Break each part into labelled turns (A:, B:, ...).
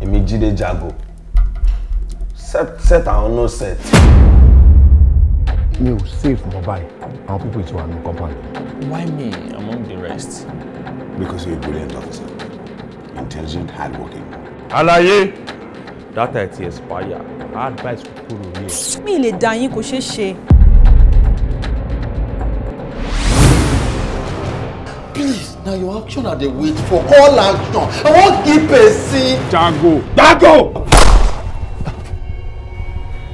A: èmi Jídé Jago
B: set set àwọn no set. mi ò save mọ báyìí àwọn pípọ̀
C: ìtura mi compound. why me among the rest. because you're a brilliant officer intelligent hardworking.
B: àlàyé data ẹ ti expire
D: advice kúrò ní ẹ.
E: mi lè dá yín kò ṣeé ṣe. Now your action are the wait for call
F: action i won't keep wan give Dago. jago jago.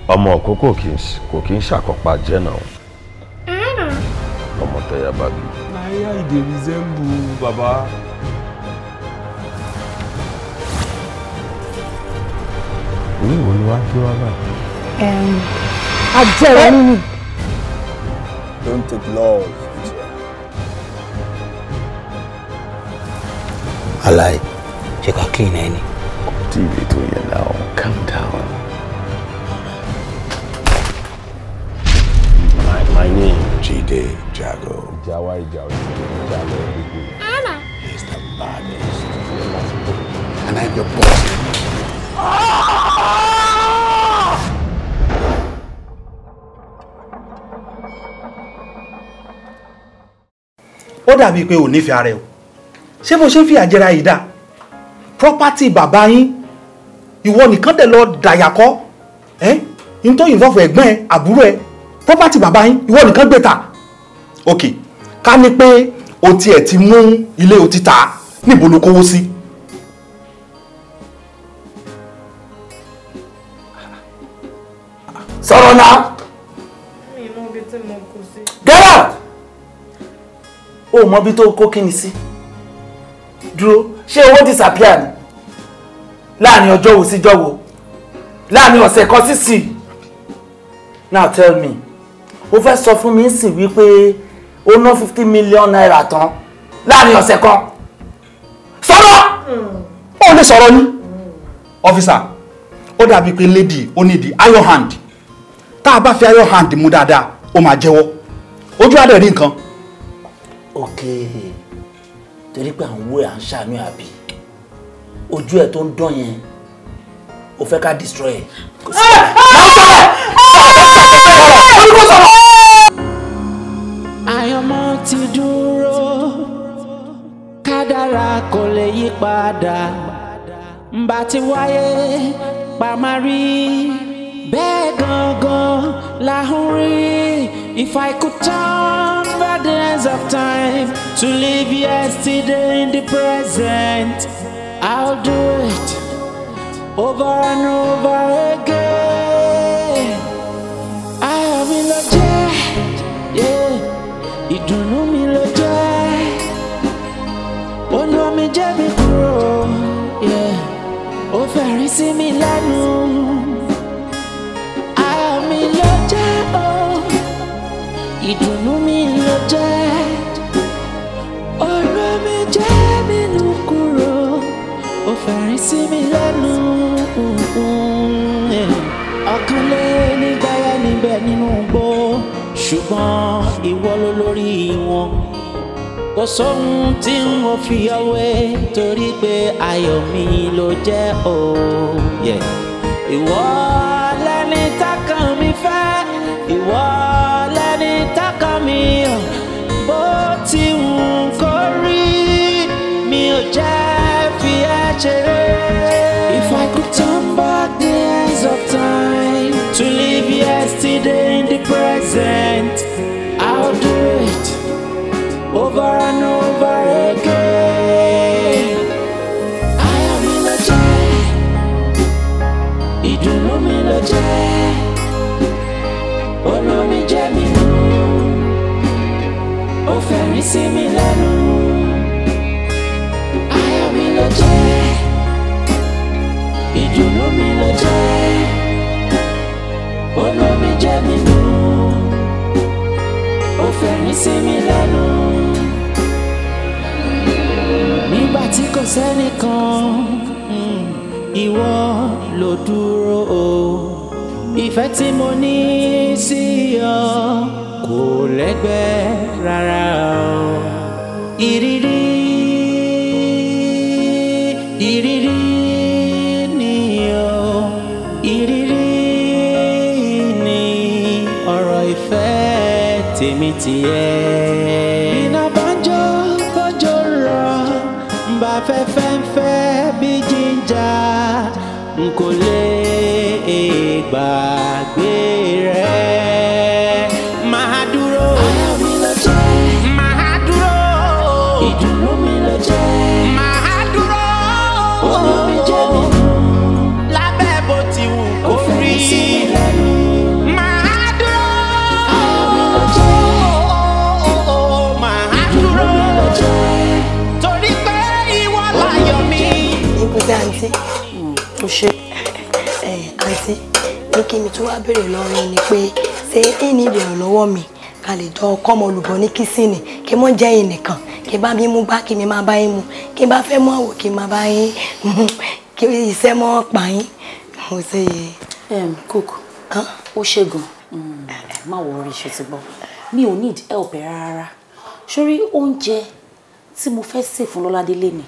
B: ọmọ òkókó kò kí ń ṣàkópa jẹ́ náà
G: ọmọ tẹ́yà bá bí. náírà ìdè resemble bàbá. orí ìwọ ni wàá gbé wá
A: báyìí. ajẹ́rẹ́ nínú.
G: don't take love. Alive. Check out clean ẹ ni. Tí ìwé tó calm down.
F: My, my name. Jide Jago. Jawari Jago. Jago.
A: Anna. He's the
F: baddest. And I'm your boss. Ah!
B: ó dàbíi pé ò nífẹ̀ẹ́ ara ẹ̀ o ṣé bó ṣe ń fìyà jẹra yìí dà property bàbá yín ìwọ nìkan dẹ̀ lọ dàyàkọ́
F: ẹ́ n tó involve ẹ̀gbọ́n ẹ àbúrò ẹ property bàbá yín ìwọ nìkan gbé ta ok ká ní pé o tiẹ̀ ti mú ilé o ti ta níbo ló kówó sí. Si.
G: sọ̀rọ̀ náà.
H: mi ì mọ ibi tí mo kó sí.
G: gẹ́rà o mọ ibi tó kó kíni sí. Si dúró ṣé owó disappear ni láàrin ọjọ́ wo síjọ́ wo láàrin ọ̀sẹ̀ kan
B: sísì now tell me o fẹ́ sọ fún mi ń sìn wípé ó ná fifty million naira tán láàrin ọ̀sẹ̀ kan sọ̀rọ̀
I: hmm.
F: ó lè sọ̀rọ̀ ni. Hmm. officer ó dàbí pé lady ó ní di
D: iron hand tá a bá fi iron hand mú dáadáa ó máa jẹ́wọ́ ojú adẹ̀ rí nǹkan.
G: okay torí pé àwọn owó ẹ̀ à ń ṣàánú àbí
B: ojú ẹ̀ tó ń dán yẹn o fẹ́ ká destroy ẹ̀.
J: àyànmọ́ ti dúró kádàrá kò lè yí padà ǹbá ti wáyé pàmárí bẹ́ẹ̀ gangan la ń if I could turn the hands of time to live yesterday in the present I'll do it over and over again I am in ayọ̀ mi ló jẹ́ know me. ló jẹ́ olú omi me mi kúrò ó fẹ̀rí sí mi lẹ́nu. ìdùnnú mi ló jẹ́ ọ̀rọ̀ mi jẹ́ mi nù kúrò ó fẹ̀rín sí mi lẹ́nu ọ̀kan lé nígbàyà níbẹ̀ nínú gbó ṣùgbọ́n ìwọ ló lórí wọn kò sóhun tí n ò fi ọwé torí pé ayọ̀ mi ló jẹ́ o ìwọ lẹni tákàn mi fẹ́ ìwọ. sent. I'll do it over and over again. I am in a chair. You do know me in a chair. Oh no, me jammy no. Oh, Ferry, see me no. I am in a chair. You do know me in a chair. Oh no. sí mi lẹ́nu nígbà tí kò sẹ́nìkan hmm, ìwọ ló dúró o ìfẹ́ tí mo ní sí ọ kò lẹ́gbẹ́ rárá o ìrírí. tiẹ̀. iná banjo kójó rọ nbà fẹ́fẹ́ ń fẹ́ bí jíjà n kò
I: àǹtí mo mm, ṣe àǹtí eh, ní kí mi tó wá béèrè lọ́rọ̀ ni pé ṣé ẹ ní ìbẹ̀rù lọ́wọ́ mi ká lè jọ ọkọ́ ọmọ olùbọ̀ ní kìsìnì kí mọ́ jẹ́ ìnìkan kí bá mi bá kí mi máa bá yín mu kí bá fẹ́ mọ́ àwò kí máa bá yín mu kí iṣẹ́ mọ́ pa yín mo ṣe yẹ. cook ó ṣe gan mm, eh, eh, má wọrí ṣe ti gbọ́ mi ò need help
E: rárá sórí oúnjẹ tí mo fẹ́ sè fún Lọ́ládélé ni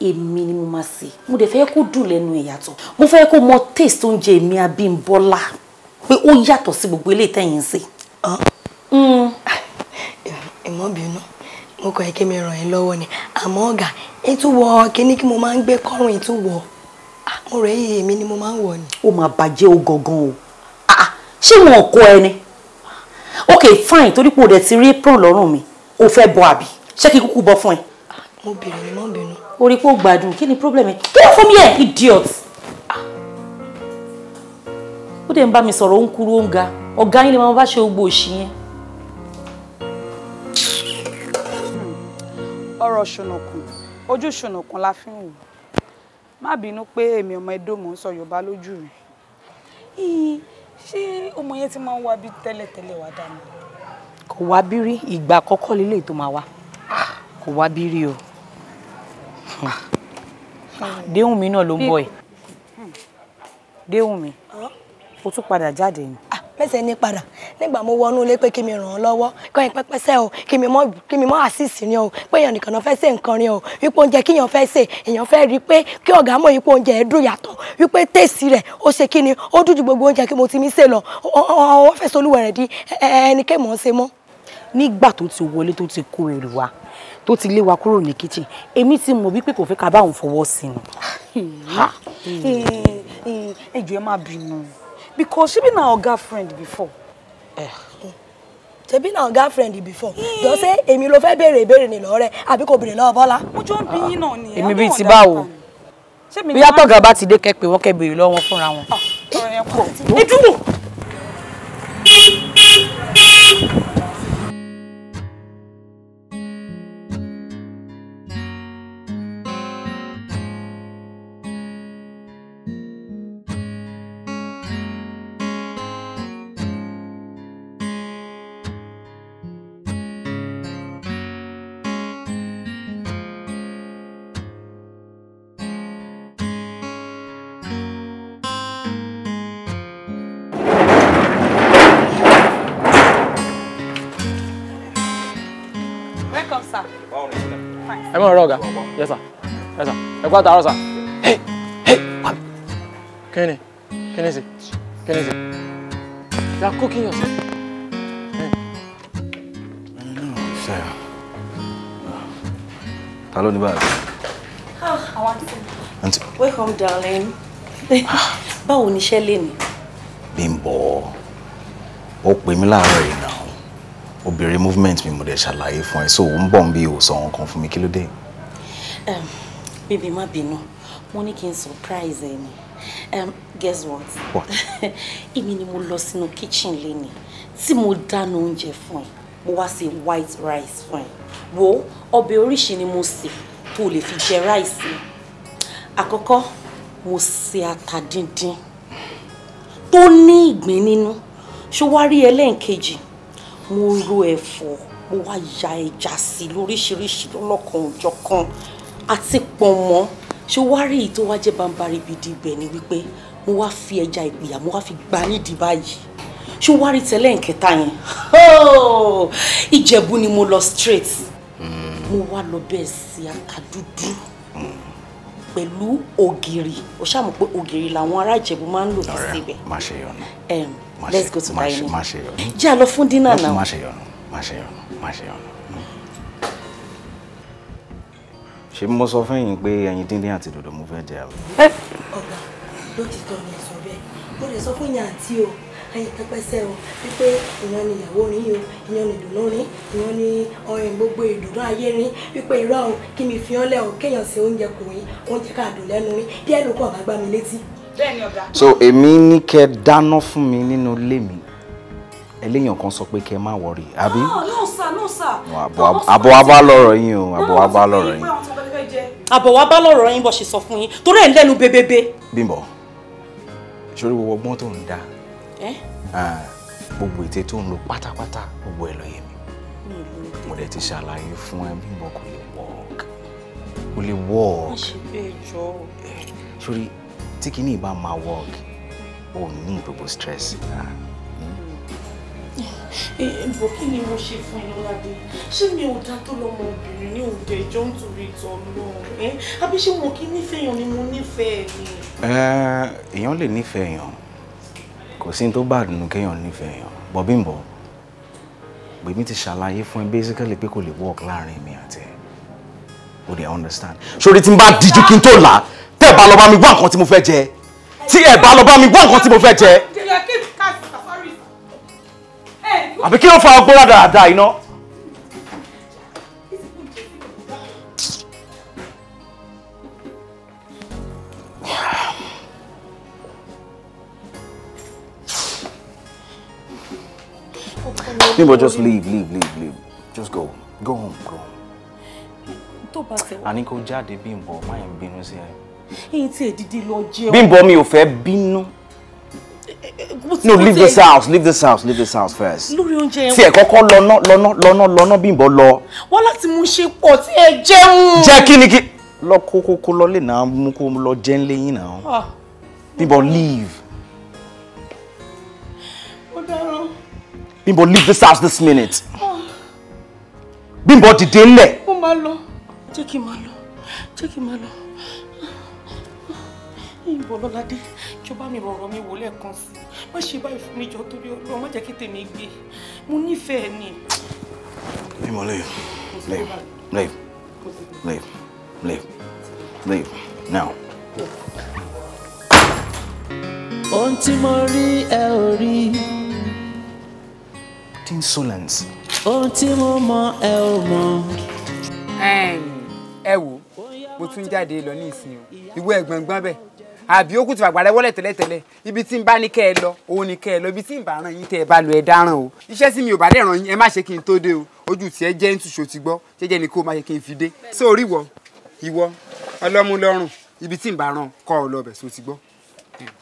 E: èmi ni mo máa sè mo dẹ̀ fẹ́ kó dùn lẹ́nu ẹ̀ yàtọ̀ mo fẹ́ kó mọ taste oúnjẹ èmi Abímbọ́lá pé ó yàtọ̀ sí gbogbo eléyìí tẹ̀yìn sí.
I: ẹ̀mọ́ hmm. bínú mo kọ́ ẹ kí mi ràn ẹ́ lọ́wọ́ ni àmọ́ ọ̀gá ẹ tún kí mo máa ń gbé kọ́rùn ẹ ah, mo rẹ̀ yìí èmi ni mo máa ń wọ ni.
E: ó máa bàjẹ́ o gangan o ah, ah, ṣé wọn ò kọ ẹni ok fine torí pé o dẹ̀ ti rí apron lọ́rùn mi o fẹ́ bọ àbí ṣé kí kúkú bọ fún ẹ. mo bèrè ni mo bínú orí pé ó gbádùn kí ni problem ẹ get from here idiot. Ah. ó dẹ̀ ń bá mi sọ̀rọ̀ ó ń kúrú ó ń ga ọ̀gá yín lè máa bá ṣe gbogbo òṣì yẹn.
H: Hmm. ọ̀rọ̀ ṣùnùkùn ojú ṣùnùkùn la fi ń wò má bínú pé èmi ọmọ Ẹdó mò ń sọ Yorùbá lójú rẹ̀ ṣé ọmọ yẹn ti máa ń wá bí tẹ́lẹ̀tẹ́lẹ̀ wá dáná.
E: kò wá bí ìgbà àkọ́kọ́ lélẹ̀ tó máa wá ah, kò wá bí o déhùn mi náà ló ń bọ̀ ẹ̀ déhùn mi o tún padà jáde ni.
I: Ah, mẹ́sẹ̀ ní padà nígbà mo wọnú ilé pé kí mi ràn án lọ́wọ́ kọ́ ẹ̀ pẹ́pẹ́sẹ́ o kí mi mọ́ kí mi mọ́ àṣìṣì ni o pé èèyàn nìkan náà fẹ́ ṣe nǹkan ni o wípé oúnjẹ kí èèyàn fẹ́ ṣe èèyàn fẹ́ rí i pé kí ọ̀gá mọ̀ wípé oúnjẹ ẹ̀ dùn yàtọ̀ wípé tèsí rẹ̀ ó ṣe kí ni ó dùn ju gbogbo oúnjẹ kí mo ti mí ṣe lọ ọwọ́ fẹ́ solúwẹ̀rẹ̀ di ẹnikẹ́ mọ̀ ọ́n ṣe mọ́ nígbà tó ti wọlé tó ti kó ẹrù wa tó ti lé wa kúrò ní kitchen èmi ti mọ̀ wípé kò fẹ́ ká bá òun fọwọ́
E: sí ni. ẹ jọ̀ọ́ ẹ má bínú because
I: she be na our girlfriend before. ṣebí na our girlfriend before jọ ṣé èmi ló fẹ́ béèrè ìbéèrè ni lọ́ọ́ rẹ àbí kò béèrè lọ́wọ́ Bọ́lá. mo jọ ń bí yín náà ni.
E: èmi bíi ti báwo bí yàtọ̀gà bá ti dé kẹ́ pé wọ́n kẹ́ béèrè lọ́wọ́ fúnra wọn.
I: Ah,
E: ẹ dúró. ọ̀rọ̀
B: rẹ̀ ọ̀gá yes sir yes sir ẹ kú àtàárọ̀ sir hey
G: hey Kwame kí ni kí ni sí kí ni sí you are cooking yourself.
C: ta ló ní báyìí. Ah, àwọn àti.
E: welcome darling. Ah. báwo ni iṣẹ́ lè ní. Bímbọ́
C: ó pè mí láàárọ̀ obìnrin movement mi mo dẹ̀ ṣàlàyé fún ẹ so ò ń bọ̀ ń bí o sọ nǹkan fún mi kí ló dé.
E: bíbí má bínú mo ní kí n surprise ẹ ni um, guess what èmi ni mo lọ sínú kitchen lẹ́ni tí mo dáná oúnjẹ fún ẹ mo wá ṣe white rice fún ẹ wo ọbẹ̀ oríṣi ni mo sè tó lè fi jẹ ráìsì àkọ́kọ́ mo sè ata díndín tó ní ìgbín nínú ṣó wá rí ẹlẹ́ǹkejì mo ro ẹ̀fọ́ mo wá ya ẹja sí i lóríṣiríṣi lọ́lọ́kan òjọ̀kan àti pọ̀nmọ́ ṣé wá rí èyí tó wá jẹ́ bambari bidi ibẹ̀ ni wípé mo wá fi ẹja ìpìyà mo wá fi gbá nídìí báyìí ṣé wá rí tẹ́lẹ̀ nkẹta yẹn ìjẹ̀bú ni mo lọ straight hmm. mo wá lọ bẹ́ẹ̀ sí aka dúdú pẹ̀lú ògìrì ó ṣàmù pé ògìrì làwọn ará ìjẹ̀bú máa ń lò sí ibẹ̀. ọ̀rẹ́ má ṣe yọnu let's go to dining. má ṣe yọnu. jẹ́ àlọ́ fún dínà náà. má ṣe yọnu má ṣe yọnu má ṣe yọnu.
C: ṣé mo sọ fún yín pé ẹyin díndín àti dòdò mo fẹ́ jẹ àlọ́.
I: ọ̀gá ló ti tọ́ mi sọ bẹ́ẹ̀ mo lè sọ fún yín àti o ẹyin pẹpẹsẹ o wípé ìyàn ni ìyàwó rin o ìyàn ni ìdùnnú rin ìyàn ni ọrìn gbogbo ìdùnnú ayé rin wípé irọ́ o kí mi fi ọ́n lẹ́ o kéèyàn ṣe oúnjẹ kò rin oúnjẹ káàdùn lẹ́nu rin díẹ̀ ló bá gbá mi létí so
C: èmi ní ke dáná fún mi nínú ilé mi eléyàn kan sọ pé kẹ́ má wọrí àbí.
I: no sir no sir.
E: àbọ̀ wa bá lọ́rọ̀ yín o àbọ̀ wa bá lọ́rọ̀ yín. àbọ̀ wa bá lọ́rọ̀ yín bó ṣe sọ fún yín torí ẹ̀ ń lẹ́nu bebebe.
C: Bímbọ́ sórí gbogbo ọgbọ́n tó ń dá gbogbo ète tó ń lo gbogbo ẹ̀ lọ́yẹ̀
E: mi
C: mo dẹ̀ ti ṣàlàyé fún ẹ Bímbọ́ kò lè wọ́ọ̀k kò lè wọ́ọ̀k sórí tí kìíní bá máa work ò ní gbogbo stress.
E: ìbò kí ni mo ṣe fún Ìlọ́ládé ṣé mi ò dá tó lọ́mọbìnrin ní òde ìjọ nítorí ìtọ́ náà àbí ṣé mo kí nífẹ̀ẹ́ yàn ni mo nífẹ̀ẹ́ ni.
C: èèyàn lè nífẹ̀ẹ́ yàn kò sí tó bá dùnú kéèyàn nífẹ̀ẹ́ yàn bọ̀bímbọ̀ gbèmí ti ṣàlàyé fún ẹ basically pé kò lè work láàrin mi àti ẹ o dey understand. sori tí n bá díjú kí n tó là ẹ bá lọ bá mi wá nǹkan tí mo fẹ́ jẹ tí ẹ bá lọ bá mi wá nǹkan tí mo fẹ́ jẹ. àbí kí ló fa ọgbọ́n dáadáa iná. People just leave, leave, leave, leave. Just go. Go home, go home. Tó bá ṣe wá. Àní kò jáde bínú sí ẹ
E: ẹ̀yin tí èdìdì lọ jẹun. Bímbọ́ mi ò
C: fẹ́ bínú.
E: no leave this house
C: leave this house leave this house first.
E: lórí oúnjẹ yẹn. tí ẹ kọ́kọ́
C: lọ́nà lọ́nà lọ́nà lọ́nà Bímbọ́ lọ.
E: wọ́n láti mú ṣe pọ̀ tí ẹ jẹun. jẹ́ kí ni
C: kí. lọ kó kó kó lọlé náà mú kó lọ jẹ́ ń léyìn náà. Ah. Bímbọ́ leave. ó dára. Bímbọ́ leave this house this minute. Ah. Bímbọ́ dìde ńlẹ̀.
E: mo máa lọ jẹ́ kí n máa lọ jẹ́ ìbò lọ́ládé ìjọba mi rọ̀rọ̀ mi wò lẹ́ẹ̀kan sí má ṣe báyìí fún mi jọ torí ọlọ́run má jẹ́ kí tèmi gbé mo nífẹ̀ẹ́ ni.
C: mímọ
J: leave leave
C: leave leave leave leave now.
J: ohun tí mo rí ẹ ò
D: rí.
C: insolence.
D: ohun tí mo mọ ẹ ò mọ. ẹ wò mo tún jáde lọ ní ìsìn o ìwé ẹ̀gbọ̀ngbọ̀n bẹ́ẹ̀ àbí ó kù tí fàgbà rẹ wọlé tẹ́lẹ̀tẹ́lẹ̀ ibi tí n bá ní kẹ́ ẹ lọ òun ní kẹ́ ẹ lọ ibi tí n bá ràn yín tẹ́ ẹ bá lọ ẹ dáràn o iṣẹ́ sí mi ò bá dẹ̀ ràn yín ẹ má ṣe kí n tó dé o ojú tí ẹ jẹ́ ń tùṣó ti gbọ́ jẹ́jẹ́ ni kó má ṣe kí n fi dé sórí ìwọ ìwọ ọlọ́mú ibi tí n bá ràn kọ́ ọ lọ bẹ̀ só ti gbọ́.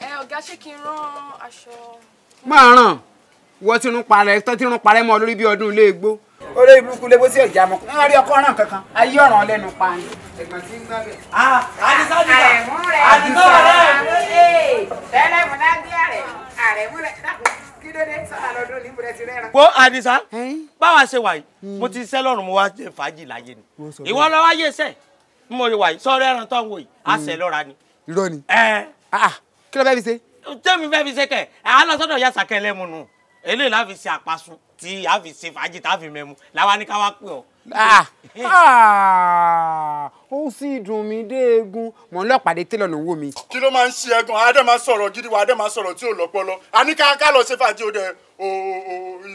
A: ẹ ọ̀gá ṣé kí n rán aṣọ.
D: máa ràn wọ́n olórí burúkú lé bósí ọjà mọ wọn rí ọkọ ọràn kankan ayé ọràn lẹ́nu pa ni. ẹ̀gbọ́n tí ń gbàgbé. àdìsá àdìsá àdìsá rẹ. tẹ́lẹ̀ mo náà bí àrẹ̀ àrẹ̀ mo lẹ̀ dàpọ̀ kí ló dé sọ́nà lọ́dún ní ìbúrẹ́sì rẹ̀.
B: wo àdìsá báwa ṣe wà yìí mo ti ṣẹ́ lọ́rùn mo wá jẹ fàájì láyé ni ìwọ lọ wá yé sẹ́ mo rí wà yìí sọ́ọ́rẹ́ ẹran tó ń wò yìí á sẹ́ mm. lọ́ra
D: ni. irọ́ ni
B: ah, ah, kí ló fẹ́ fi ṣe. tẹ́mi fẹ́ fi ṣe kẹ̀ àá lọ sọ́dọ̀ yàtọ̀ kẹlẹ́mu nù eléyìí láfi ṣe àpasun tí a fi ṣe fàájì tá a fi mẹ́mu làwa ní ká wá
F: pè ọ́.
D: Ah, ah, ó sì dùn mí dé egun mọ̀ ń lọ́pàdé télọ̀ ló ń wò mí.
F: kí ló máa ń ṣe ẹgan adé máa sọ̀rọ̀ gidi wa adé máa sọ̀rọ̀ tí ò lọ́pọlọ a ní ká ká lọ ṣe fàájì ó dẹ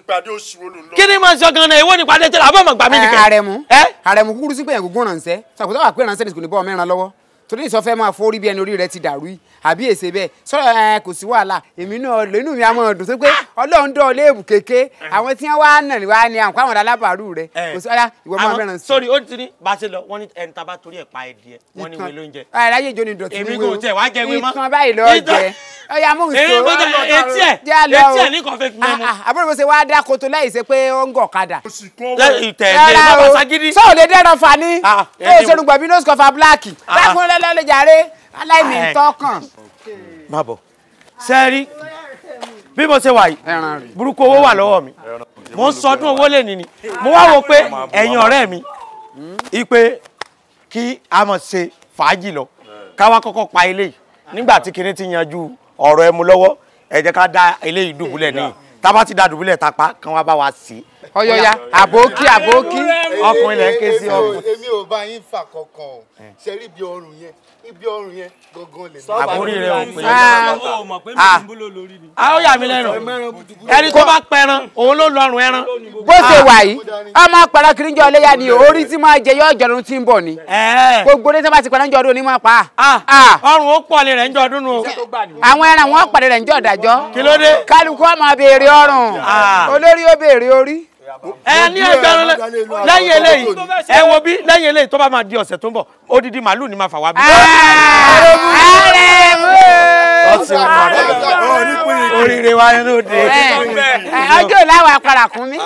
F: ìpàdé oṣù wo ló ń lọ. kí ni máa ń sọ gan-an èwo ni ìpàdé
D: télọ̀ àbọ̀ mọ̀ gbà mí nìkan. Eh, àrẹ̀mú eh? àrẹ̀mú kúkúrú sí pé yẹn gúngún ránṣẹ́ sàkóso àpè ránṣẹ́ nìkan ní bọ́ọ̀ mẹ́ran lọ́wọ́ torí ìsọfẹ́ máa forí bí ẹni orí rẹ ti dàrú yìí àbí èsè bẹ́ẹ̀ sọ̀rọ̀ ẹ kò sí wàhálà èmi náà lẹ́nu mi àmọ́ ọ̀dùn tó pé ah! ọlọ́run dán léèbù kéke eh. àwọn tí wọ́n wá nà wá ni àwọn àwọn alábàárù rẹ eh. kò sí ọ̀dà ìwọ máa fẹ́ràn sí.
B: sori ó ti ní bá a ṣe lọ wọn ní ẹni tá a bá torí ẹ pa ẹ díẹ̀ wọn ní wẹlé oúnjẹ. ẹ
D: láyé ìjọ ni dọ̀tí mi wo ìkan báyìí lọ jẹ ọyà mú ìṣó etí ẹ etí ẹ ní kan fẹ́ fi ah, mọ́ mu. Ah, àbúrò mi ṣe wá dá koto láì ṣe pé ó ń gọ̀ kadà. ìtẹ̀lé bàbá sagidi. sọ̀rọ̀ lè dẹ́rọ̀ fani. tó o ṣerun gbàgbé nose cover black. báyìí fún ẹ lọ́lẹ̀ jàre aláìní tọkàn. má bọ̀ sẹ́rí
B: bí mo ṣe wà yìí burúkú owó wà lọ́wọ́ mi mo ń sọdún owó lè nìní mo wá wo pé ẹ̀yin ọ̀rẹ́ mi ipe kí a mọ̀ ṣe fàájì lọ káwá kọ́kọ́ pa eléyìí nígbà tí kinní ti yanjú ọ̀rọ̀ ẹmu lọ́wọ́ ẹ jẹ́ ká dá eléyìí dùbúlẹ̀ níyì tá a bá ti dá dùbúlẹ̀ tá a wá bá wa sí i ọyọya àbókí Aboki ọkùnrin lẹ ń ké sí ọkùnrin.
F: èmi ò bá yín fà kankan o ṣe rí ibi ọrùn yẹn ibi ọrùn yẹn gangan lè mú. àbórí rẹ ò pé ah. ó mọ̀ pé mi ń bolo lórí ni. a ó yà mí lẹ́nu ẹni tó bá
D: pẹran òun ló lọrùn ẹran. bó ṣe wà yìí ọmọ apara kiri ń jọ iléyà ni orí tí máa jẹ yọ ọjọdún tí ń bọ̀ ni. gbogbo ní sábà ti pẹran jọ ọdún onímọ̀ pa. ọrùn ó pọ̀ lè rẹ̀ ń jọ ọdún nù. àwọn ẹran wọn pàdé rẹ̀ ń jọ ọ̀dàjọ́. kí ló dé. kálukú ọmọ béèrè ọrùn olórí ó béèrè orí ẹ ní ẹgbẹ̀rún lẹ́yìn eléyìí ẹ wo
B: bí lẹ́yìn eléyìí tó bá máa di ọ̀sẹ̀ tó ń bọ̀ odidi màálù ni máa fà wá bí. Ah! oríire wa
D: inú de. ọjọ́ làwọn apá ràkúnmí.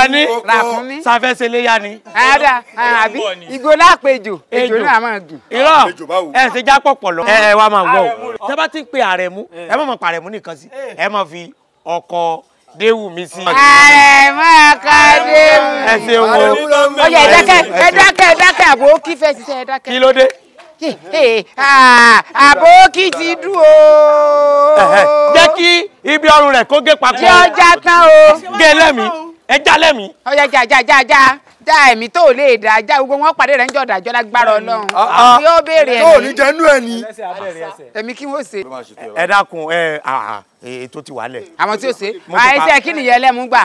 D: ẹni sàfẹ́sẹ̀ léyà ni. àbí ìgò lápèjò èjò náà máa dùn. irọ́ ẹ ṣe
B: já pọ̀pọ̀ lọ. ẹ wá máa wọ̀ ọ́ tẹ́ bá ti ń pe àrẹ̀mú ẹ má máa pa àrẹ̀mú nìkan sí ẹ má fi ọkọ̀ déwùmí sí. ààrẹ
D: máa ka déwùmí.
J: ẹ ṣeun o.
D: ọyọ ẹ dákẹ́ ẹ dákẹ́ ẹ dákẹ́ àbókí fẹ́ ṣiṣẹ́ ẹ dákẹ́. kí ló dé. àbókí ti dùn o.
B: jẹ́ kí ibi ọrùn rẹ̀
D: kó gé papọ̀. jẹ́ ọjà tán o. gé lẹ́mìí ẹ já lẹ́mí. ọyá já já já já já ẹ̀mí tó lè dá já gbogbo wọn pàdé rẹ̀ ń jọ dájọ́ lágbára ọlọ́run àbí ó béèrè ẹ̀mí. tó ní jẹnu ẹ ní. ẹ̀mí kí wọ́n ṣe.
B: ẹ dákun ẹ ètò e, e, ti wà lẹ̀. àwọn tí ó ṣe àìsẹ
D: kí nìyẹn lẹ́mú gbà.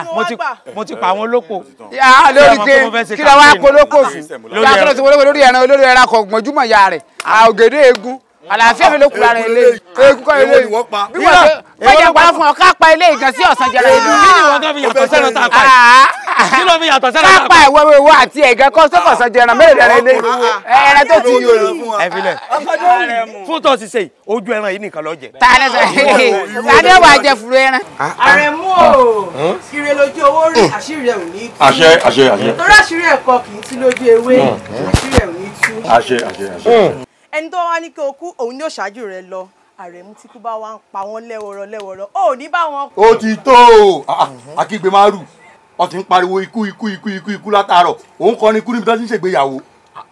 D: mo ti pa àwọn olóko. lórí pé kí lọ wá polóko fún. lórí ẹran olórí ẹran kọ̀ọ̀gbọ̀njúmọ̀ ya rẹ̀ ògèdè eegun àlàáfíà mi ló kú lára ilé eku kọ ilé yìí bí wọn ṣe wájà pa fún ọ ká pa ilé ìgàn sí ọ̀sán jẹrẹ ìlú. kí ni wọn fi yàtọ̀ sẹ́nu tá a pa yìí ah. kí ló fi yàtọ̀ sẹ́nu tá a pa yìí. ká pa ìwọ àti ẹ̀gẹ́ kọ́ sọ́kọ̀ ọ̀sán jẹrẹ mẹ́rin rẹ̀ ilé ah, ah, ẹran tó ti yọ ẹ
B: fún tó ti ṣe ojú ẹran yìí nìkan ló jẹ. tani ẹ wà jẹ furu ẹran. ààrẹ o
J: kiri lójú owó rí àṣírí
H: ẹ ò
E: ẹni tó wá ní kí o kú òun ni ó ṣáájú rẹ lọ àrẹ̀mú tí kú bá wá ń pa wọ́n lẹ́wọ̀rọ̀ lẹ́wọ̀rọ̀ ó ní bá wọn. ó
F: ti tó o ah, ah, mhm. akígbe máa rù wọn ti ń pariwo ikú ikú ikú ikú ikú látàárọ̀ òun kọ́ ni ikú níbi tó ti ń ṣègbéyàwó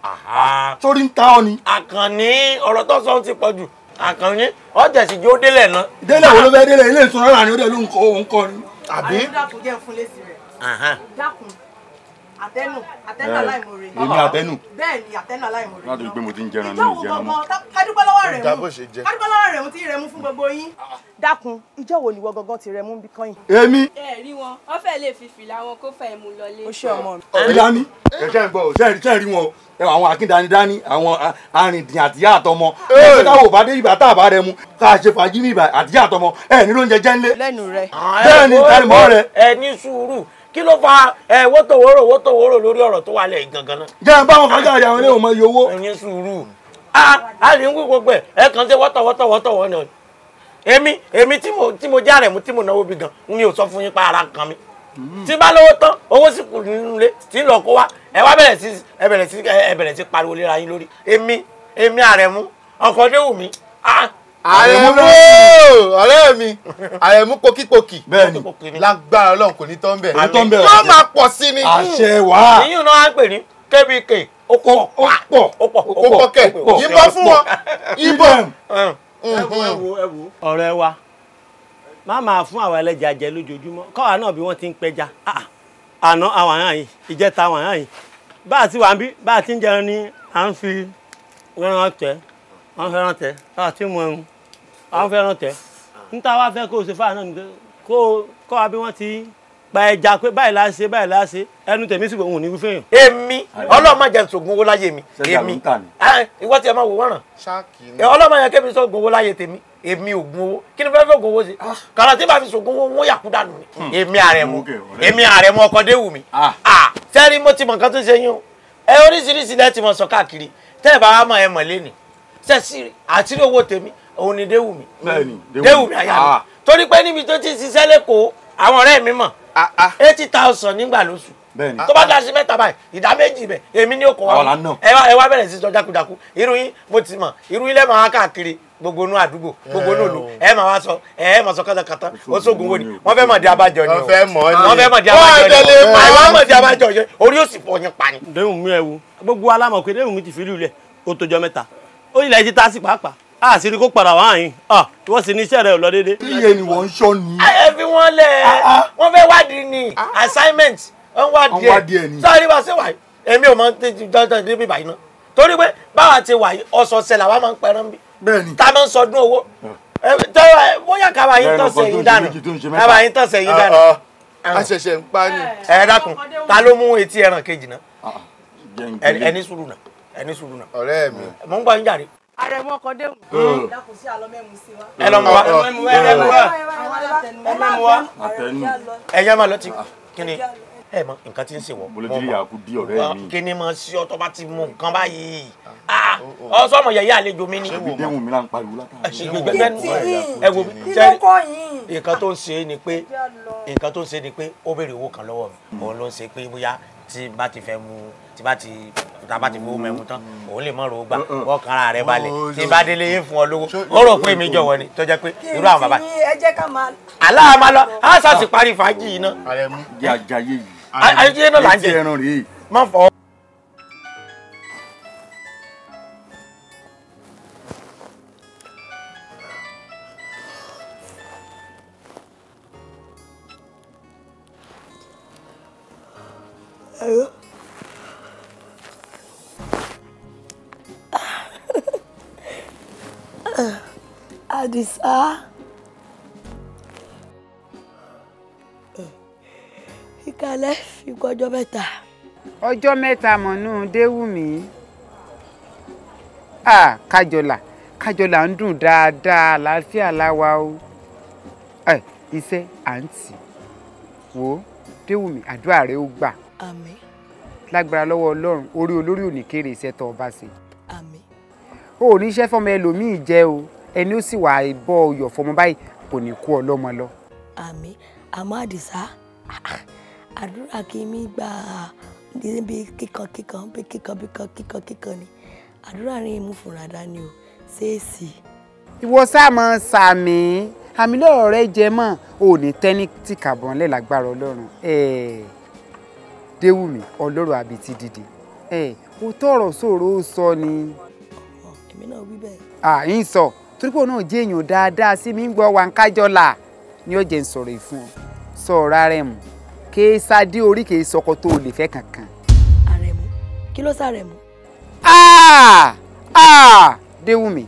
F: ah, sórí ń ta ọ ni. àkànní ọ̀rọ̀ tó sọ ti pọ̀
B: jù àkànní ọ̀jẹ̀ sì jó délẹ̀ náà. délẹ̀ wo ló fẹ́ délẹ̀
F: ilé ìtura náà ni ó dẹ̀ ló ń kọ́ òun kọ́ ni. àbí. àyè
E: dákun jẹ́ fún lẹ́sìn rẹ̀ dákun àtẹnu àtẹnu eh, aláìmoore. èmi àtẹnu. bẹ́ẹ̀ ni àtẹnu aláìmoore.
F: láti rí i pé mo ti ń jẹran ní ìjẹran mọ́. ìjọ wo gangan kádúpẹ́ lọ́wọ́ rẹ̀ mú kádúpẹ́
E: lọ́wọ́ rẹ̀ mú ti rẹ̀ mú fún gbogbo yín. dákun ìjọ wo nìwọ gangan ti rẹ̀ mú bí kọ́yìn. èmi.
I: ẹ rí wọn wọn fẹ́ lè fi fìlà wọn kó fẹ́ mú lọlé. o ṣe ọmọ mi.
F: ìyá mi kẹ̀kẹ́ ń gbọ́ ṣe rí wọn o àwọn akíndanidání àwọn arìndìn àtìyá àtọmọ ẹ ṣe káwọ bá tá a bá rẹ mu ká ṣe fàájì ní ibà àtìyá àtọmọ ẹ ní lóúnjẹ jẹ ńlẹ. lẹ́nu rẹ.
B: bẹ́ẹ̀ ni ìtàlímọ rẹ. ẹ ní sùúrù kí ló fa ẹ wótòwóró wótòwóró lórí ọ̀rọ̀ tó wà lẹ̀ gangan náà. jẹ́ ẹ bá wọn fọjá àyà wọn ní òun yọ owó. sùúrù a lè ń wí gbogbo ẹ ẹ kàn ṣe wọ́tọ̀ wọ́tọ̀ wọ́tọ̀ wọ́n náà èmi èmi tí mo tí mo já rẹ̀ mu tí mo náwó bi gan mi ò sọ fún yín pa ara nǹkan mi tí bá lówó tán owó sì kù nínú ilé tí ń lọ kó wá ẹ wá bẹ̀rẹ̀ sí ẹ bẹ̀rẹ̀ sí pariwo léra àrẹ̀mú
F: ọ̀rẹ́ mi àrẹ̀mú pokípokì bẹ́ẹ̀ni lágbára ọlọ́run kò ní tán bẹ́ẹ̀ yóò máa pọ̀ sí ni. àṣẹ wà. èyí náà
B: á ń pè ní kbk oko pọ̀ oko pọ̀ kẹ̀ yìnbọn fún wọn yìnbọn. ọ̀rẹ́ wa má máa fún àwọn ẹlẹ́jà jẹ lójoojúmọ́ káwa náà bí wọ́n ti ń pẹja ah, àná àwọn àyàn yìí ìjẹta àwọn àyàn yìí bá a ti wà ń bí bá a ti ń jẹun ni à ń fi rán tẹ à ń fi rán tẹ bá a ti mú ẹrun àwọn fẹ́ràn tẹ̀ níta wá fẹ́ kó o ṣe fáànù náà kó o kọ́ wa bí wọ́n ti gba ẹja pé báyìí la ṣe báyìí la ṣe ẹnu tèmi sì òun ò ní wí fẹ́yàn. èmi ọlọ́mọ jẹ́ sògùn owó láyé mi èmi ah, ìwọ tí ẹ máa wò wọ́n ràn ọlọ́mọ yẹn kémi sògùn owó láyé tèmi èmi ògùn owó kí ni fẹ́ẹ́ fẹ́ ògùn owó sí ah, kàrà tí bá fi sògùn owó wọ́n yà kú dànù ni hmm. èmi àrẹ̀mú èmi àrẹ̀mú ọkọ̀ déwù mi sẹ́rí ah. mo ti mọ̀ nǹkan tó ṣe yín o ẹ oríṣiríṣi lẹ́ẹ̀tì mọ̀ sọ káàkiri tẹ́ẹ̀ bá wà mọ̀ ẹ mọ̀ lé ni sẹ́sì àtìrí owó tèmi òun ni déwùmí déwùmí àyà mi ah. torí pé níbi tó ti ṣiṣẹ́ lẹ́kọ̀ọ́ àwọn ọ̀rẹ́ mi mọ̀ ah, ah. eighty thousand nígbà lóṣù tó bá dá sí mẹ́ta báyìí ìdá méjì bẹ̀ èmi ní okòwò ẹ wá bẹ̀rẹ̀ sí sọ jákujáku irú yín mo ti mọ̀ irú yín lẹ́ẹ̀ máa káàkiri gbogbo inú àdúgbò gbogbo inú òlu eh. ẹ máa wá sọ ẹ máa sọ kátàkátà ó sógun wo ni wọ́n fẹ́ mọ̀ di abájọ ni o wọ́n fẹ́ mọ̀ di abájọ ni o àìwá mọ̀ di abájọ yẹn orí ó sì pọ̀ yín pa ni. déhùn mi ẹ wo gbogbo alámọ̀ pé déhùn mi ti fi lulẹ̀ ó tójọ́ mẹ́ta ó ilẹ̀ ti ta sí pàápàá a sì rí kó padà wá yín wọ́n sì ní iṣẹ́ rẹ̀ lọ déédéé. iye ni wọ́n ń ṣọ́ ni. ẹ fi wọ́n lẹ̀ ah, ah. wọ́n fẹ́ wádìí ni assignment wọ́n wádìí ẹ̀ sọ́ọ́rí bá ṣe wà yìí èmi ò máa ń tẹ́jú dandan débi báyìí náà torí pé báwa ti wà yìí ọ̀sọ̀ọ̀sẹ̀ làwa máa ń pẹran bí. bẹ́ẹ̀ni ta máa ń sọdún owó ah. bóyá káwa yín tọ̀sẹ̀ yín dànù káwa yín tọ̀sẹ̀ yín dànù. a ṣẹ̀ṣẹ̀ ń pa ni. Eh, ẹ dákun ta ló mú etí ẹran kejì náà ẹni sùúrù náà ẹni sùúrù náà. ọ̀rẹ́ mi. mo ń gbọ́ yín jàre
E: ààrẹ wọn kọ dé wù. dákun sí àlọ́ mẹ́mu sí wa. ẹ lọ mọ wa ẹ mọ wa ẹ mọ
B: wa ẹ yá máa lọ ti ah. kíni ẹ mọ nǹkan tí ń ṣe wọ. mo lè jírí yàkú di ọ̀rẹ́ mi. Ah, kíni mo sí ọtọ bá ti mú nǹkan báyìí ah. Oh, oh. ọsọ ọmọ yẹyẹ àlejò mi
F: ni. ṣé gbẹgbẹ wù mí là ń pariwo látàrí. ṣé gbẹgbẹ nù
B: ẹ wo sẹri nǹkan tó ń ṣe ni pé nǹkan tó ń ṣe ni pé ó béèrè owó kan lọ́wọ́ mi òun ló ń ṣe pé bóyá tí bá ti fẹ́ mu tí bá ti tá a bá ti fowó mẹ́mu tán mm-hmm. òun lè mọ̀ ròó gbà wọ́n kan ara rẹ̀ balẹ̀ oh, tí bá délé yín fún ọ lówó ó rò pé oh, mi jọ̀wọ́ ni tó jẹ́ pé irú àwọn bàbá.
I: ẹ jẹ́ ká máa.
B: aláà máa lọ aṣọ àti parí fàájì yìí náà. àrẹ̀mú jẹ́ àjàyè yìí. àjẹyè náà là ń jẹ ẹran rèé. má
F: fọ.
A: Hello?
I: Àdìsá. Eh, eh, ìkàlẹ̀ fi kọjọ́ mẹ́ta.
D: Ọjọ́ mẹ́ta mọ̀nú Déwùmí. Ah, Kájọlà, Kájọlà ń dùn dáadáa, àlàáfíà láwa o. Ẹ eh, iṣẹ́ àǹtí wo Déwùmí àdúrà rẹ ó gbà. Àmín. Lágbára lọ́wọ́ Ọlọ́run, orí olórí ò ní kéré iṣẹ́ tó o ṣe o ò níṣẹ́ fọmọ ẹlòmíì jẹ o ẹni ó sì wà bọ́ ọyọ̀ fọmọ báyìí kò ní kú ọlọ́mọ lọ.
I: àmì àmọ́ àdìsá àdúrà kí mi gbà níbi
D: kíkan kíkan bí kíkan bí kíkan kíkan ni àdúrà
I: rìn mú fúnra dání o
D: ṣéèṣì. ìwọ sáà mọ sàmì àmì lọ́rọ̀ rẹ jẹ mọ́ ò ní tẹ́ni tí kàbọ̀n lẹ́ lágbára ọlọ́run déwùmí ọlọ́rọ̀ àbí ti dìde ó tọrọ sọ̀rọ̀ ó sọ ni èmi náà wí bẹ́ẹ̀. à ń sọ torípò náà jẹ́ èèyàn dáadáa sí mi ń gbọ́ wàǹkájọ́là ni ó jẹ́ ń sọ̀rọ̀ ìfún ọ sọ̀rọ̀ arẹ̀mú kì í sadé orí kì í sọkọ tó o lè fẹ́ kankan. àrẹ̀mú kí ló sàrẹ̀mú. déwùmí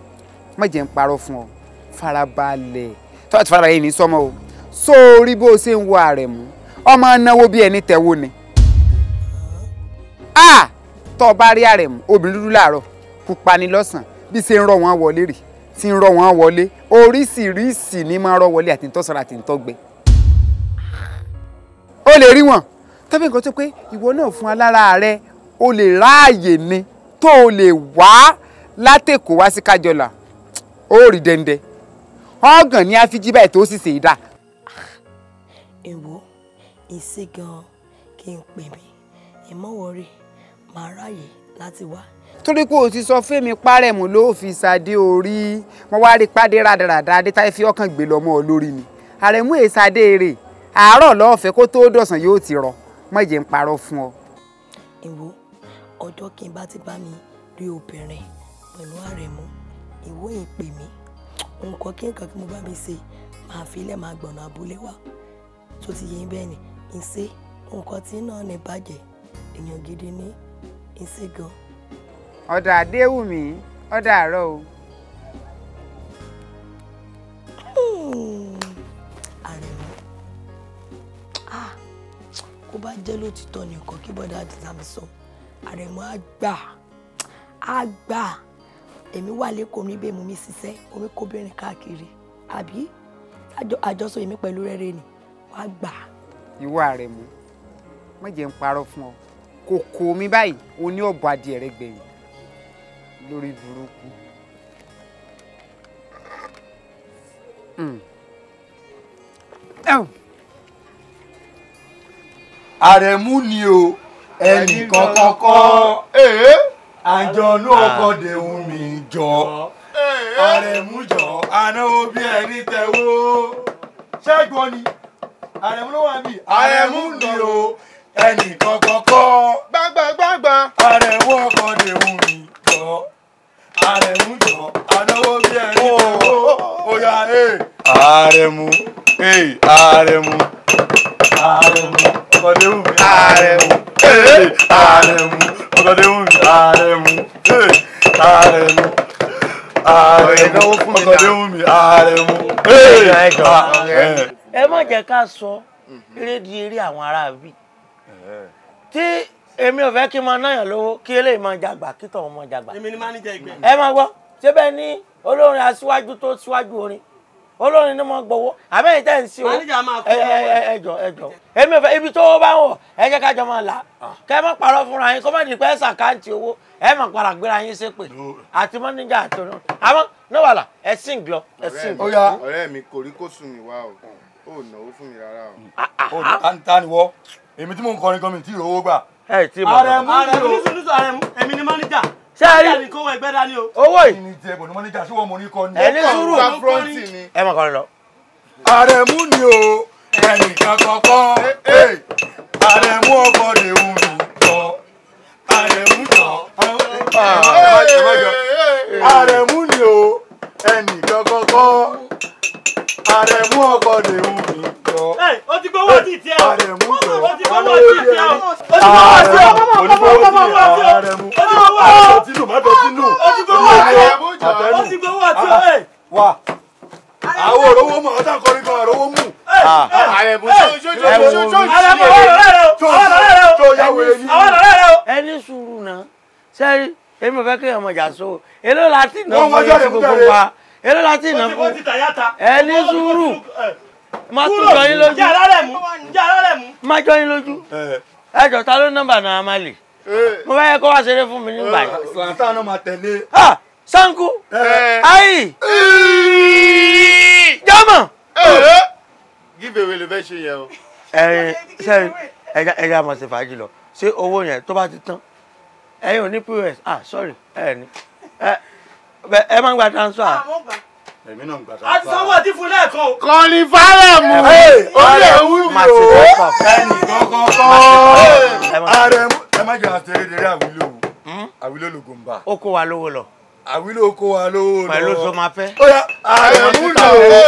D: má jẹ́ ń parọ́ fún ọ farabalẹ̀ tọ́tù farabalẹ̀ yìí ní sọmọ o sórí bó o ṣe ń wo àrẹ̀mú ọmọ náwó bí ẹni tẹ̀wó ni tọ́ ọ bá rí àrẹ̀mú obìnrin dúdú láàárọ̀ pupa ni lọ́sàn-án bí ṣe ń rọ wọn wọlé rè ti ń rọ wọn wọlé oríṣiríṣi ni máa rọ wọlé àti ntọ́sọ̀rọ̀ àti ntọ́gbẹ. ó lè rí wọn tọ́bí nǹkan tó pé ìwọ náà fún alára rẹ o lè ráàyè ni tó o lè wá látẹ̀kọ́ wá sí kájọlà ó rí dẹ́ndẹ́ ọ̀gàn ni àfijì báyìí tó sì ṣe é dà. èwo ìsí gan-an kí n pè mí
I: ìmọ̀wọ́rì màá ráàyè láti wá
D: torí pé o ti sọ fún mi párẹ̀mù ló fi ṣàdé orí mo wá rí pàdé rádaràdà adétáyé fi ọkàn gbé lọ́mọ olórí ni àrẹ̀mú èsàdé rè àárọ̀ lọ́ọ̀fẹ́ kó tó dọ̀sán yóò ti rọ mọ̀ jẹ́ ń parọ́ fún ọ. ìwọ ọjọ́ kí n
I: bá ti bá mi rí obìnrin pẹ̀lú àrẹ̀mú ìwọ ìpè mí nǹkan kí nǹkan kí mo bá mi ṣe máa fi ilẹ̀ máa gbọ̀nà abúlé wa
D: tó ti yẹ bẹ́ẹ̀ ni ìṣe nǹkan tí náà ní bàjẹ́ èèyàn gidi ní ìṣe gan-an ọ̀dà adéwùmí ọ̀dà àárọ̀ o. Hmm. àrẹ̀mú
I: ah, kó bá jẹ́ lótìtọ́ nìkan kí bọ́dà àdìsá mi sọ àrẹ̀mú á gbà á gbà èmi wà lẹ́kọ̀ọ́ mi bẹ́ẹ̀ mú mi ṣiṣẹ́ omi kóbìnrin káàkiri àbí àjọsọ èmi pẹ̀lú rẹ́rẹ́ ni
D: wàá gbà. ìwọ àrẹ̀mú má ń parọ́ fún ọ kòkò mi báyìí o ní ọ̀bọ adìẹ rẹ gbẹ̀yìn lórí burúkú. Hmm.
F: àrẹ̀mú ni o ẹnìkan kọ́kọ́ àjọ̀nú ah. ọkọ̀ dẹ̀hùn mi jọ àrẹ̀mú jọ anáwó bí ẹni tẹ̀wó ṣẹ́gun ni àrẹ̀mú ló wà níbí àrẹ̀mú ni o ẹnìkan kọ́kọ́ gbàgbàgbàgbà àrẹ̀mú ọkọ̀ dẹ̀hùn mi jọ àrẹ̀mú jọ anáwó bí ẹni tọ́wọ́ ọ̀yà àrẹ̀mú àrẹ̀mú àrẹ̀mú ọ̀kọ̀déhùn mi àrẹ̀mú àrẹ̀mú ọ̀kọ̀déhùn mi àrẹ̀mú àrẹ̀mú àrẹ̀mú ọ̀kọ̀déhùn mi àrẹ̀mú àrẹ̀mú.
B: ẹ má jẹ́ ká sọ eré di eré àwọn ará bíi eh. tí èmi ò fẹ́ kí n máa náyàn lówó kí eléyìí máa jàgbà kí tọ̀hún máa jàgbà. èmi ni máníjà ẹgbẹ́. ẹ máa gbọ́ ṣé bẹ́ẹ̀ ni olórin aṣíwájú tó síwájú orin olórin ni mo gbowó àbẹ́yìn tẹ́ ń sí o ẹjọ ẹjọ èmi ò fẹ́ ibi tó bá ń wọ̀ ẹ jẹ́ kájọ máa là ah. kẹ́ má parọ́ fúnra yín kó má di pé ẹ̀sà káǹtì owó ẹ má padà gbéra yín ṣépè àti mọ́níjà àti orin àmọ́ náà wà
F: là ẹ ẹ ti mọ̀ àrẹ̀mú àrẹ̀mú nísìnyí àrẹ̀mú èmi ni mọ́níjà sẹ́ẹ̀rí ẹni kó wọ ẹgbẹ́ dání o. owó yìí ni tiẹ̀ bọ̀ ni mọ́níjà ṣé wọ́n mọ ní kọ́ ni. ẹni sùúrù ẹ mọ̀ kọrin lọ. àrẹ̀mú ni o ẹnìkan kọ̀ọ̀kan àrẹ̀mú ọkọ̀ lè wù mí tọ́ àrẹ̀mú tọ́ ah, àrẹ̀mú ni o ẹnìkan kọ̀ọ̀kan àrẹ̀mú ọkọ lè wù mí jọ. o ti gbowó ti tiẹ̀ o àrẹ̀mú jọ o ti gbowó ti tiẹ̀ o o ti gbowó ti tiẹ̀ o àrẹ̀mú o ti gbowó ti tiẹ̀ o ti gbowó ti tiẹ̀ o ti gbowó ti tiẹ̀ wa àwọn òrówó mọ̀ ọ́tà kọrin kan òrówó mú. àrẹ̀mú
B: ẹni sùúrù náà sẹ́rí èmi ò fẹ́ kéèyàn mọ̀jà so èló la ti náà mọ̀ ẹ́ sí gbogbo wa eré láti ìnà fún ẹ ní sùúrù má tún jọ yín lójú má jọ yín lójú ẹ jọ ta ló nọ́mbà náà má lè
F: mo fẹ́ yẹ kó wá ṣeré fún mi nígbà yìí. sàǹtà náà máa tẹ̀lé. sanku ayi jama. give away ló fẹ́
B: ṣe yẹn o. ẹyin sẹ́yìn ẹja ẹja mọ̀ sí fàájì lọ ṣé owó yẹn tó bá ti tán ẹ̀yin ò ní pos ah sorry ẹ̀ ní ẹ máa ń gba transfer.
F: Ah, èmi náà ń gba transfer. àti sanwó àti fún lẹ́ẹ̀kan. kọrin fárẹ̀mù ó lè wúlò. ẹnì kankan àrẹ̀mú ẹ má jẹ́ àti eré àwílò hmm? àwílò lògùn bá. ó kó wa lówó lọ àwílò kó wa lówó lọ pẹ̀lú tó máa fẹ́. àrẹ̀mú lò ó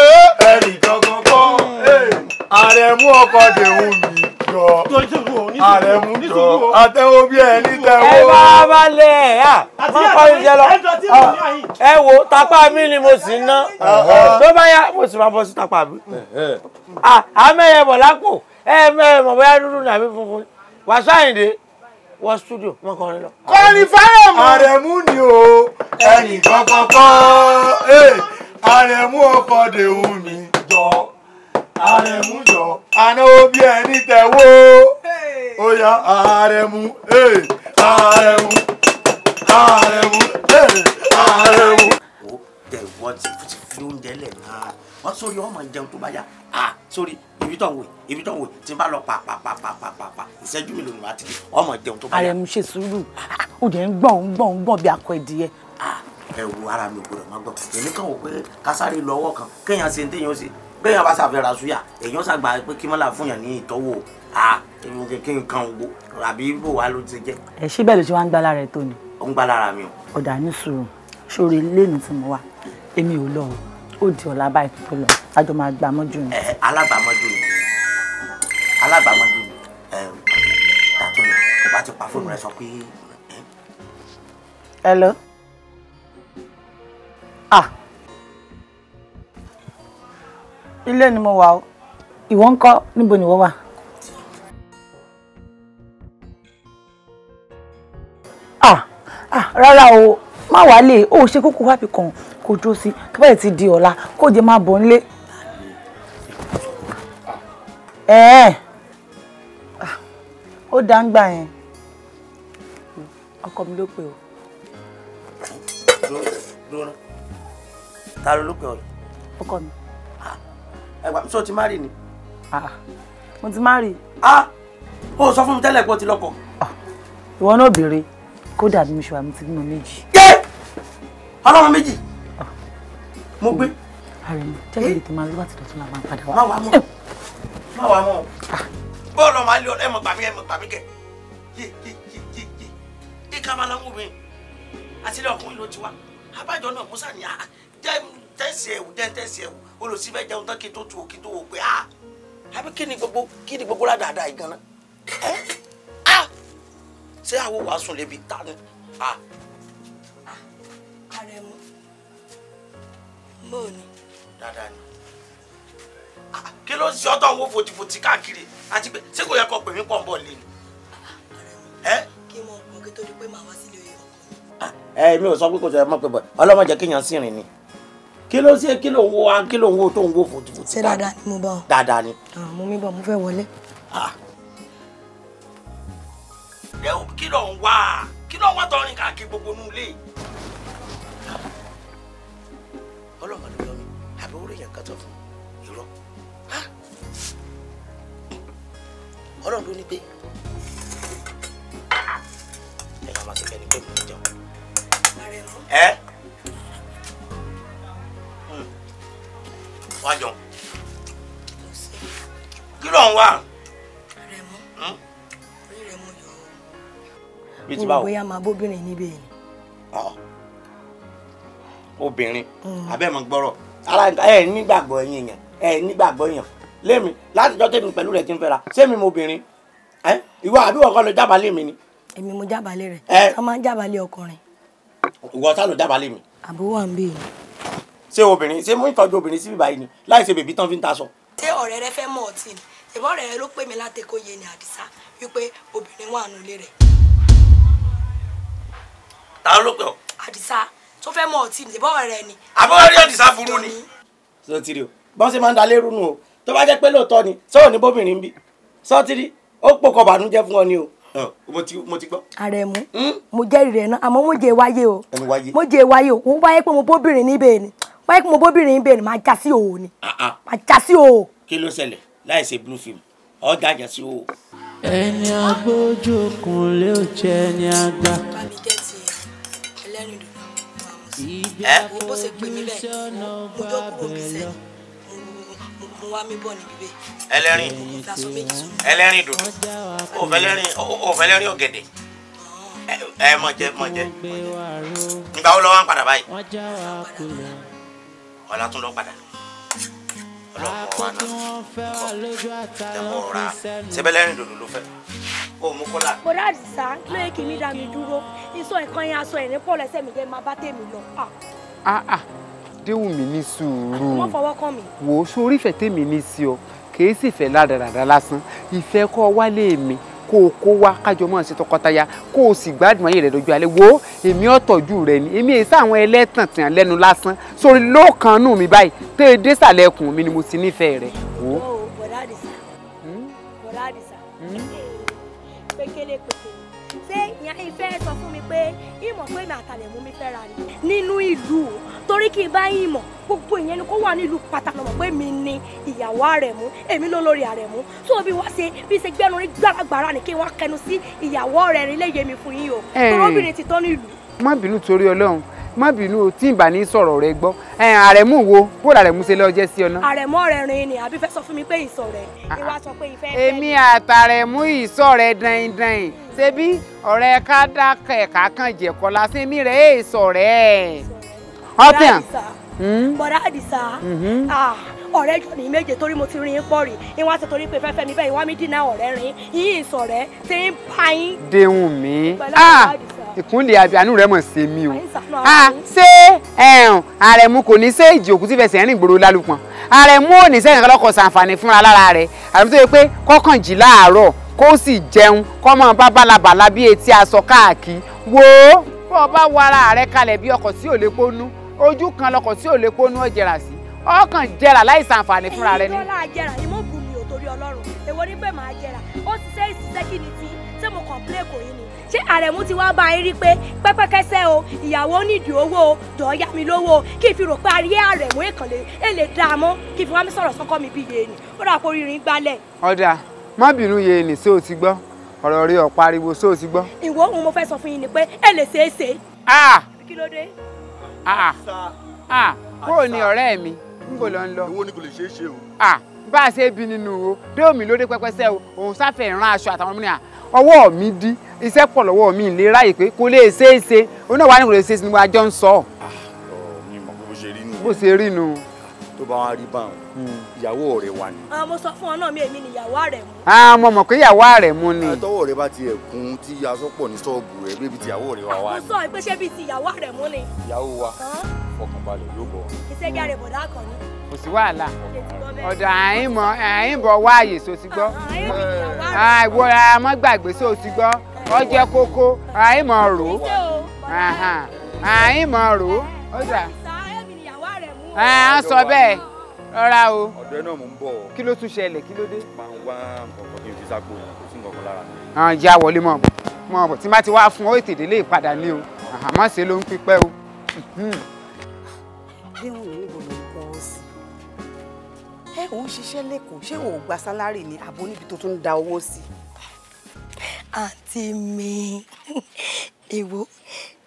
F: ẹnì kankan kọ́ hmm. àrẹ̀mú ọkọ̀ dèhùn mi jọ àrẹ̀mú jọ àtẹ̀wò bí ẹni tẹ̀wò. ẹ bá balẹ̀ à má parí jẹ lọ ẹ wo tapa
B: mi ni mo sì ná tó bá yá mo sì máa bọ́ sí tapá mi. àmẹ́yẹ bọ̀ lápò ẹ mẹ́rin mọ̀ bóyá dúdú nàbí funfun wàásù àyìndé wọ studio wọn kọrin lọ.
F: kọrin fáyọ̀ mọ́. àrẹ̀mú ni o ẹnì kan kọ́kọ́ àrẹ̀mú ọkọ̀ dèwù mi jọ àrẹ̀mú jọ àná obi ẹni tẹ̀wó ó yá àrẹ̀mú àrẹ̀mú àrẹ̀mú àrẹ̀mú. ó
B: tẹ̀wọ́ ti fi oúnjẹ lẹ̀ náà wọ́n sórí ọmọ jẹun tó bá yá sórí ibi tó ń wò ibi tó ń wò tí n bá lọ pa ìṣẹ́jú mi lòun àti ọmọ jẹun tó bá yá. àrẹ̀mú
E: ṣe sùúrù ó dẹ̀ ń gbọ̀n ń gbọ̀n ń gbọ̀n bí akọ ẹ̀dìyẹ
B: ẹ wo ara mi ò gbọdọ̀ má gbọ́ èmi kàn wò pé kásáré lọ́wọ́ kan kéèyàn ṣe ní téèyàn ṣe bẹ́ẹ̀ bá ṣàfihàn suya èèyàn ṣàgbà pé kí mọ́là fún yàn ní ìtọ́wò kí n kan wo àbí bò wá ló ti jẹ́.
E: ẹ síbẹ̀ ló ti wá ń gbá lára ẹ tó ni.
B: ó ń gbá lára mi o.
E: ọ̀dà ní sùúrù sórí lẹ́nu tí mo wà èmi ò lọ ó di ọ̀la báyìí tó lọ lájọ máa gbà mọ́jú ni. ẹ
B: alábàámọ́jú ni alábàámọ́jú ni tàtó ni ó bá ti pa fóònù rẹ sọ pé.
E: hello. ah ilé ni mo wà o ìwọ ń kọ́ níbo ni ìwọ wà. ah ah rárá o má wàá lè o ṣe kókó wá fi kàn kó dúró sí tó bá yẹ ti di ọ̀la kó jẹ máa bọ̀ nílé. ẹ̀ẹ́n ó dáńgbà yẹn ọkọ mi ló pè o. ta ló ló pè ọ. ọkọ mi ẹ̀gbà
B: mi sọ ti márì ni. Ah,
E: mo ti márì. a ó sọ fún mi tẹ́lẹ̀ pé o ti lọ́kọ. Ah, ìwọ náà béèrè kódà bí mo ṣe wà mo ti bímọ méjì. yé ọlọ́run méjì ah. mo gbé. ààrẹ mi jẹ́rìí lè eh? tẹ̀ máa lọ́wọ́ àti dọ̀tún làwọn padà wá. má wàá mọ̀ eh.
B: má wàá mọ̀ bọ́ọ̀lù ọmọ alẹ́ ẹ̀mọ̀ gbàmí ẹ̀mọ̀ gbàmí kẹ̀ yé yé yé yé yé yé ká máa láwọn obìnrin àti ilé ọkùnrin ló ti wá abájọ náà musa ni tẹ́sí ẹ̀wù tẹ́sí ẹ̀wù olùsí fẹ́ jẹun tán kí n tó tu o kí n tó wò pé ah àbí kí ni gbogbo kí ni gbogbo ládàáda ìgànnà ẹ ah ṣé àwọn wàá sùn lébi tánú ah.
I: Àrẹ̀mú ah, bó ni.
B: dáadáa ni ah, ah, kí ló ń ṣe ọtọ òun fotifoti káàkiri àti pé ṣé kò yẹ kó pè mí pọ̀ ń bọ̀ lé ni.
I: kí mo mọ̀ kí tó di pé màá wá sílé
B: ọkọ. ẹ mi ò sọ pé kò tẹ ẹ mọ pé bọ ọlọmọ jẹ kéèyàn sì rìn ni kí ló ṣe kí ló ń wo wa kí ló ń wo tó ń wo fòtìfòtì. ṣé dáadáa ni mo bá ọ. dáadáa ni.
I: Ah, mo mi bọ̀ mo fẹ́ wọlé.
B: kí ló ń wá kí ló ń wá tọrin káàkiri gbogbo inú ilé. ọlọ́run ló yọ mi àbí orí èèyàn kan fún irọ́ ọlọ́run ló ní pé ẹ̀yàn máa ti ni pé mo ń jẹun. ẹ. wá jọ
I: kí ló ń wá. Hmm? bí ti báwo. bóyá máa bóbìnrin níbẹ̀ ni.
B: obìnrin hmm. abẹ́ mọ̀ gbọ́rọ̀ ara ẹ̀ nígbàgbọ́ yín yẹn ẹ̀ nígbàgbọ́ yẹn lémi látijọ́ tèmi pẹ̀lú rẹ̀ ti ń fẹ́ra sẹ́mi mo obìnrin ìwọ àbí wọ́n kọ́ lọ jábàálẹ̀ mi ni.
I: èmi mo jábàálẹ̀ rẹ̀ wọ́n máa ń jábàálẹ̀ ọkùnrin.
B: ìwọ sá lọ jábàálẹ̀ mi.
I: àbúrò à ń bèèrè
B: ṣé obìnrin ṣé mú ìtọ́jú obìnrin síbi báyìí ni láì ṣe bèbí tán fi ń taṣọ.
I: ṣé ọ̀rẹ́ rẹ fẹ́ mọ̀ ọtí ni ṣèbọ̀ ọ̀rẹ́ rẹ ló pè mí láti kó yé ni àdìsá wípé obìnrin wà nílé rẹ̀. ta ló pè ọ́. àdìsá tó fẹ́ mọ̀ ọtí ni ṣèbọ̀ ọ̀rẹ́ rẹ ni. àbúrò
B: rí àdìsá burú ni. sotiri o bọ́n ṣe máa ń dalé rúnu o tó bá jẹ́ pé lóòótọ́ ni sọ́ọ̀ ní bóbìnrin bí sotiri ó pokọ̀ bànújẹ́ fún ọ ni o mo ti mo ti gbọ́.
I: Àrẹ̀mú hmm? mo jẹ́rìí rẹ̀ náà àmọ́ mo jẹ́ wáyé o mo jẹ́ wáyé o mo wáyé pé mo bóbìnrin níbẹ̀ ni báyìí kí mo bóbìnrin bẹ́ẹ̀ ni máa já sí òò ni ah, ah. máa já sí òò.
B: kí ló ṣẹlẹ̀ láì ṣe blue film ọ̀ dájà sí òò.
I: ẹni agbójú lè jẹ ẹni
J: àgbà. bàbí gẹ́tì ẹlẹ́rìndòdò máa mú sí. bó ṣe pè mí bẹ́ẹ̀ mo jọ kúrò bí sẹ́yìn
I: mo wá mi bọ̀ níbí bẹ́ẹ̀. ẹlẹ́rìn ẹlẹ́rìn dòdò òfẹ́lẹ́rìn òfẹ́lẹ́rìn ọ̀gẹ̀dẹ̀
B: ẹ mọ̀ jẹ́ nígbà wo lọ́wọ́ ń padà báyìí ọlá tún lọ padà
J: ọlọ́mọ wa náà
I: kọ́ ẹ mọ̀ ra sẹ́bẹ̀lẹ́rìn
B: dòdò ló fẹ́ o mú kọ́lá.
I: mo rà sá ló yẹ kí mi dá mi dúró iṣọ ìkan yẹn aṣọ ìrìn pọ̀ lẹ́sẹ̀ mi jẹ́ máa bá tèmi lọ.
D: déwùn mi ní sùúrù wọ́n wò sórí ìfẹ́ tèmi ní sí ọ kì sì fẹ́ ládàradà lásán ìfẹ́ kọ́ wálé mi kó o kó wá kájọ mọ́ ṣe tọkọtaya kó o sì gbádùn ayé rẹ̀ lójú alẹ́ wo èmi ọ̀tọ̀jú rẹ̀ ni èmi èsì àwọn ẹlẹ́tàn tìǹ lẹ́nu lásán sórí lóòkànnù mi báyìí tó o dé sàlẹ̀ ẹkùn mi ni mo ti nífẹ̀ẹ́ rẹ̀ wò. Oh, bọ̀dá àdìsá hmm? bọ̀dá àdìsá hmm?
I: pékélé pékélé ṣé ìyá ìfẹ́ sọ fún mi pé ìmọ̀ pé mi àtàlẹ̀ mú mi fẹ́ra ni. nínú ìlú torí kí n bá yín gbogbo ìyẹn ni kó wà nílùú pàtàkì mọ̀ pé mi ni ìyàwó Àrẹ̀mú èmi ló lórí Àrẹ̀mú tó bí wá ṣe bí ṣe gbẹ́nu ní gbàràgbàrà ni kí wọ́n kẹnu sí ìyàwó rẹ̀ nílé yẹmi fún yín o torọ́bìnrin ti tán nílùú.
D: má bínú torí Ọlọ́run má bínú o tí ìbà ní sọ̀rọ̀ rẹ gbọ́ àrẹ̀mú wo bó làrẹ̀mú ṣe lọ́ọ́ jẹ́ sí ọ ná. àrẹ̀mú ọ̀rẹ́ rin ni àbí fẹ́ sọ fún mi pé ìsọ̀rẹ́ ah, ìwà sọ pé ìfẹ́ ah. fẹ́. èmi àtàrẹ̀mú ìsọ̀rẹ́ daindain ṣebí ọ̀rẹ́ ká dákẹ́ kákan jẹ̀kọ́ la ṣe mí rẹ̀ ọ̀tẹ̀. Hmm? bọ̀dá
I: àdìsá mm-hmm.
D: ah ọ̀rẹ́ jọ ní méje torí mo ti rin pọ̀ rí ni wọ́n á ti torí pé
I: fẹ́fẹ́ mi bẹ́ẹ̀ wọ́n á mi dínà ọ̀rẹ́ rin yín ìsọ̀rẹ́ tí ń pa yín.
D: dehun mi ah! ìkúnlẹ̀ àbíánú rẹ̀ mọ̀ sí mi o ah! ṣé mu kò ní séèjì òkú tí fẹsẹ̀ rìn gbòòrò lálùpọ̀n àrẹ̀mú ò ní sẹ́yìn lọ́kọ̀ sàǹfààní fúnra lára rẹ̀ àbí tó yẹ pé kọ́kànjì láàárọ̀ kó sì jẹun kọ́ mọ́ bá balabàla bí etí aṣọ káàkiri wo bọ́ ọ bá wara rẹ̀ kalẹ̀ bí ọkọ̀ tí ò lè ponú ojú kan lọkọ̀ tí ò lè ponú sí ọkàn jẹrà láì sàǹfààní fúnra rẹ ni. èyí tó
I: láà jẹrà ni mo bù mí ò torí ọlọ́run èwo ni pé màá jẹrà ó ti ṣe ìṣiṣẹ́ kí ni ti ṣé mo kọ̀ǹpilẹ̀ kò àrẹ̀mú ti wá bá yín rí pé pẹ́pẹ́kẹsẹ́ o ìyàwó nídìí owó o dọ̀ọ́ mi lówó o kí n fi rò pé ayé àrẹ̀mú èkànlé ẹ lè dá mọ́ kí n fi wá mi sọ̀rọ̀ sọ́kọ́ mi bí yé ni ó dà kó rírin gbálẹ̀.
D: ọ̀dà má bínú yé ni ṣé o gbọ́ ọ̀rọ̀ rí ọ̀ pariwo ṣé o gbọ́.
I: ìwọ ohun mo fẹ́ sọ
D: fún yín ni pé ẹ lè ṣeé ṣe. Ah! kí ló dé. Ah! Ah! kó o ní ọ̀rẹ́ mi n kò lọ ń lọ. owó ni kò lè ṣeé ṣe o. à bá a ṣe bí nínú o dóòmì lórí pẹpẹsẹ o òun sáfẹ́ ìran aṣọ àtàwọn ọmọ nìyà ọwọ́ mi dí iṣẹ́ pọ̀ lọ́wọ́ mi lè ráàyè pé kò lè ṣeé ṣe oní ọ̀wá ni kò lè ṣeé ṣe ni wọ́n àjọ ń sọ. Ah, bó ṣe rí nu. bó ṣe rí nu.
F: tó bá wọn rí báwọn ìyàwó rẹ wà ní.
I: Ah, mo sọ fún ọ náà mi èmi ni ìyàwó Àrẹ̀mú.
F: àwọn ah, ọmọ mọ̀ pé ìyàwó Àrẹ̀mú ni. àtọwọ́ ah, rẹ bá ti ẹ̀kún tí aṣọ ní ṣọ́ọ̀bù rẹ
D: bíbi tìyàwó rẹ wà wá. mo sọ
I: pé ṣé bíi tìyàwó Àrẹ̀mú ni.
D: ìyàwó wa fọkànbalẹ̀ yóò bọ̀.
I: iṣẹ́ jáde bọ̀dá kan ni.
D: kò sí wàhálà ọ̀dọ̀ àyìnbọ̀ àyìnbọ̀ wá àyè so ti gbọ́. àìwọ àmọ́ gbàgbé so ti gbọ́ ọjẹ́ kókó àyìnbọ̀ rò àyìnbọ̀ rò ó sà. à sọ bẹ́ẹ̀ rárá o. ọ̀dọ̀ ẹ náà mò ń bọ̀. kí ló tún ṣẹlẹ̀ kí ló dé. máa ń wá nǹkan kí n fi sápò yẹn kò sí nǹkan lára mi. àwọn ìjà wọlé mọ̀ mọ̀ bọ̀ tí bá ti wá fún ọ ètè délé ìpadà ní o àmọ́ ṣe ló ń pípẹ́ o.
F: déwọ̀n
H: ò ní gbọ́dọ̀ gbọ́ ọ sí ẹ ò ń ṣiṣẹ́ lẹ́kọ̀ọ́ ṣé ò gba sálárì ni àbó níbi tó tún da owó sí.
I: àǹtí mi èwo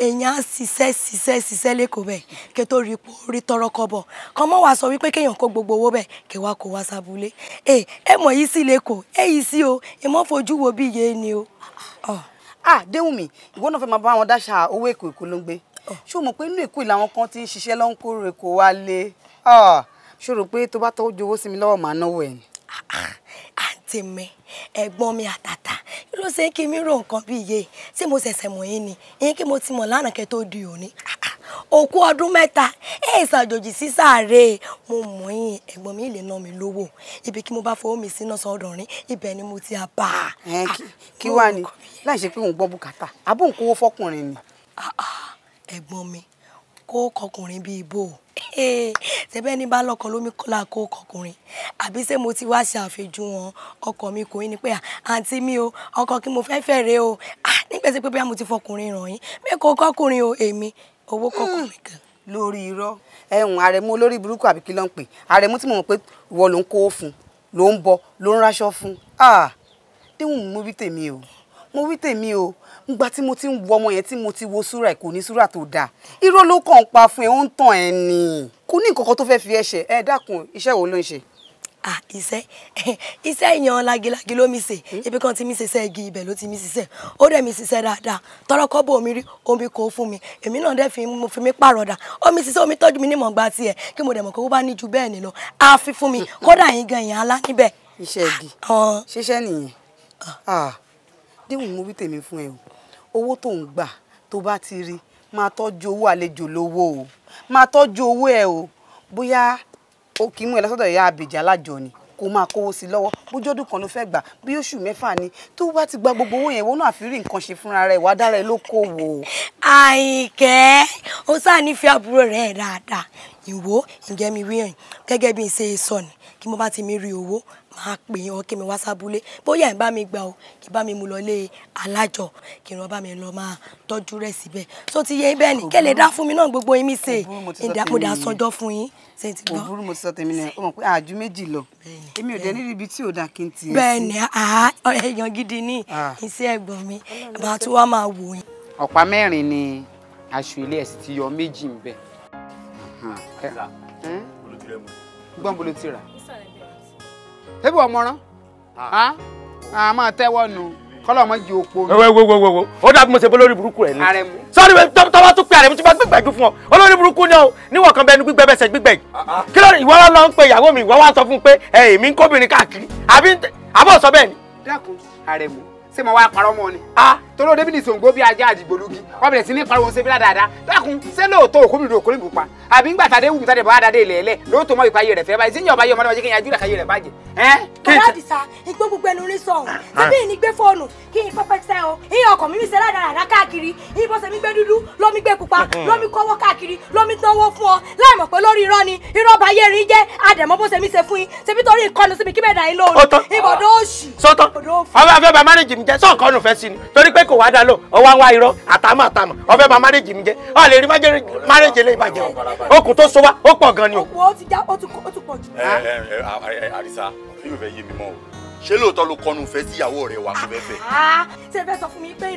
I: èèyàn á ṣiṣẹ́ ṣiṣẹ́ ṣiṣẹ́ lẹ́kọ̀ọ́ bẹ́ẹ̀ kí tó rí ipò orí tọrọ kọ́bọ̀ kọ́ mọ́ wàá sọ wípé kéèyàn kó gbogbo owó bẹ́ẹ̀ kí wàá kó wá sábúlé ẹ ẹ mọ̀ yìí sí lẹ́kọ̀ọ́ ẹ yìí sí o e mo fojú wo bí iye ni o. ah, ah déwùmí ìwọ
H: náà fẹ́ máa bá wọn dáṣà owó èkó èkó ló ń gbé oh. ṣé o mọ̀ pé inú èkó làwọn kan ti ń ṣiṣẹ́ lọ́nkóró èkó wálé ah, ṣòro pé tó bá tọ́jú owó sí mi lọ́wọ́ màá náwó ẹ̀ ni. Ah,
I: tèmi ẹ̀gbọ́n mi àtàtà kí ló ṣe kí mi rò nǹkan bí iye tí mo ṣẹ̀ṣẹ̀ mọ̀ yín ni ìyẹn kí mo ti mọ̀ lánàá kẹ́ tó di òní òkú ọdún mẹ́ta ẹ̀ ṣàjòjì sí sàárè mo mọ̀ yín ẹ̀gbọ́n mi lè ná mi lówó ibi kí mo bá fowó mi sí náà sọ́dọ̀ ibẹ̀ ni mo ti bá a. kí wàá ní láì ṣe pé òun gbọ́ bùkátà àbó òun kówó fọkùnrin ni. ẹ̀gbọ́n mi kó kọkùnrin bíi bò ó tẹ́bẹ́ eh, ní bá lọ́kọ lómi làkó ọkọkùnrin àbí ṣé mo ti wá ṣe àfijúwọn ọkọ mi kò ní pé àǹtí mi o ọkọ kí mo fẹ́ẹ́ fẹ́ẹ́ o nígbàtí pé bí mo ti fọkùnrin ràn yín mẹ́kọ̀ ọkọkùnrin o èmi owó kọkùnrin kan. lórí irọ́ ẹ̀hún
H: àrẹ̀mú olórí burúkú àbí kí ló ń pè àrẹ̀mú tí mo mọ̀ pé ìwọ ló ń kó fún ló ń bọ ló ń ráṣọ fún mo wí tèmi o mo wí tèmi o ngbà tí mo ti ń wo ọmọ yẹn tí mo ti wo súra ẹ kò ní súra tó dáa irọ́ ló kàn ń pa fún ẹ ó ń tàn ẹ nì kò
I: ní nǹkan kan tó fẹ́ fi ẹ ṣe ẹ dákun iṣẹ́ wo ló ń ṣe. à ah, iṣẹ́ iṣẹ́ ìyan lagilagi ló mi ṣe ibi hmm? kan tí mi ṣiṣẹ́ igi ibẹ̀ ló ti mi ṣiṣẹ́ ó dẹ̀ mi ṣiṣẹ́ dáadáa tọrọ kọ́bọ̀ omi rí omi kò fún mi èmi náà dẹ̀ fi mo fi mi omi ṣiṣẹ́ omi tọ́jú mi ní mọ̀gbà tiẹ̀ kí mo dẹ̀ mọ̀ kó ni lọ á fi fún mi díhùn ah, ah. mo wí tèmi fún ẹ o owó tó ń
H: gbà tó bá ti rí máa tọ́jú owó àlejò lówó o máa tọ́jú owó ẹ o bóyá o kì í mú ẹ lọ́sọ̀dọ̀ ìyá àbèjì alájọ ni kó máa kówó sí lọ́wọ́ bójọ́dún kan ló fẹ́ gbà bí oṣù mẹ́fà ni tó bá ti gba gbogbo owó yẹn wọnú àfírí nǹkan ṣe fúnra rẹ̀ wàá dára ẹ
I: lókòwò. àìkẹ́ ó sáà nífẹ̀ẹ́ àbúrò rẹ̀ dáadáa ìwọ ǹjẹ́ mi wíyàn gẹ́gẹ́ bí n ṣe sọ ni kí mo bá ti mi rí owó máa pè yàn kí mi wá sábúlé bóyá ẹ̀ bá mi gbà o kí bá mi mú lọ lé alájọ kí wọ́n bá mi lọ máa tọ́jú rẹ̀ síbẹ̀ tó ti yẹ bẹ́ẹ̀ ni kẹ́lẹ̀ dá fún mi náà gbogbo yín mi ṣe ìdàkúdà sọjọ́ fún
H: yín ṣe ti gbọ́. òbúrú mo ti sọ tèmi náà ó mọ̀ pé àjú méjì lọ èmi ò dé níbi ibi tí ò dà kí n tiẹ̀
I: sí. bẹ́ẹ̀ ni èèyàn gidi ní iṣẹ́ ẹ̀gbọ́n mi màá tún wá máa wò yín.
D: ọ̀pá mẹ́rin ni aṣọ ilé ẹ̀ sì ti yọ méjì ń bẹ̀. gbọ́n bolo ti rà ṣébí wọ́n mọ̀ràn a ah. ah, ah, máa tẹ́wọ́ nù kọ́lọ̀ mọ́ ju òpó mi. wo wo wo ó dàbí mo ṣe bọ́ lórí
B: burúkú rẹ ni. Àrẹ̀mú. sọ́ọ́ni mi tọ́wọ́ tún pe Àrẹ̀mú tí mo gbé gbẹ̀jú fún ọ olórí burúkú ni ọ níwọ̀n kan bẹnu gbígbẹ́ bẹ́sẹ̀
D: gbígbẹ́ yìí kí ló ìwọ lọ ń pe ìyàwó mi ìwọ wá sọ fún un pé èmi ń kóbìnrin káàkiri àbí àbọ̀ sọ bẹ́ẹ̀ ni. dákun Àrẹ̀mú ṣé mo wá parọ́ mọ́ ni tọ́lọ́ débìlì sòǹgbó bí ajá àdìgbòlugi wọ́n bẹ̀rẹ̀ sí ní pariwo ṣe bí ládàáda dákun ṣé lóòótọ́ òkú mi ro òkú pa àbí ń gbàtà déwù tàdé bá dáadé ilẹ̀ ẹlẹ̀ mọ ìpayé rẹ̀ fẹ́ báyìí síyìn ọba yìí ọmọdé wájú kí n yájú rẹ̀ káyé rẹ̀ bàjẹ́. bọ́lá dìsa ìgbó gbogbo ẹnu orí sọ̀hún síbí ìní gbé fóònù kí n pẹ́pẹ́ tẹ o ìyẹn ọkọ̀ mímí ṣe ládàáda káàkiri
I: ìbọn ṣe mí gbé dúdú lómi gbé pupa hmm. lómi kọ́wọ́ káàkiri lómi
B: mi kò wá dá lò ọ wá ń wá irọ́ àtàmọ́ àtàmọ́ ọfẹ́ máa márèjì mi jẹ́ ọ lè rí márèjì lè bàjẹ́ o okùn tó so wá ó pọ̀
F: gan ni o.
I: o ti já o ti pọ̀ jù. ẹ ẹ ẹ àrísá yóò fẹ́ yé mi
F: mọ́ o ṣé lóòótọ́ ló kọnu fẹ́ sí ìyàwó rẹ̀ wà fún fẹ́fẹ́.
I: Ah, ah, ṣé fẹ́ sọ fún mi pé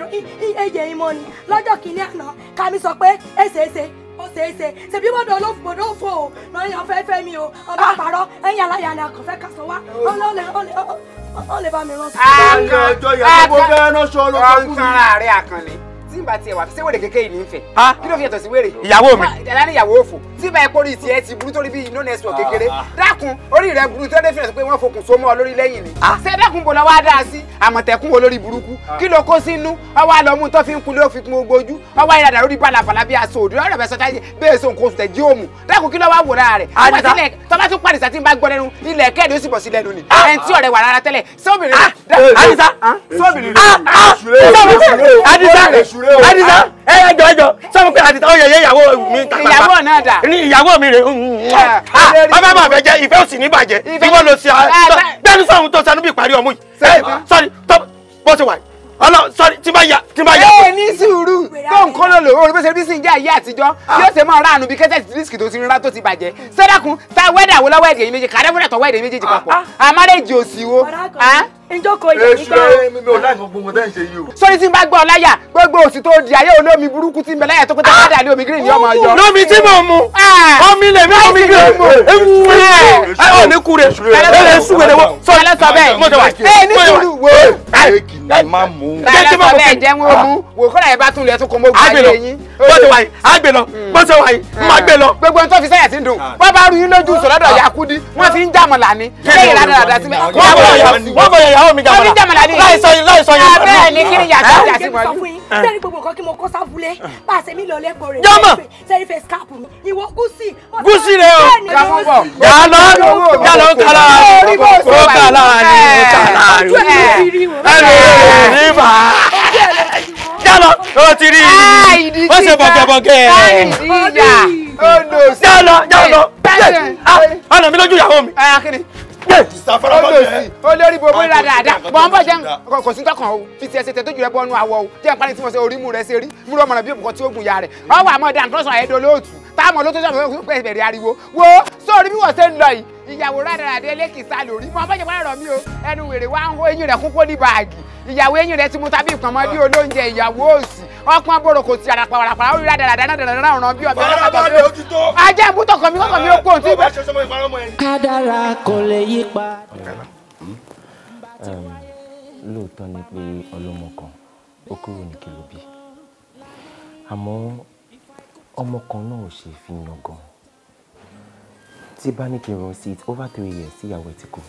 I: ẹyẹ ìmọ̀ ni lọ́jọ́ kìíní àná kàmí sọ pé èsèèsè ó ṣeé ṣe ṣèbí bọ́dọ̀ olófòdó fò ó lọ́yìn ọ̀fẹ́ fẹ́ mi o ọba ah! àpárọ̀ ẹ̀yìn aláya ni akọ̀fẹ́ kà sọ wá oh.
D: ó lè bá mi rán sí ah, i. àkànjọ ìyàwó bẹ́ẹ̀ ránṣọ lọ́kọ̀ọ́kùnrin. ọ̀nkàrà rẹ̀ àkànní tí n bá tiẹ̀ wà fi sẹ́wọ̀n kékeré yìí ní fẹ̀. kí ló fi yàtọ̀ sí wèrè. ìyàwó mi. ìyàrá ìyàwó òfò tí bá epo rí tiẹ̀ ti burú torí bí iná nẹ́sùn kékeré. Ah. dákun orí rẹ burú tó dé fi hàn pé wọ́n fokùn so mọ́ ọ lórí lẹ́yìn ni. Ah. ṣé dákun bò lọ wá sí àmọ̀tẹ́kùn wo burúkú ah. kí ló kó sínú ọwọ́ àlọ́mú tó fi ń kun ló fi ọwọ́ ìràdà lórí
F: rè o. Adisa ah. ẹ ẹjọ ẹjọ sọ pé Adisa ó yẹyẹ ìyàwó mi tàpá. Ìyàwó náà
D: dà. Ní ìyàwó
F: mi rè.
B: Ọbẹ̀ máa fẹ́ jẹ́ ìfẹ́ òsì ní bàjẹ́. Ìwọ ló ṣe ah, ah, bẹ́ẹ̀ni sọ̀hún tó sanú bí ìparí ọmú yìí.
D: Eh, sọ́ni tó bó ti wà yìí. Ọlọ
B: sọ́ni tí bá yà tí bá yà. Ẹ
D: eh, ní sùúrù tó nǹkan lò lòrò bó ṣe bí sí ń jẹ́ ayé àtijọ́ yóò ṣe máa ránu bí kẹ́sẹ̀ dírísìkì tó ti rírá tó ti bàjẹ́. Sọ́dọ̀kùn ta wẹ́dà wo lọ́wọ́ ẹ̀dẹ̀ yìí méjì kàdé fúnra tọ̀ wẹ́dà yìí méjì papọ̀. Àmàlẹ́ ìjì òsì wo ìjókòó ìyẹn nígbà wo. èsù
F: mi ò láì gbogbo nǹkan tẹ́ ń ṣe yìí o.
D: sọ́ni tí n bá gbọ́ ọ láyà gbogbo òsì tó di ayé olómi burúkú tí n bẹ láyà tó pété bá dàlẹ́ omi green ni ọmọ ayọ. lómi tí mò ń mu ah! omi lè mí omi green mu ewu eh! ẹ ọ ní kure ẹ lè sùn wẹrẹ wọ. sọ ẹ sọ bẹ́ẹ̀ mo tẹ wá ẹ eh, ní sùúrù wo. ayé kì í má mú. ẹ sọ bẹ́ẹ̀ jẹ wọn mú wò kọ́ra ẹ bá tún lẹ tó kọ mọ gbà lé yín. bó ti wà yìí àgbè lọ hmm. bó ti wà yìí má gbè lọ. Hmm. gbogbo n tó fi sẹ́yà ti ń dùn wọ́n bá rú yín lójú sọ̀rọ̀ dọ̀ yakudi wọ́n fi ń jàmọ̀ lànà. kẹ́hìn ládàá dàda sí mi. wọ́n ìyàwó mi jàmàlà láìsọ láìsọ yẹn. abẹ́rẹ́ ni kí ni yàtọ̀ ọjà sí wọlé. sẹ́ni
I: gbogbo nǹkan kí mo kọ́ sábúlé bá a ṣe mí lọ lẹ́gbọ̀ọ́ rẹ̀ jọ́mọ̀ sẹ́ni fẹ́ skáàpù mi ìwọ gúúsì. gúúsì rẹ o yàlọ yàlọ kala ó kala ni ó kala ni
F: ẹ lè rí bá yàlọ ó ti rí i
D: ah, ó ṣe bọ̀gẹ̀bọ̀gẹ̀ ah, ah, ọ̀nà mi lójú ìyàwó mi olórí bo bóyá dáadáa bọ́n bọ́ jẹun kò sí kankan o fi ti ẹsẹ̀ tẹ tójú rẹ bọ́ nu awọ o jẹ́ ìparí tí mo ṣe orí mu rẹ ṣe rí mú rọmọràn bí òmùkọ́ tí ó gun ya rẹ̀ ọwọ́ àmọ́ dáńtọ́sán ẹ̀ẹ́dọ́ lóòtú táwọn olótóṣàmù ẹ̀ẹ́dọ́ ariwo wo sórí bí wọ́n ṣe ń lọ yìí ìyàwó rádaràdé elékìsá lórí mọ ọbẹ̀ ìjọba rọ̀ mí o ẹnu wèrè wá ń hó eyín rẹ̀ kúkó ní báàgì ìyàwó eyín rẹ̀ ti mu tàbí ìpamọ́dé olóúnjẹ ìyàwó òsì ọpọn bòrò kò ti àràpà àràpà orí rádaràdá náà dáradára ọ̀ràn bí ọbẹ̀ ọlọ́pàá tó ajá ìbútọ̀ kan mi kọ́kọ́ mi ó kó òtún ibà.
F: kádàrà
J: kò lè yí pa.
G: lóòótọ́ ni pé ọlọ́mọ kan ó kúrò ní kìlóbì àmọ́ ọmọ kan náà ò ṣe fi yan gan-an tí bá ní kí n run sí it over three years sí ìyàwó ẹ̀ ti kú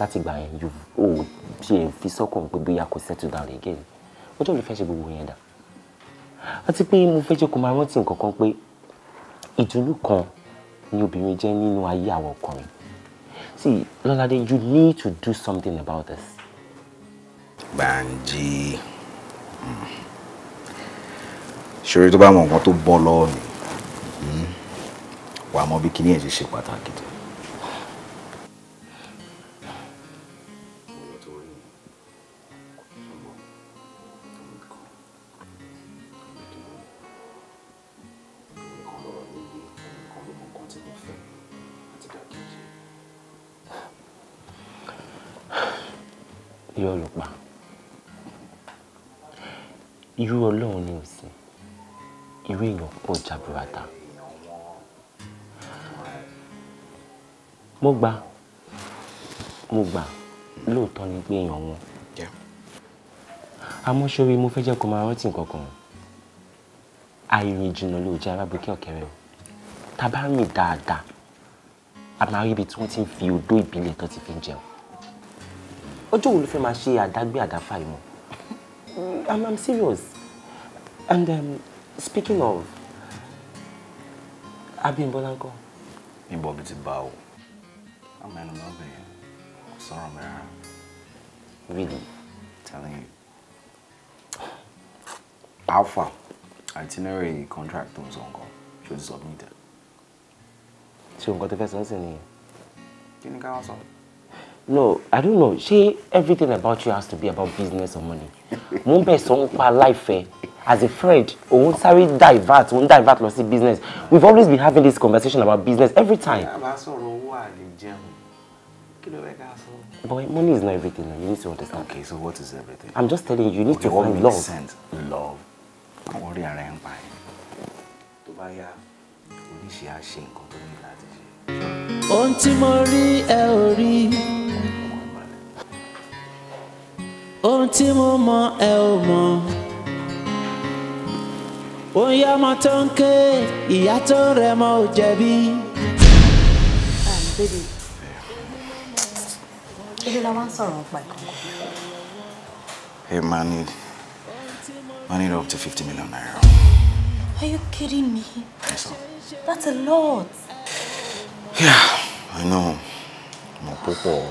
G: láti gbà yẹn yóò ò ṣe fi sọ́kàn pé bóyá kò settle down again ọjọ́ mi fẹ́ ṣe gbogbo yẹn dà àti pé mo fẹ́ jẹ́ kó máa rántí nǹkan kan pé ìdùnnú kan ni obìnrin jẹ́ nínú ayé àwọn ọkùnrin see Lọ́ládé you need to do something about this.
C: Bánjí hmm. ṣeré tó bá mọ nǹkan tó bọ́ lọ́wọ́ mi wà á mọ bí kíní ẹ̀ ṣe ṣe pàtàkì tó.
G: irọ́ ló pa irú ọlọ́run ni ò sí irú èèyàn pọ̀ jaburata. mo gbà mo gbà lóòótọ́ ni pé èèyàn wọn àmọ́ sórí mo fẹ́ jẹ́ kó máa rántí nǹkan kan àìrìn jìnnà ló jẹ́ arábùkẹ́ ọ̀kẹ́rẹ́ o tá a bá rìn dáadáa a máa rí ibi tí wọ́n ti ń fi odó ìbílẹ̀ tó ti fi ń jẹun ọjọ́ wo ló fẹ́ máa ṣe àdágbé àdáfà ìmọ̀ i'm i'm serious and um, speaking of Abímbọ́lá ńkọ́.
C: ìbọn mi ti bá o mẹ́nu in love with you, mi rárá really telling you alpha itinerary contract to ń sọ nǹkan ṣó ti submitted.
G: She won't go to sọ sí nìyẹn. kí ni ká wá no i don't know She everything about you has to be about business or money mo ń bẹ̀ sọ ń pa láìfẹ́ as a friend òun sáré divert won't divert lọ business we've always been having this conversation about business every time.
J: àbá sọ̀rọ̀ owó àlè jẹun. Kí
G: Boy, money is not everything. You need to understand. Okay, so what is everything? I'm just telling you, you need okay, to find love. Sense,
C: love. Àwọn orí ara ẹ̀ ń pa ẹ̀. Tó bá yá, oníṣẹ́ á ṣe nǹkan tó ní láti ṣe.
J: Ohun tí mo rí ẹ ò rí. Ohun tí mo
I: Kí la wá ń sọ̀rọ̀
C: Hey, man, need, need up to 50 million naira.
E: Are you kidding me? Yes, sir. That's a lot.
C: Yeah, I know. Mo púpọ̀.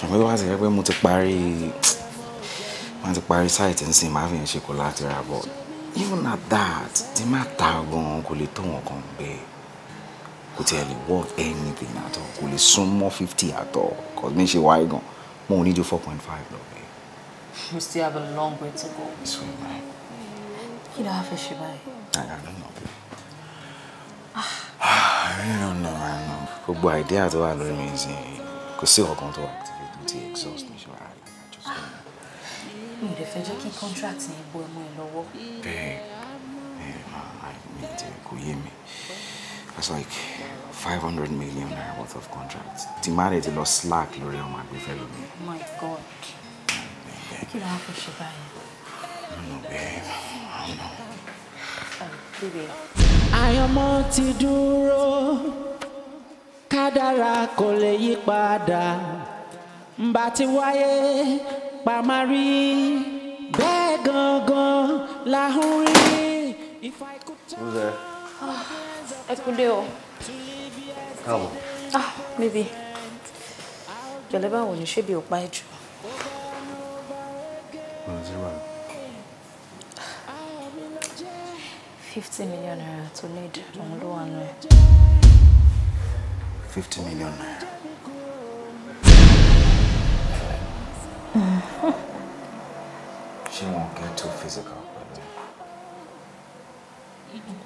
C: Ṣùgbọ́n tó bá ti rẹ pé mo ti parí mo ti parí sáìtì and see fi ń ṣe collateral but even at that, tí máa ta go an kò lè tó kò tiẹ̀ lè work anything at all kò lè more fifty at all cause mi ṣe wáyé gan mo ò ní ju four point five lọ bẹ́ẹ̀.
J: we still have a long way to go. it's all right.
I: kí ló wá fẹ́ ṣe báyìí.
C: i don't know babe.
J: Ah,
C: i don't know i don't know. gbogbo idea tó wà lórí mi ṣe kò sí ọ̀kan tó activate mi ti
E: exhaust mi ṣe wà láyé i just don't know. mi ò lè fẹ́ jẹ́ kí contract yẹn bọ́ ẹ̀mọ́ ẹ lọ́wọ́. bẹ́ẹ̀ bẹ́ẹ̀ máa ń mi kò yé
C: mi. That's like 500 million worth of contracts. The Timare ti not slack lórí ọmọ àgbẹ̀fẹ́ lómi.
J: Oh my God. Kí ló wá fi ṣe báyìí?
A: No, babe. I don't know.
J: Àyànmọ́ ti dúró, kádàrá kò lè yí padà. Mbà ti wáyé, pàmárí, bẹ́ẹ̀ gangan If I could tell you
E: ẹ kú lé o. káàbọ̀. ah bíbí jọlẹ báwo ni ṣébi ò
I: pa ẹ jù. ọ̀nà fifty million naira tó need òun ló
C: fifty million she won't get too physical.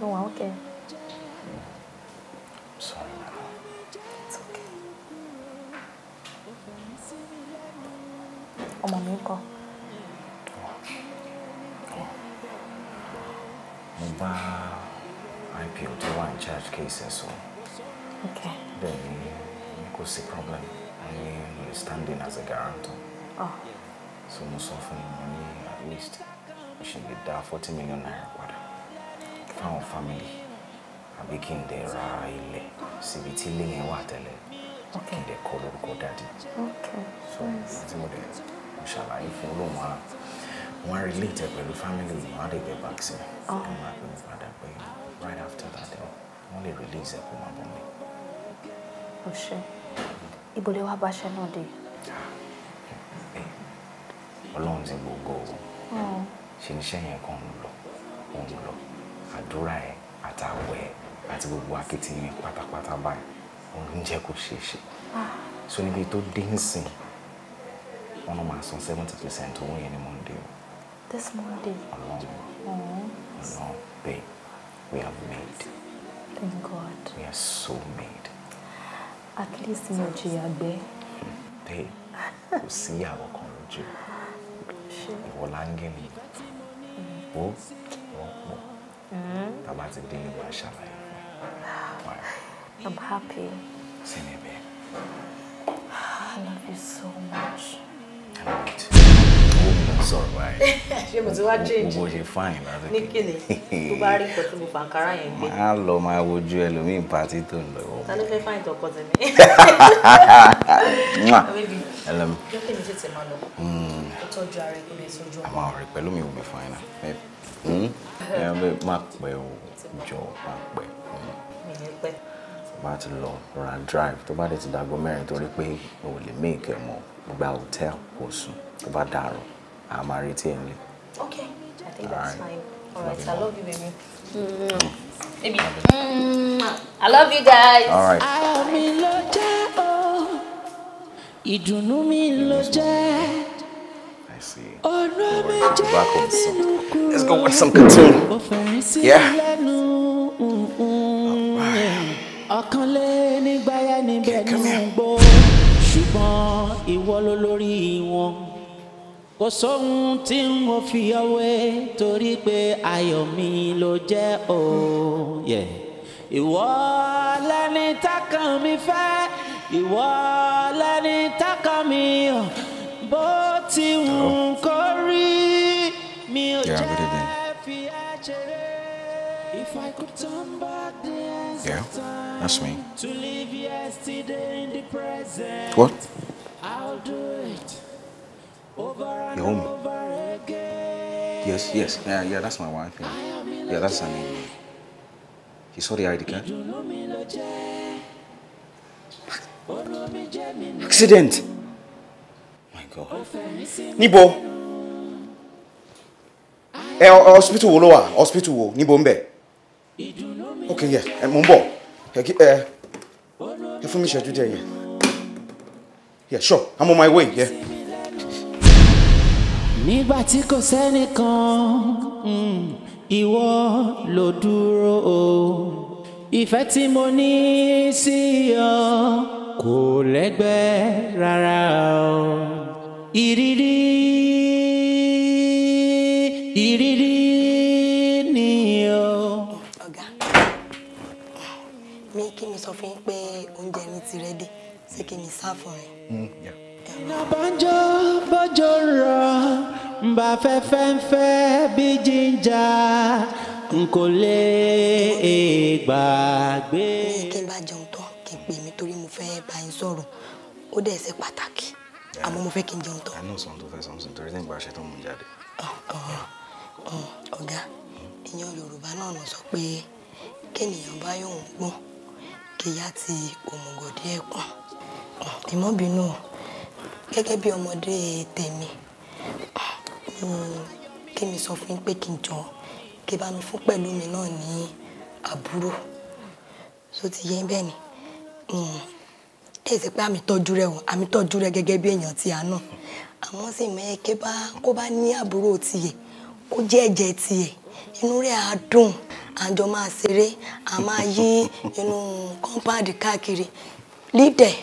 C: No, okay. bá IPO tó wà in charge case ẹ̀ sọ. Okay. Then kò sí problem. I mean, standing as a guarantor. Oh. So mo sọ fún mi ní at least mo ṣe lè dá forty million naira padà fáwọn family àbí kí n dẹ̀ ra ilẹ̀ síbi tí ilé yẹn wà tẹ́lẹ̀ kí n dẹ̀ kọ́ lórúkọ dáàdi. So tí mo dẹ̀ mo ṣàlàyé fún olóhùn ara wọ́n á relate ẹ̀ pẹ̀lú family mi wọ́n á lè get back sí mi. wọ́n máa pè mí padà pé right after that ẹ̀ eh, wọ́n lè release ẹ̀ kó máa bọ̀
K: o ṣe ibo lè wá báṣẹ náà dé.
C: Eh, ọlọ́run ti gbogbo o oh. ṣe níṣẹ́ yẹn kan ń lọ ń lọ àdúrà ẹ̀ àtàwẹ̀ ẹ̀ àti gbogbo akitiyan pátápátá báyìí òun jẹ́ kó ṣeé ṣe ah. so níbi tó dé ń sìn wọn máa san seventy percent owó yẹn ní monday o.
I: This Monday. Oh. No,
C: babe. We are made.
I: Thank God.
C: We are so made.
I: At least mi ò jìyà gbé. to
C: kò sí ìyàwó kan lójú. Ìwọ láńgẹ́lì. Ó wọ́n
A: pọ̀.
C: Tàbá ti dé ìwà ṣàlàyé.
I: I'm happy. See me, babe. I love you so much. I love you
C: too sọ̀rọ̀ báyìí.
I: ṣé mo ti wá
C: change. mo ṣe fine
E: láti. ní kíni tó bá rí nǹkan tí mo fàǹkárá yẹn
C: gbé. máa lọ máa wojú ẹlòmíín pàtí tó ń lọ. ta ló fẹ́ fáìn
E: tọkọ tẹ̀mí. ẹlẹmi. lókè mi tètè máa lọ. Hmm. ó tọ́jú ara ẹgbẹ́ mi sójú. àmọ́ ọ̀rẹ́ pẹ̀lú mi ò bẹ̀ fáìn
C: náà. ẹ ẹ máa pẹ́ o jọ máa pẹ́. mi ní pẹ́ bá ti lọ rọra drive tó bá dé ti dàgbọ́ mẹ́rin torí pé o lè make ẹ̀ mọ́ gba hotel kò sùn tó bá dàrú I'm máa retí ẹ̀
I: okay i think that's right. fine all right i love you baby. Mm. baby mm. i love you
J: guys. all right. I see. Oh, back on some. Let's go watch
C: some cartoon. Yeah.
J: Mm, mm. Ọ̀kanlé nígbàyà níbẹ̀ ní gbọ́, kò sóhun tí n ò fi ọwé torí pé ayọ̀ mi ló jẹ́ o ìwọ lẹni tákàn mi fẹ́ ìwọ lẹni tákàn mi bó ti wù kó rí mi ò jẹ́ fi ẹ́ ṣeré. If I could turn back the yeah, that's me. to live yesterday in the present, what? I'll do it.
C: Your home. Yes, yes, yeah, yeah, that's my wife. Yeah, yeah that's her name. You saw the ID card? Accident! My God. Nibo. Eh, hospital wo Hospital Nibo Níbo ńbẹ̀? Okay, yeah, Mumbo. Eh, eh,
B: me fún mi ṣẹ́jú díẹ̀ Yeah, sure, I'm on my way, yeah
J: nígbà tí kò sẹ́nìkan mm, ìwọ ló dúró o ìfẹ́ tí mo ní sí ọ kò lẹ́gbẹ́ rárá o ìrírí ìrírí
I: ni o. ọ̀gá mi kí mi sọ fún yín pé oúnjẹ mi ti rẹ́dí ṣé kí mi sá fún ẹ. Mm, iná
J: bọ́njọ́ bọ́jọ́ rọ̀ nbà fẹ́fẹ́ ń fẹ́ bí jíjà n kò lè gbàgbé.
I: ní kí n bá jẹun tán kí n pè mí torí mo fẹ́ bá yín sọ̀rọ̀ ó dẹ̀ ṣe pàtàkì àmọ́ mo fẹ́ kí n jẹun
C: tán. àánú sọ̀rọ̀ tó fẹ́ sọ̀rọ̀ sọ̀rọ̀ torí nígbà ṣe tó mú jáde. Ah, ah,
I: ah, ọ̀gá ìyẹn Yorùbá náà ló sọ pé kéèyàn bá yóò gbọ́n kéèyàn ti òmùgọ̀dí ẹ̀kún ìmọ̀bínú gẹ́gẹ́ bí ọmọdé tèmi kí mi sọ fún pé kí n jọ kí bá mi fún pẹ̀lú mi náà ní àbúrò tó ti yé bẹ́ẹ̀ ni ẹ hmm. sì pé àmì tọ́jú rẹ o àmì tọ́jú rẹ gẹ́gẹ́ bí èèyàn ti àná àmọ́ sì mẹ́ẹ̀ kí bá kó bá ní àbúrò tiẹ̀ kó jẹ́ ẹ̀jẹ̀ tiẹ̀ inú rẹ̀ á dùn àjọ máa ṣeré a máa yí inú kọ́ńpáàdì káàkiri leave there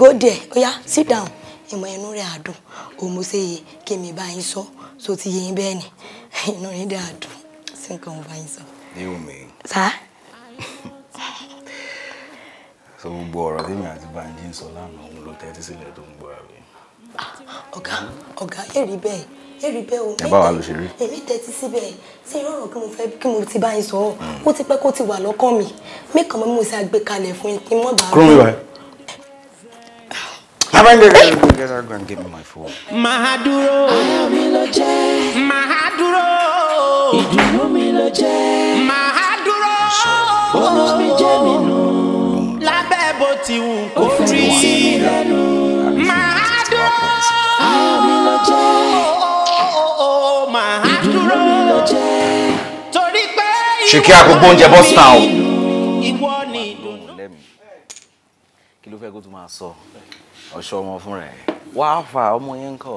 I: go there oya sit down ìmọ̀ ẹnu rẹ̀ àdùn òun mo ṣe yẹ kí mi bá yín sọ so ti yẹ yín bẹ́ẹ̀ ni inú yín dẹ̀ àdùn sí nǹkan mo bá yín sọ. ní omi. sá.
C: so gbogbo ọ̀rọ̀ tèmi àti Bánjí ń sọ lánàá òun ló tẹ́tí sílẹ̀ tó ń gbọ́ àbí.
I: Ah, ọ̀gá ọ̀gá èrì bẹ́ẹ̀ èrì bẹ́ẹ̀ o. ẹ bá wa lọ ṣe rí. èmi tẹ́tí síbẹ̀ ṣé irú ọ̀rọ̀ kí mo fẹ́ kí mo ti bá yín sọ ó ti pẹ́ kó ti wà lọ́kàn mi mí kàn mo ṣe àgbékalẹ̀ fún yín kí n mọ̀ bá. kúrò mi báyìí.
C: Go and give me my phone.
J: Mahaduro. Ayọ̀ mi ló jẹ́. Mahaduro. Ìdùnnú mi ló jẹ́. Mahaduro. Mahaduro, mi jẹ́ mi nù. Lábẹ́ bó ti wù kó rí. Ó fẹ́ sí mi lẹ́nu. Mahaduro. Ayọ̀ mi ló jẹ́. Ìdùnnú mi ló jẹ́.
C: Torí pé ìwọ ni ìdùnnú. Ṣèké àgbogbo oúnjẹ bọ́ sí ta o. Ìwọ ni ìdùnnú. Kí ló fẹ́ kó tún máa sọ? ọ̀ṣọ́ ọmọ fúnra ẹ̀ wá fà ọmọ yẹn ń kọ̀.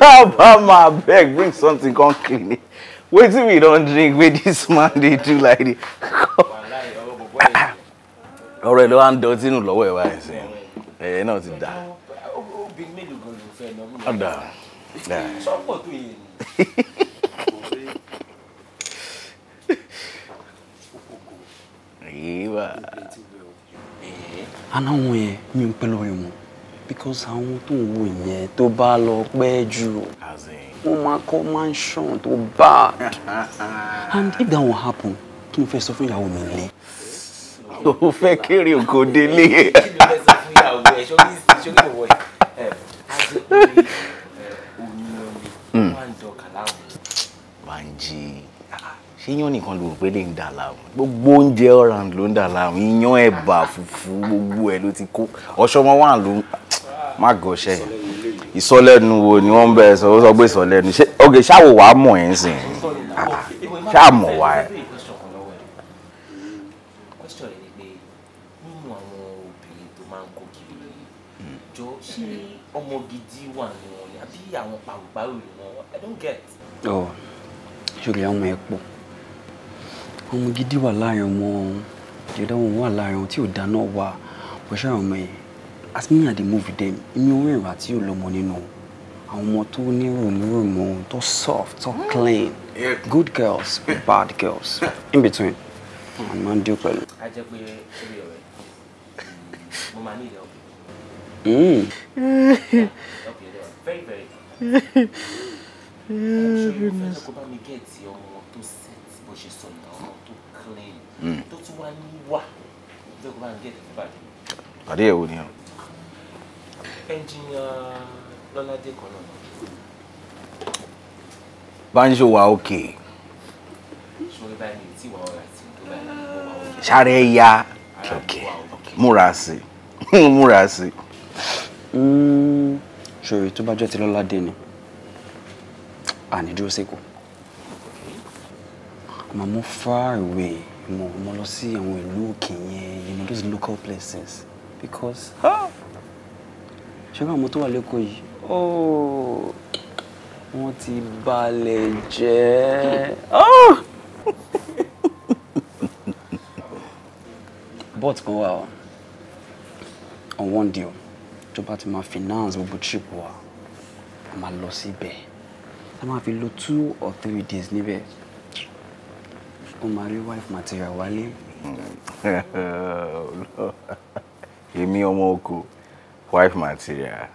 C: Baba ma abeg bring something come clean it. Wetin we don drink wey dis man dey do like this. Ọ̀rọ̀ ẹ̀ ló wá ń dọtí nù lọ́wọ́ ẹ̀ wá ẹ̀ sẹ́yìn. Ẹ̀yẹ náà ti dà.
G: Ọ̀dà.
K: wa anáwọn yẹn mi ò pẹ́ lórí because àwọn tó ń wò yẹn tó bá lọ pẹ́ jù wọ́n máa kọ́ mansion tó bad and if that won't happen kí n fẹ́ sọ fún ìyàwó mi lé o fẹ́ kéré òkò délé. kí ni o fẹ́ sọ fún ìyàwó ẹ
C: ṣókí ṣókí ìwọ ẹ
K: adé omi omi wọn
C: á dọkà láwọn. Banji ṣéyàn nìkan ló rò pé lè ń dà láàmú gbogbo oúnjẹ ọ̀ràn ló ń dà láàmú iyán ẹ̀bà fùfú gbogbo ẹ̀ ló ti kó ọ̀ṣọ́mọ wà ló má gọ̀ọ́ṣẹ́ yẹn ìsọlẹ́nu wo ni wọ́n bẹ sọ sọ pé ìsọlẹ́nu ṣé ok ṣáwo wàá mọ̀ ẹ́ sìn
G: ah, ṣáàmọ̀ wá ẹ̀. ọmọ gidi wà ní wọn ni àbí àwọn pàrọ̀pàrọ̀ ni wọn I don't get.
K: Oh, ṣùgbọ́n ọmọ ẹ̀ pọ̀ ọmọ gidi wà láàrin ọmọ ọ̀hún jẹ̀dá wọn wà láàrin ọ̀hún tí ò dáná wà pẹ̀ṣẹ̀ àwọn ọmọ yẹn as me and the movie dem èmi ò rìn ìrà tí ò lọ́mọ nínú àwọn ọmọ tó ní rùmùrùmù tó soft tó clean good girls bad girls in between àwọn máa ń dín pẹ̀lú.
G: a jẹ pé orí ọ̀rẹ́ mo máa ní ìdẹ ọkùnrin.
K: Hmm. very
G: very. ṣé o fẹ́ kó bá mi gẹ̀ẹ́tì ọmọ tó tún wá ní wà tó kó bá ń gẹ̀ẹ́tì fún bàjẹ́. àdé ẹ̀ wo ni ọ. ẹnjìnìà lọ́ládé kan náà.
C: Banjo wa òkè.
G: sori báyìí tí wàá ọ̀rẹ́ àti tó báyìí
C: sáré ya òkè múra sí múra sí.
K: Hmm, sori tó bá jẹ́ ti lọ́ládé ni àní dúró sí kù. Màmú far away mo mo lọ sí àwọn ìlú òkè yẹn you know those local places because ṣùgbọ́n àwọn tó wà lẹ́kọ̀ọ́ yìí oh! wọ́n ti balẹ̀ jẹ́. but kan wà on one deal tó bá ti máa finance gbogbo trip wa a máa lọ síbẹ̀ a máa fi lò two or three days níbẹ̀ ó wife material wálé. èmi ọmọ oko
C: wife material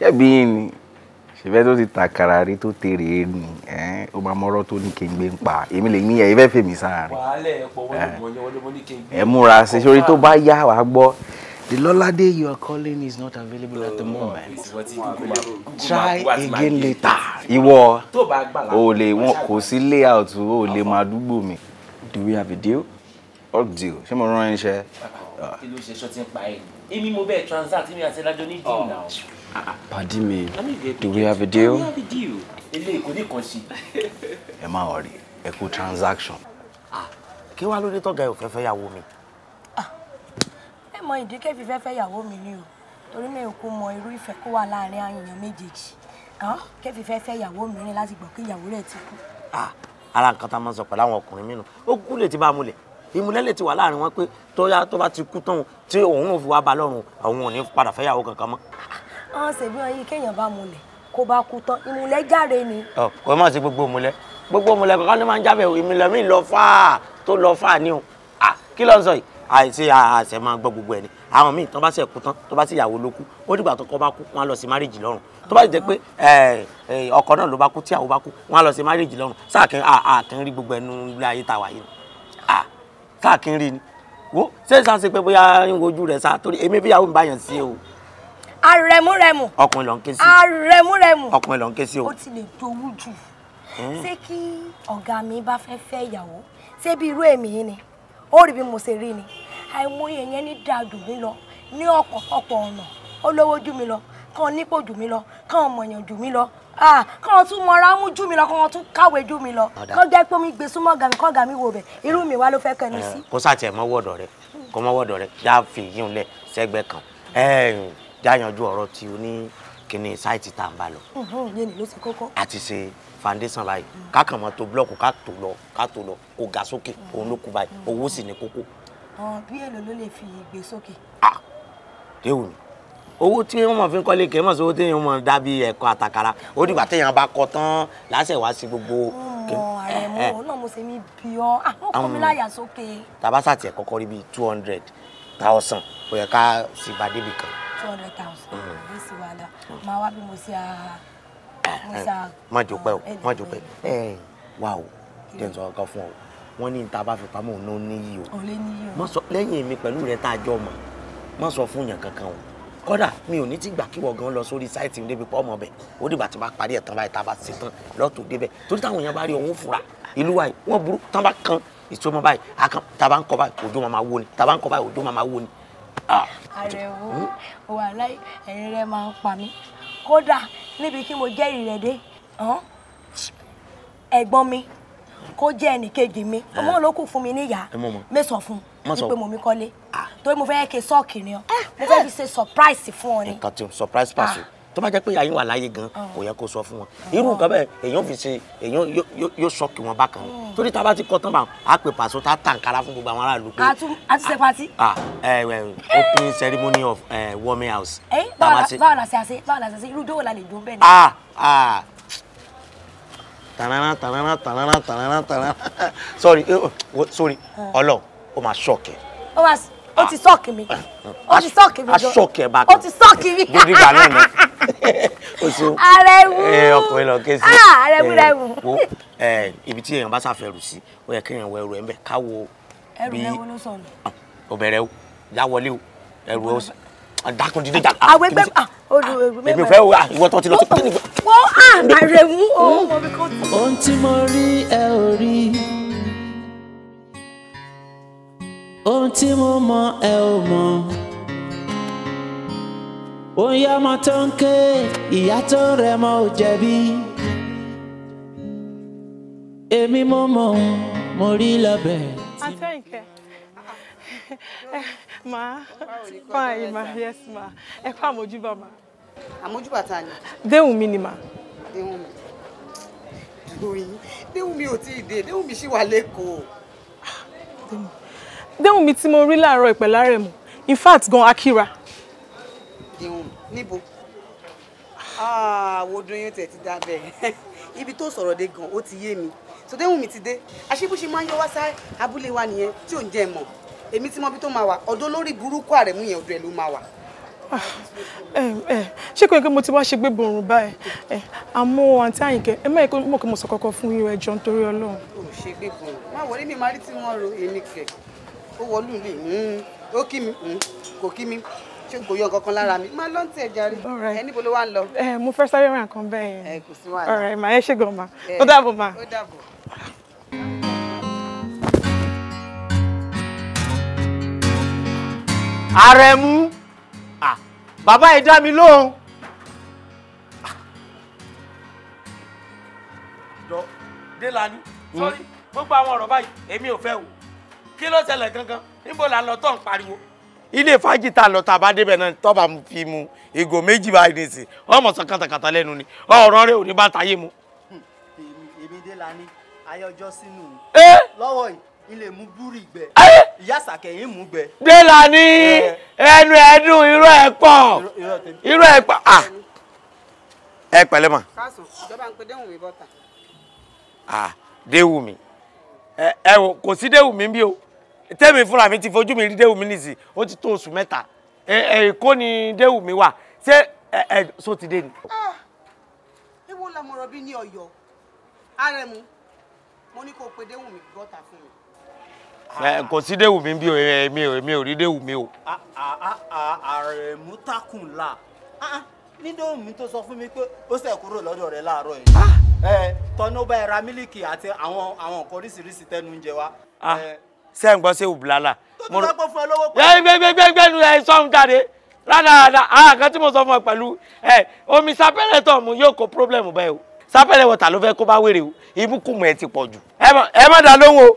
C: ṣẹ́bi yín ni ṣẹfẹ́ tó ti tàkàrà rí tó tèrè ni ó máa mọ́rọ́ tó ní kéńgbé ń pa èmi lè ní ẹ̀yẹ́ fẹ́ fèmí sáàrin.
G: wàhálẹ̀ ẹ̀pọ̀ wọ́n ní kéńgbé. ẹ múra sí sórí tó bá yá
C: wàá gbọ́. The Lolade you are calling is not available at the oh, moment. Try again later
G: ìwọ o lè wọn kò sí
C: layout o lè máa dúgbò mi. do we have a deal. all deal ṣé mo rán ẹ níṣẹ́.
G: kí ló ṣe ṣọtí ń pa ẹ èmi mo bẹ́ẹ̀ transact èmi àti ẹlájọ ní deal náà.
C: pàdí mi do we have a deal.
G: ilé ìkó ní kan sí. ẹ má worry
C: ẹ kú transaction.
I: Ah,
B: kí wàá lóde tọ́gà ẹ̀ ò fẹ́ fẹ́ yàwó mi. Ah,
I: ẹ mọ ìdí kẹ́fì fẹ́ fẹ́ yàwó mi ni o torí mi ò kó mọ irú ìfẹ́ kó wà láàrin àyàn méjèèjì kẹ́fì fẹ́ fẹ́ ìyàwó mìíràn láti gbọ́ kí ìyàwó rẹ̀ ti kú.
B: ara nǹkan tá a máa sọ pẹ̀lú àwọn ọkùnrin mìíràn ó kú lè ti bá a múlẹ̀ ìmúlẹ̀ lè ti wà láàrin wọn pé tóyá tó bá ti kú tán tí òun ò fi wá ba lọ́rùn òun ò ní padà fẹ́ ìyàwó kankan mọ́.
I: ọ̀hún ṣèbí wọn yìí kéèyàn bá múlẹ̀ kó bá kú tán ìmúlẹ̀ járe ni.
B: ọ kò má sí gbogbo ìmúlẹ̀ gbogbo ìmúlẹ̀ kankan ló máa ń jábẹ̀ ìmúlẹ̀ mi lọ fáà tó lọ fáà ni o kí ló ń sọ yìí àìsí àwọn míì tán bá ṣe kú tán tó bá sì yàwó ló kú ó dìgbà tó kọ́ bá kú wọ́n á lọ sí márèjì lọ́rùn tó bá jẹ́ pé eh, eh, ọkọ náà ló bá kú tí àwọn bá kú wọ́n á lọ sí márèjì lọ́rùn sáàkín àkín rí gbogbo ẹnu ilé ayé tàwa yìí sáàkín rí ni wo ṣé sáà ṣe pé bóyá ń wojú rẹ̀ sáà torí èmi bíyàwó ń báyàn sí o
I: arẹmúrẹmù ọkùnrin ló ń ké sí arẹmúrẹmù ọkùnrin ló ń ké sí o ó ti lè dowú jù hmm. ṣé kí ọ̀gá mi bá fẹ́ fẹ́ ìyàwó ṣé bí irú èmi yìí ni ó rí bí mo ṣe rí ni àìmọye yẹn ní dáa jù mí lọ ní ọ̀pọ̀lọpọ̀ ọ̀nà ó lówó jù mí lọ kàn nípò jù mí lọ kàn mọ̀yàn jù mí lọ kàn tún mọra mú jù mí lọ kàn tún kàwé jù mí lọ kàn jẹ́ pé mi gbé súnmọ́ gàmí kàn gàmí wò bẹ̀ irú mi wá ló fẹ́ kẹnu sí.
B: kó sàtì ẹ̀ mọ́ wọ̀dọ̀ rẹ kó mọ́ wọ̀dọ̀ rẹ já fi yín lẹ̀ sẹ́gbẹ́ kan já yanjú ọ̀rọ̀ tí o ní kíní sáìtì tá à ń bá lọ.
I: yé ni ló ṣe kókó. àti
B: ṣe foundation báyìí kákan mọ́ tó búlọ́ọ̀kù ká tó lọ ká tó lọ kó ga sókè òun ló kú báyìí owó sì ní kókó
I: ọ̀hún bí èlò ló lè fi gbé sókè.
B: déwù ni owó tí wọ́n máa fi ń kọ́lé kẹ́mọ̀ sí owó tí wọ́n máa dá bí ẹ̀kọ́ àtàkàrà ó dìgbà téèyàn bá kọ tán láṣẹ wá sí gbogbo. ààrẹ mo
I: náà mo ṣe mí bí ọ àwọn kọ́ mi láyà sókè.
B: tabasa tiẹ̀ kọ́kọ́ rí bíi two hundred thousand ó yẹ ká sì bá débi kan.
I: two hundred thousand bí mm. sì wà dá máa wá bí mo ṣe à mo ṣe à. má jò o má jò pẹ́
B: ẹ wá o jẹ́ n sọ ọkọ fún ọ wọ́n ní ta bá fi pamọ́ òun ló níyì o má sọ lẹ́yìn mi pẹ̀lú rẹ tá a jọ mọ̀ má sọ fún yàn kankan o kódà mi ò ní ti gbà kí wọ́n gan lọ sórí sáìtì níbi pọ́ ọmọ bẹ̀ ó dìgbà tí wọ́n parí ẹ̀ tán báyìí tá a bá ṣe tán lọ́tò débẹ̀ torí táwọn èèyàn bá rí òun fura ìlú wa yìí wọ́n burú tán bá kan ìtumọ̀ báyìí àkàn tàbá ń kọ báyìí òjò máa ma wó ni tàbá ń kọ báyìí òjò máa ma wó ni.
I: Ah! àrẹ̀wò hmm? wàhálà ẹ̀rín rẹ máa ń pa mí kódà níbi kí mo jẹ́rìí rẹ̀ dé ẹ̀gbọ́n mi kó jẹ́ ẹnìkejì mi eh. ọmọ ló kù fún mi níyà mẹ́sàn fún wípé mo mi kọ́lé ah. torí mo fẹ́ kí sọ́ọ̀kì ni ọ eh. mo fẹ́ fi ṣe surprise fún ọ ni.
B: nǹkan tí o surprise pass o ah. tó bá jẹ́ pé àyín wà láyé gan ah. kò yẹ kó sọ fún wọn irú nǹkan bẹ́ẹ̀ èèyàn fi ṣe èèyàn yóò sọ́ọ̀kì wọn bákan ni hmm. torí tá a bá ti kọ́ tán bá a pè pàṣọ tá a tàn kára fún gbogbo àwọn aráàlú pé. a ti ṣe pati. Eh, opening ceremony of warming house.
I: báwo la ṣe àṣe báwo la ṣe àṣe irú dówó la lè dún bẹ́ẹ̀
B: ni tànàrà tànàrà tànàrà tànàrà tànàrà sorry eh, oh, sorry ọlọ o ma ṣọọkì.
I: ó ma ó ti ṣọọkì ah. mi eh, ó ti ṣọọkì mi jọ a ṣọọkì ẹ bá tó ó ti ṣọọkì mi. lórí ìgbà náà ni
B: o ṣeun
I: ààrẹ wù ú eh,
B: ọkùnrin lọ ké sí ah, ààrẹ wù rẹ wù. ibi tí èèyàn bá ṣàfẹ́rù sí ó yẹ kéèyàn wọ ẹrù ẹ̀ ń bẹ̀ káwo
I: bí ẹrù rẹ wo ló sọnù.
B: ọbẹ̀ ah, rẹ o yá wọlé o ẹrù ẹ dákun dídé dákun.
I: àwọn ẹgbẹ́ ah olú ẹgbẹ́ ah, mẹ́rin. èmi fẹ́ wo ah,
B: ìwọ ti lọ sí kí
I: wọ́n á àrẹ
J: mú òun mọ̀ mi kọ́. ohun tí mo rí ẹ ò rí ohun tí mo mọ̀ ẹ ò mọ̀ bóyá ọmọ tó ń ké ìyá tó rẹ mọ ò jẹ̀bi èmi mo mọ̀ mo rí lọ́bẹ̀.
E: àtẹ̀yìnkẹ́ ma fine ma yes
H: ma ẹ kọ́ àmójúbà ma. àmójúbà ta ni. déwùmí ni ma. déwùmí doyin déwùmí ò tí ì dé déwùmí ṣì wà lẹ́kọ̀ọ́. déwùmí tí mo rí láàárọ̀ ìpẹ̀lárẹ̀ mu in fact gan akira. déwùmí níbo ah, wo doyin tẹ̀ ti dábẹ̀ ibi tó sọ̀rọ̀ dé gan ó ti yé mi so déwùmí ti dé àṣé bó ṣe máa ń yọ wá sá abúlé wa nìyẹn tí o ń jẹ́ mọ̀ èmi tí mo bí tó máa wà ọ̀dọ̀ lórí burúkú àrẹ̀mú yẹn ọ̀dọ̀ ẹ̀ ló máa wà ah, eh, eh, ṣé kò yẹ kí mo ti wá ṣe gbé borun báyìí eh, àmọ́ àǹtí àyìnkẹ́ ẹ má yẹ kó mọ̀ kí mo sọ kọ́kọ́ fún yín ẹjọ́ nítorí ọlọ́run. o ṣe gbé borun má wọlé mi máa rí tí wọ́n ro èmi kẹ̀ ó wọlú lè mm, ó kí mi mm, kò kí mi ṣé kò yọ nǹkan lára mi má lọ́n tẹ̀ járe ẹ níbo ló wá ń lọ. mo fẹ́ sáré ra nǹkan bẹ́ẹ̀ yẹn ọ̀rẹ́ màá ẹ ṣègùn ma ó dàbọ̀ ma. ó dàbọ̀. Àrẹ̀mú
B: bàbá ẹ dá mi lóhùn. Délani sọ́rí gbogbo àwọn ọ̀rọ̀ báyìí èmi ò fẹ́ o kí ló ṣẹlẹ̀ gangan níbo là ń lọ tó ń pariwo. ilé fàájì tá a lọ tá a bá débẹ̀ náà tọ́ba fi mu ìgò méjì báyìí nìsín ọmọ sọ kàtàkàtà lẹ́nu ni ọ̀rọ̀ rẹ ò ní bá tayé mu.
G: èmi Délani ayọjọ sínú eh? lọ́wọ́ yìí ilé mú búrì
K: gbẹ.
B: ìyá sàkẹyìn mú gbẹ. délà ní ẹnu ẹdùn irọ́ ẹ̀ pọ̀ irọ́ ẹ̀ pọ̀ à ẹ pẹ̀lẹ́ mà. káàsùn
H: ìjọba ń pe déhùn mi bọ́ta.
B: à déhùn mi ẹ wò kò sí déhùn mi bí o tẹ́mi fúnra mi ti fojú mi rí déhùn mi nìsí ó ti tó oṣù mẹ́ta èkó ni déhùn mi wà ṣé ẹ so ti dé ni.
H: ewu ah! lamọ̀rọ̀ bí ní ọ̀yọ́ arẹmu mo ní kó o pe déhùn mi bọ́ta fún mi
B: kò sí déwùmí bí mi ò mi ò rí déwùmí o.
H: àrẹ̀mú
B: takùn la nídò
G: mi tó sọ fún mi pé ó ṣe kúrò lọ́dọ̀ rẹ̀ láàárọ̀ yìí
B: ah! tọ́nú bá ra mílíkì àti àwọn àwọn nǹkan oríṣiríṣi tẹnu ń jẹ wá. Ah! ṣé ń gbọ́ sí ìbùlálà. tó ti dágbó fún ẹ lówó pẹ̀lú. gbẹgbẹgbẹgbẹnu ẹ sọhun jáde rádàrádà àwọn kan tí mo sọ fún ọ pẹ̀lú omi sapẹ́lẹ̀ tó mu yóò kó pírọ́blẹ̀mù báyìí o sapẹ́lẹ̀ wọ̀tà ló fẹ́ kó bá wèrè o ìbùkún mu ẹ ti pọ̀ jù. ẹ má dá lóhùn o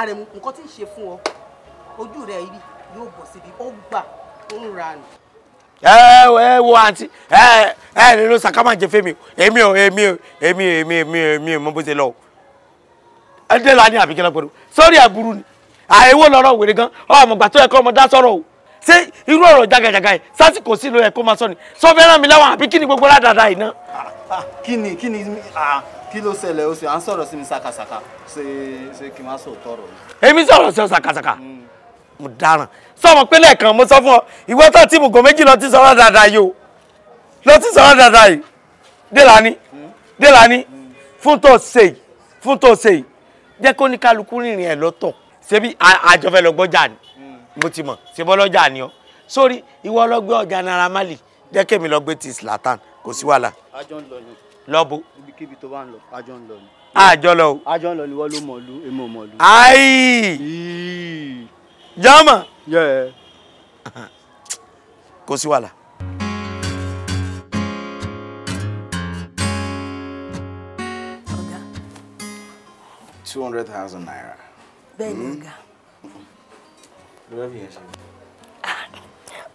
H: àrẹ̀mú nǹkan tí ń ṣe fún ọ ojú rẹ ibi yóò bọ̀ síbi ó gbà ó ń ra nù. ẹ
B: ẹ wo àǹtí ẹ ẹ nínú sàkámà jẹ fẹmi èmi ò èmi ò èmi ò èmi ò èmi ò èmi ò mọ bó ṣe lọ o ẹ dé la ní àbíkẹ́lá pẹ̀lú sọ́ọ́rì àbúrú ni àìwò lọ́rọ̀ wèrè gan ọmọ ìgbà tó yẹ kó ọmọ dá sọ̀rọ̀ o ṣé irú ọ̀rọ̀ jagajaga yìí sásìkò sí ló yẹ kó máa sọ ni sọ fẹ́ràn mi láwọn àbí kí ni gbogbo ládàá yìí ná. Ah,
F: ah, kí ni kí ni ah, kí
B: ló ṣẹlẹ̀ o ṣe à ń sọ̀rọ̀ sí mi ṣàkàṣàkà
C: ṣe ṣe kí n má sòótọ́ ọ̀rọ̀ yìí.
B: èmi sọ̀rọ̀ sí ọ ṣàkàṣàkà mm. mo dáràn sọmọ pé lẹ́ẹ̀kan mo sọ fún ọ ìwọ tó tí bùgàn méjì lọ ti sọ̀rọ̀ dáadáa yìí o lọ ti sọ̀rọ̀ dáadáa yìí Délani mm. Délani mm. fún tó ṣe yìí fún tó ṣe jẹ́ kó ní kálukú rìnrìn ẹ̀ lọ́tọ̀ ṣebí àjọfẹ́ lọ́gbọ́jà ni mo ti mọ̀ ṣe bọ́ lọ́jà ni ọ sórí ìwọ ọlọ́gbẹ́ ọjà Naira Marley jẹ́ kémi lọ́gbẹ́ ti Zlatan kò sí wàhálà lọ́bù.
F: ibikíbi tó bá ń lọ àjọ ń lọ ni. àjọ ah, lọ o. àjọ ń lọ ni wọ́n ló mọ̀ọ́lú èmi ò mọ̀ọ́lú.
B: ayi jama. kò sí wàhálà.
C: ọ̀gá. two hundred thousand naira. bẹ́ẹ̀ ni hmm? ọ̀gá. Ah,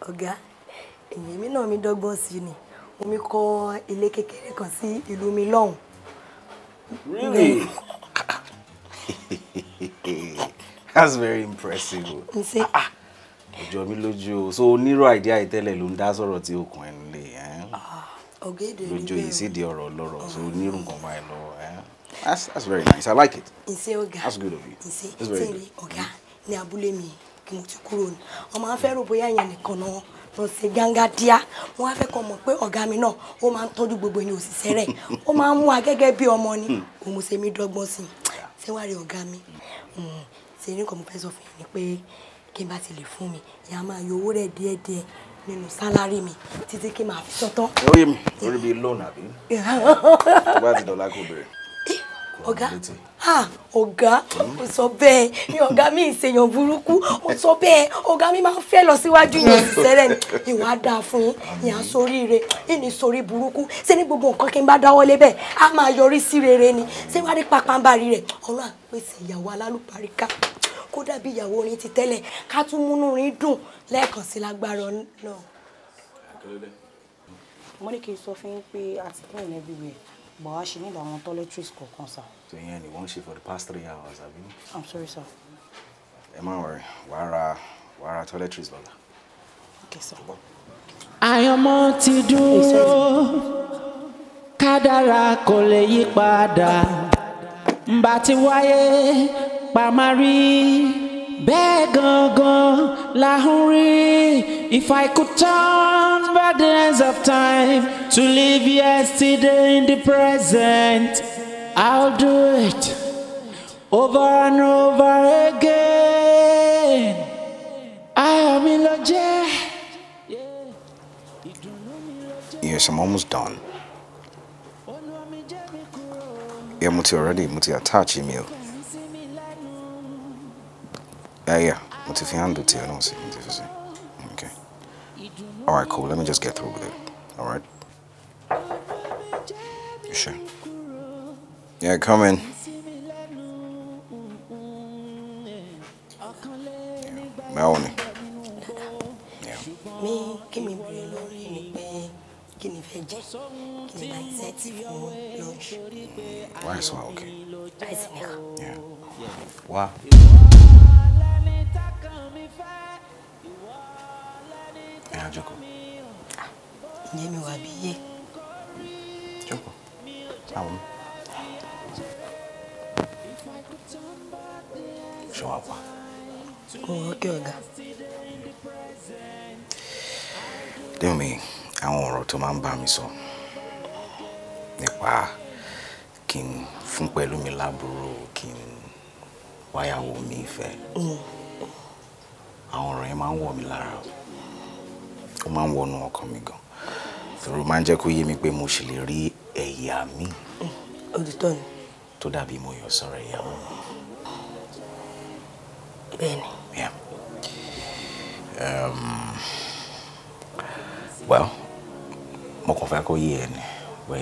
I: ọ̀gá èyí mi náà mi dọ́gbọ́n sí ni omi kọ́ ilé kékeré kan sí ìlú mi lọ́hùn. really
C: that's very impressive. n ṣe. ọjọ́ ah, ah. mi lójú o so onírò àìdí àìtẹ́lẹ̀ ló ń dá sọ̀rọ̀ tí okùn ẹ̀ ń lè. ọ̀gẹ́dẹ̀ rí bẹ́ẹ̀ lójú yìí sídìí ọ̀rọ̀ lọ́rọ̀ so ah. onírò nǹkan báyìí lọ́wọ́. Eh? that's that's very nice i like it. n ṣe that's good of you. n ṣe ṣe rí ọ̀gá
I: ní abúlé mi kí mo ti kúrò ní ọmọ afẹ́rò bóyá yẹn nìkan náà tó ń ṣe gángadíá mo wá fẹ́ kọ́ mọ̀ mi náà ó máa ń gbogbo ẹ̀yin òṣìṣẹ́ rẹ̀ ó máa ń mú wa gẹ́gẹ́ bí ni òun mo ṣe mí dọ́gbọ́n sí i ṣé wàá rí ọ̀gá mi hmm. ṣe ní kọ́ mo fẹ́ sọ ni pé kí n ti lè fún mi ìyá máa yọ owó rẹ̀ díẹ̀díẹ̀ nínú sálárì mi títí kí n máa fi sọ́tọ́.
C: orí mi orí mi lónà àbí
I: tó
C: bá ti dọ̀la kò bẹ̀rẹ̀
I: ọ̀gá ọ̀gá ó sọ bẹ́ẹ̀ ni ọ̀gá mi ìṣèyàn burúkú ó sọ bẹ́ẹ̀ ọ̀gá mi máa ń fẹ́ lọ síwájú yẹn ìṣẹ́rẹ́ ni ìwà dáa fún yín ìyá sórí rẹ ìní sórí burúkú ṣé ní gbogbo nǹkan kí n bá dáwọ́ lé bẹ́ẹ̀ á máa yọrí sí rere ni ṣé wàá rí pápánbárì rẹ̀ ọ̀rọ̀ àpèsè ìyàwó alálùpàríkà kó dàbí ìyàwó orin ti tẹ́lẹ̀ ká tún múnú rin dùn lẹ́ẹ̀kan sí lágbára náà. mo But wá ṣe nílò àwọn toiletries
E: kọ̀ọ̀kan sir.
C: ṣèyàn ni wọ́n ń ṣe for the past three hours have you? i'm sorry sir. ẹ má worry wàá ra wàá toiletries brother. okay sir.
E: I am
J: dúró to do? Kadara kole padà ǹbá ti wáyé pàmárì bẹ́ẹ̀ gangan la ń rí if I could turn back the hands of time to live yesterday in the present I'll do it over and over again ayọ̀ mi ló
C: Yes, I'm almost done. Yeah, Muti already, Muti attach email yeah, yeah. But if you handle it, I don't see it. Okay. All right, cool. Let me just get through with it. All right. You sure? Yeah, come in. Yeah. Melanie.
I: mi kí mi bèrè lórí mi pé kí ni fẹ́ jẹ kí ni láì sẹ́ẹ̀tì fún lọ́ọ̀ṣù. rice wa okay. rice nìkan.
C: Yeah wá.
I: ẹ á jókòó. ìyẹn mi wà bí yé. jókòó àwọn mi. ṣé wàá wà. owó kí ọ̀gá.
C: Dẹ́mi àwọn ọ̀rọ̀ tó máa ń bá mi sọ nípa kí n fún pẹ̀lú mi láburú kí n wáyàwó mi ìfẹ́ àwọn ọ̀rọ̀ yẹn máa ń wọ̀ mí lára ó máa ń wọnú ọkàn mi gan tòrò máa ń jẹ́ kó yé mi pé mo ṣì lè rí ẹ̀yà mi òtítọ́ ni tó dàbí mo yọ sọ̀rọ̀ ìyàwó mi. bẹ́ẹ̀ni. Yeah. Um, well mo kàn fẹ́ kó yé ẹ ni pé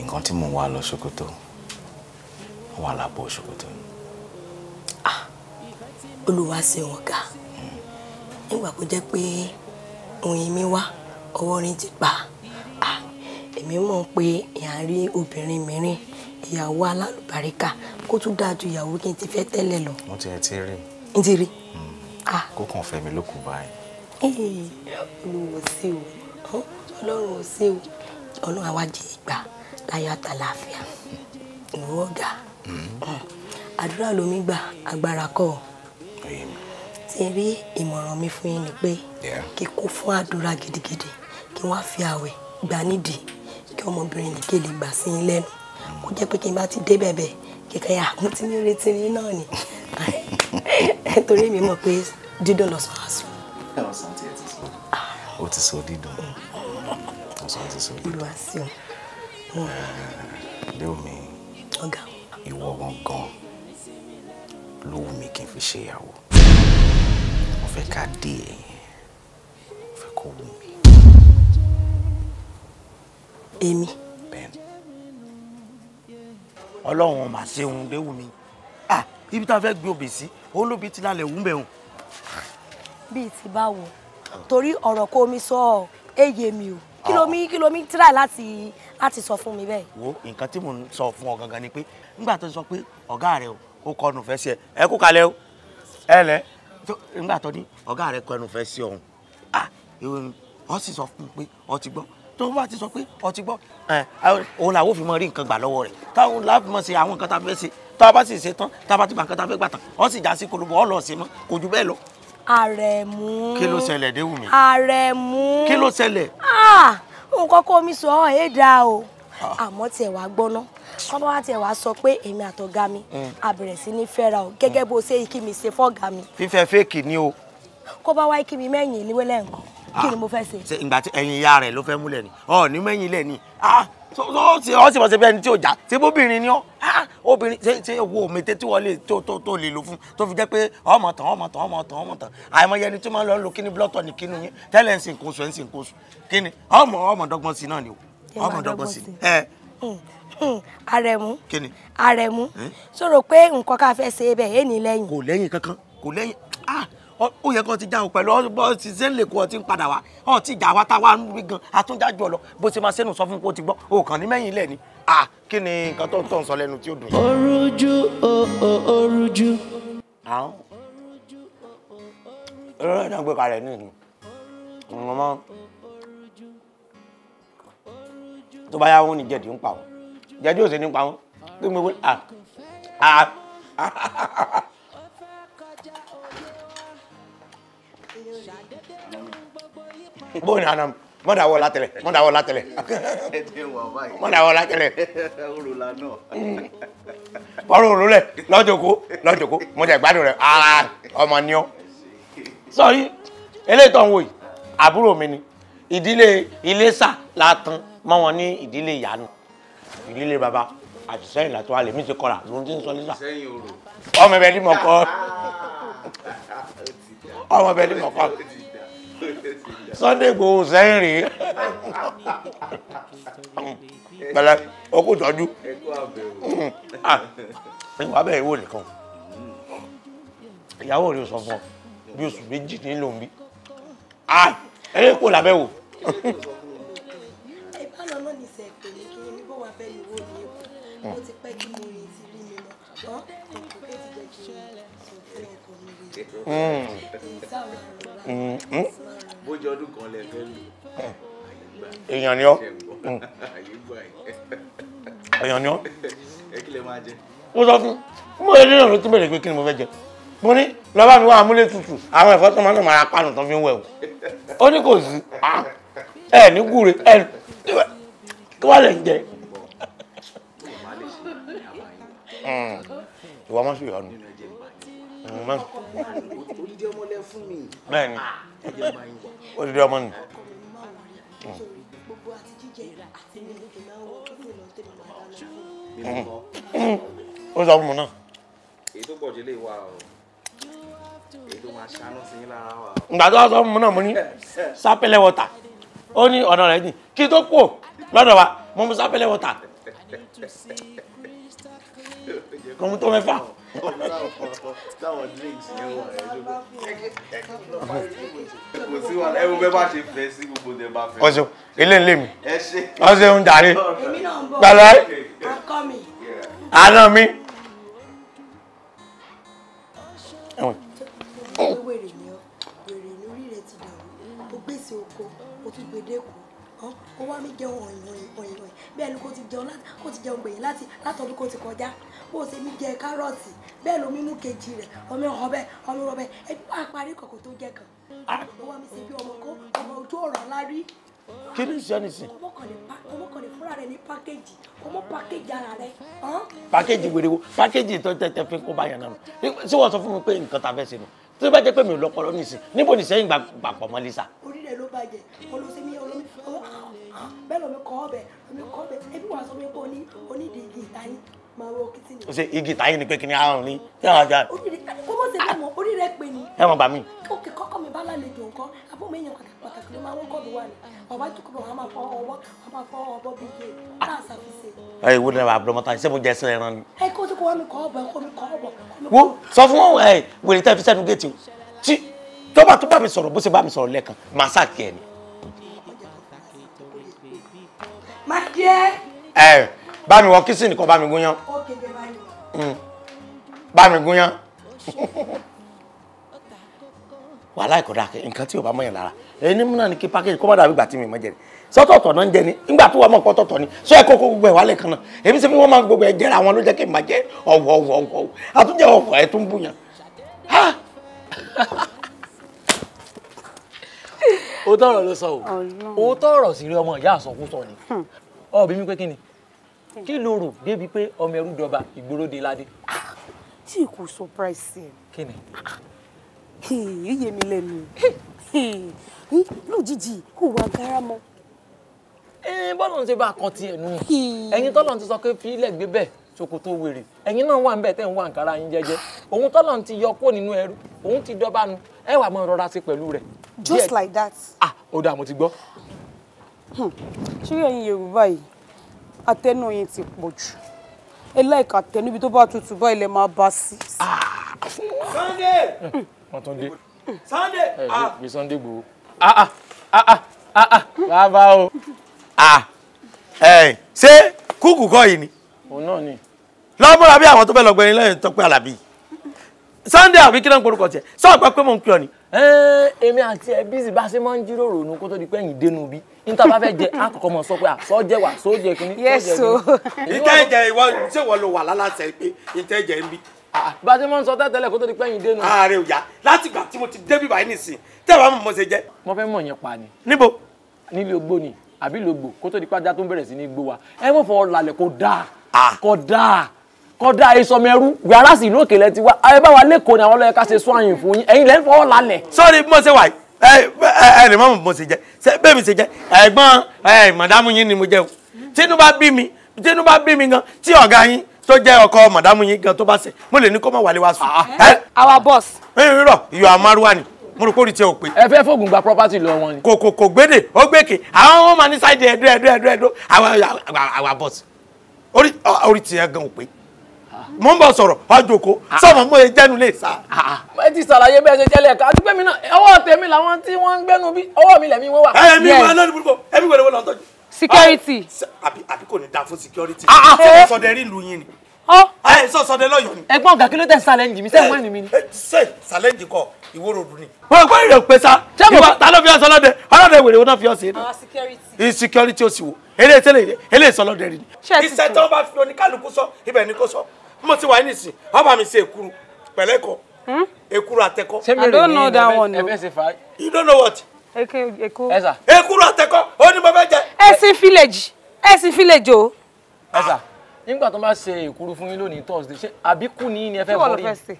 C: nǹkan tí mo wà lọ ṣòkòtò ó wà lápò ṣòkòtò
I: ah olúwa ṣe wọn ga nígbà kó jẹ́ pé oyin mi wá ọwọ́ orin ti pa ah, èmi mọ̀ pé ìyá rí obìnrin mìíràn ìyàwó alálùbáríkà kó tún dáa ju ìyàwó kí n ti fẹ́ tẹ́lẹ̀ lọ.
C: wọ́n ti ẹ̀ ti rí.
I: n ti rí. Hmm.
C: Ah. kó kàn fẹ́ mi ló kù báyìí.
I: olùwò sí o ọlọ́run ò sí o ọlọ́run àwájẹ ìgbà láyọ̀ àtàlàáfíà ìwọ ọ̀gá. Mm-hmm. àdúrà lomi gbà agbára kọ́ ti rí ìmọ̀ràn mi fún yín ni pé kí kó fún àdúrà gidigidi kí wọ́n fi àwẹ̀ gbà nídìí kí ọmọbìnrin nìkan lè gbà sí yín lẹ́nu mm-hmm. kó jẹ́ pé kí n bá ti dé bẹ̀bẹ̀ kẹ̀kẹ́ àkún tí mi retí yín náà ni torí mi mọ̀ pé dídùn lọ́sàn á sùn. ti sọ dídùn mm. ọ̀sán ti sọ dídùn. olùwàsíọ̀. Eh,
C: ẹ ọ̀gá o ìwọ gangan ló wù mí kí n fi ṣèyàwó mo fẹ́ ká dé ẹ̀yìn
B: mo fẹ́ kó wù mí. èmi. bẹ́ẹ̀ni. ọlọ́run ọmọ àṣẹ òun léwu mi ah ibi tá a fẹ́ gbé obì sí olóbi ti lálẹ́ òun bẹ̀rùn.
I: bíi ti báwo torí ọ̀rọ̀ kó omi sọ ọ́ èyí èmi o kí ló mi kí ló mi tíráì láti. Oh a ti sọ fún mi bẹ́ẹ̀.
B: wo nǹkan tí mò ń sọ fún ọ gangan ni pé nígbà tó sọ pé ọ̀gá rẹ ó kọnu fẹ́ sí ẹ ẹ kú kalẹ̀ o ẹ lẹ nígbà tó ní ọ̀gá rẹ kọnu fẹ́ sí ọ̀hún ah ọ sì sọ fún pé ọ ti gbọ́ tó bá ti sọ pé ọ ti gbọ́ òun làwọn òfin mọ rí nǹkan gbà lọ́wọ́ táwọn láàfin mọ̀ sí àwọn nǹkan tá a fẹ́ ṣe tá a bá sì ṣe tán tá a bá ti tá a fẹ́ gbà tán ọ sì já sí ọ lọ sí kò bẹ́ẹ̀ lọ. kí ló ṣẹlẹ̀ déwùmí.
I: kí ló ṣẹlẹ̀. Ah! nǹkan kó mi sọ ọ́ ẹ̀ dáa o ah. àmọ́ tiẹ̀ wá gbọ́ná kọ́ bá wá tiẹ̀ wá sọ pé èmi àtọ̀gá mi mm. a sí ní fẹ́ra o gẹ́gẹ́ bó ṣe kí mi ṣe fọ́gà mi.
B: fífẹ́ fèkì ni o.
I: kó bá wá kí mi mẹ́yìn ìléwé lẹ́ǹkan kí ni ah. mo fẹ́ ṣe.
B: ìgbà tí ẹyin ìyá rẹ̀ ló fẹ́ múlẹ̀ ni ọ̀ ní mẹ́yìn ilẹ̀ ni ah ó sì ó sì mọ̀ sí bẹ́ẹ̀ ni tí ò já ṣé bóbìnrin ni ọ́ obìnrin ṣe ṣe wo òmètè tí wọ́n lè tó tó tó lè lò fún tó fi jẹ́ pé ọmọ tán ọmọ tán ọmọ tán ọmọ tán àìmọye ẹni tí máa ń lọ lo kíní blọ́tọ̀ ní kínú yín tẹ́lẹ̀ ń sìn kóso ẹ̀ ń sìn kóso kíni ọmọ ọmọ dọ́gbọ́n sí náà ni o ọmọ dọ́gbọ́n sí
I: àrẹ̀mú àrẹ̀mú sọ̀rọ̀ pé nǹkan ká fẹ́ ṣe bẹ́ẹ̀ yé ni lẹ́yìn kò lẹ́yìn kankan
B: kò lẹ́yìn ah! ó yẹ kán ti já o pẹ̀lú ọ ti ṣe ń lè kó ọ ti ń padà wá ọ ti jà wá tá wá ń rí gan àtúndájú ọ lọ bó ṣe máa ṣẹ́nu sọ fún kó ti gbọ́ o kàn ní mẹ́yìn ilẹ̀ ni à kí ni nǹkan tó ń tọ̀ ń sọ lẹ́nu tí ó dùn.
J: orújú orújú.
B: àwọn eré náà gbé kalẹ̀ ní ìlú ọmọ tó bá yá wọn ni jẹ̀dí ń pa wọn jẹ̀dí ò sí ní pa wọn kí ni mo wí à à. bóyá nana mọ dàwọ látẹlẹ mọ dàwọ látẹlẹ
C: mọ dàwọ látẹlẹ.
B: bọ́rọ̀ òru rẹ̀ lọ́jọ́kó lọ́jọ́kó mo jẹ́ ìgbádùn rẹ̀ ara ọmọ ni ọ́ sọ́rí eléyìí tó ń wò yìí meni, mi ni ìdílé Iléṣà la tan mọ́ wọn ní ìdílé ìyanu ìdílé baba àti sẹ́yìn làtọ́ alẹ́ mi ti kọ́ra ló ń ti ń sọ nígbà ọmọ ẹ̀bẹ̀ ni mo kọ́ oh ẹ̀bẹ̀ ni mo kọ́. Sunday Igboho sẹ́yìn rí pẹ̀lẹ́ okú tọ́jú ìwà bẹ́ẹ̀ ìwò nìkan ìyàwó rí o sọ fún ọ bí oṣù méjì nílò ń bí ẹ̀yẹ kò lábẹ́ wò. ìbálò
I: ni bó wà fẹ́ ni wò ní èkó ó
B: bójú ọdún kan lẹ fẹ́ lù. èèyàn ni ọ́ mm. èèyàn ni ọ́. ẹ kí lè máa jẹ. ó sọ fún mo lè dínà ló tún bèrè pé kí ni mo fẹ́ jẹ mo ní lọ́ba mi wá amúlé tutù àwọn ẹ̀fọ́ tó máa ń máa pàánù tó fi ń wẹ̀ o ó ní kò sí ẹ ní gúre ẹ kí wàá lè jẹ. ìwà máa ń ṣe mm. ìyọnu bẹ́ẹ̀ni ni. ó sọ fún mi náà.
C: èyí tó pọ̀ jù lè wà o èyí tó máa ṣàánú sí yín lára wa. ìgbà tó wá sọ fún mi náà mo ní sápẹ́lẹ̀
B: wọ́tà ó ní ọ̀nà rẹ̀ dì kí tó kù lọ́dọ̀ wa mo mú sápẹ́lẹ̀ wọ́tà
A: kọ́mú tó mẹ́fà táwọn drinks
B: yẹn wà ẹ lóko
G: kò sí wàhálà ẹ bẹ́ẹ̀ bá ṣe fẹ́
B: sí gbogbo dẹ̀ bá fẹ́. ọ̀sẹ̀ ilé mi ọ̀sẹ̀ ń darí gbàlá àná mi. wèrè ni ọ wèrè
I: lórí rẹ ti dàrú ó gbèsè oko ó tún gbèdéko kó wá mi jẹun ọ̀yìn ọ̀yìn bẹ́ẹ̀ ni kò ti jẹun láti kò ti jẹun gbèyìn láti látọdún kò ti kọjá bó ṣe mi jẹ kárọ̀tì bẹ́ẹ̀ ló mi mú kejì rẹ̀ ọmọ ọ̀hún ọmọ ọ̀hún ẹbí máa parí kọ̀kọ̀ tó jẹ kan ah. ó wá mi ṣe bí ọmọ kó ọmọ ojú ọ̀rọ̀ ńlá
B: kí ni iṣẹ́ nìsín.
I: ọmọ kan lè fúnra rẹ̀ ní pákéjì ọmọ pákéjì ara rẹ̀.
B: pákéjì wèrè wo tó tẹ̀tẹ̀ fi kó báyà náà ṣé wọ́n sọ fún mi pé nǹkan ta fẹ́ sínú tó bá jẹ́ pé mi ò lọ́pọ̀lọ́ nìsín níbo nìsẹ́yìn gbàpọ̀ mọ́ lisa.
I: orí ló bàjẹ́ olóṣèlú olómi bẹ́ẹ̀ lọ́mi kọ́ ọbẹ̀ lọ́mi kọ́ ọbẹ̀ ẹbí wàá sọ mi pé oní onídìí igi ìtayín máa wọ kìtìnì. ṣe
B: ni pé kí ni àrùn ni kí àwọn ajá. oríire
I: kó mọ̀ sí mímọ oríire pè ní. ẹ mọ̀ bà mí. òkè kọ́kọ́ mi bá lálejò nǹkan abọ́ mi èèyàn pàtàkì ló máa ń kọ́ mi wà ní. bàbá ìjókòó bàbá máa fọ ọwọ́ máa fọ ọbọ̀ bíi iye náà ṣàfihàn.
B: ẹ ìwé ni àbúrò mọ́ta ṣé mo jẹ ẹsẹ̀ ẹran ni.
I: ẹ kó o ti kó wá mi kọ́ ọ̀bọ̀ kó mi kọ́ ọ̀bọ̀. wo sọ fún
B: wèrè tẹ́ fi sẹ́nu géètì
I: ẹ
B: bá mi wọ kíṣìnì kan bá mi gúnyán mm. bá mi gúnyán wàhálà ìkọ̀dà nǹkan tí ò bá mọ̀yàn lára ẹni múnà ní kí pákéjì kó má dàbí ìgbà tí mi mọ̀ jẹ ni sọ́tọ̀ọ̀tọ̀ náà ń jẹ ni nígbà tó wà mọ̀ pọ́tọ̀ọ̀tọ̀ ni sọ ẹ kó kó gbogbo ẹ̀ wálé kan náà èmi sẹ́mi wọ́n máa gbogbo ẹ̀ jẹ́ra wọn ló jẹ́ kí n máa jẹ́ ọ̀wọ̀ ọ̀wọ̀ ọ̀wọ̀ àtúnjẹ ọ̀wọ̀ ẹ̀ tó ń bùyàn. òótọ́ ọ̀rọ̀ ló sọ òótọ́ ọ̀rọ̀ sì rí ọmọ ìyá àsọkúsọ ni hmm ọ bí mi pé kí ni kí ló rò débi
G: pé ọmọ ẹrú dọba ìgboro de ládé.
E: tí kò surprise ẹ. kí ni. iye mi lẹ́nu lójijì kò wá garamọ. bọ́lá ń ṣe bá a kan tiẹ̀ nù ẹ̀yin tọ́lọ́ ti sọ pé fi ilẹ̀
B: gbé bẹ́ẹ̀ ṣòkòtò wèrè ẹ̀yin náà wà ń bẹ̀ tẹ́ ń wà nkàrà yín jẹ́jẹ́ òun tọ́lọ̀ ti yọ kó nínú ẹrú
H: òun ti dọ́bánu ẹ mọ́ rọra sí pẹ̀lú rẹ̀. just like that. ah ó dà mo ti gbọ́. Hmm. ṣé ẹ̀yin yorùbá yìí atẹ́nu yín ti pọ̀ jù ẹ láìka tẹnu ibi tó bá tutù báyìí lẹ máa bá sí.
F: Sunday.
B: wọn tún dé. Sunday. ẹ
H: ah ah ah. gbòó. Ah, ah,
B: ah, bàbá o. ṣé kúkú kọ́ yìí ni. òun náà ni. lọ́mọ́ra bí àwọn tó fẹ́ lọ gbẹ̀yìn lẹ́yìn Tọ́pẹ́ Àlàbí Sunday àbí kí ló ń porúkọ tiẹ̀ sọ́ọ̀pẹ́ pé mò ń pè ọ́ ni. Eh, èmi àti ẹ bísí bá ṣe máa ń jíròrò nu kó tó di pé ẹ̀yìn dénú bí níta bá fẹ́ jẹ àkọ́kọ́ mọ̀ sọ pé àsọ́jẹ wà sójẹ kìíní sójẹ kìíní. ìtẹ́jẹ ìwọ ṣé ìwọ ló wà lálàsẹ̀ pé ìtẹ́jẹ ń bí. bá a ṣe máa ń sọ tẹ́tẹ́lẹ̀ kó tó di pé ẹ̀yìn dénú. ààrẹ òyà láti ìgbà tí mo ti débí báyìí nìsín tẹ́wàá mọ̀ mo jẹ́. mo fẹ́ mọ̀ yẹn pa ni. níbo kọ́dá ìsọmọ ẹrú yàrá sì ìlú òkèlè ti wá ẹ bá wa lẹ́kọ̀ọ́ ni àwọn ọlọ́yẹ ká ṣe sún àyìn fún yín ẹ̀yin lẹ́ ń fọwọ́ lálẹ̀. sọ́ọ́ni bí mo ṣe wà ẹ ẹ lè má mọ̀ ṣe jẹ bẹ́ẹ̀ mi ṣe jẹ ẹ̀gbọ́n ẹ màdámù yín ni mo jẹ o tínú bá bí mi tínú bá bí mi gan tí ọ̀gá yín tó jẹ́ ọkọ màdámù yín gan tó bá ṣe mo lè ní kó má wálé wá sùn. Ah, ah. our boss. ẹ rírọ iyọ amaruwa ni mo rò pé orí tiẹ̀ ò ẹ fẹ́ fóògùn gba property lọ wọn ni. kò kò kò gbédè ó gbèkè àwọn ọmọ ní sáìdì ẹ̀dọ́ ẹ̀dọ́ our boss orí tiẹ̀ gan ò pé mo ń bọ̀ sọ̀rọ̀ àjòkó ah. sọ̀mọ̀ mo lè jẹ́nu lè sá. Ah, ah, ẹ ti ṣàlàyé bẹ́ẹ̀ ṣe jẹ́lẹ̀ ká àti pé mi náà ọwọ́ tèmi làwọn tí wọ́n ń gbẹ́nu bí ọwọ́ mi lẹ̀mí wọ́n wà. ẹ mi máa lọ́nu burúkú ẹbí wẹ̀rẹ̀ wọ́n lọ tọ́jú. security. àbí àbí kò ní da fún security. sọdẹ rí ìlú yín ni. Oh. ẹ sọ sọdẹ lọ́yọ̀ọ́ ni. ẹ̀gbọ́n ọ̀gá kí ló tẹ sàlẹǹjì mi sẹwọn ni mi ni. ṣe sàlẹǹjì kọ ìwúrò dùn ni. wọn kò rè pé sá ìwà ta ló fi ọsọ lọdẹ ọlọdẹ wèrè wọn náà fi ọsẹ yẹn. security ó sì wò eléyìí tẹlẹ eléyìí sọlọdẹ rí ni. iṣẹ́ tí wọ́n bá fi oníkálukú sọ ibẹ̀ ni kò sọ mo ti wà nísìn wọn bá mi ṣe èkuru pẹ̀lẹ́kọ̀ hmm? èkuru àtẹ̀kọ́. I don't know that one o. You don't know what?
H: èkuru
E: àtẹ̀kọ́ ó ní mo fẹ́ jẹ. ẹ̀sìn village ẹ̀sìn village o. ẹ̀sà
B: nígbà tó bá ṣe èkuru fún yín lónìí Thursday ṣé àbíkú ni ni ẹ fẹ́ bọ́ rí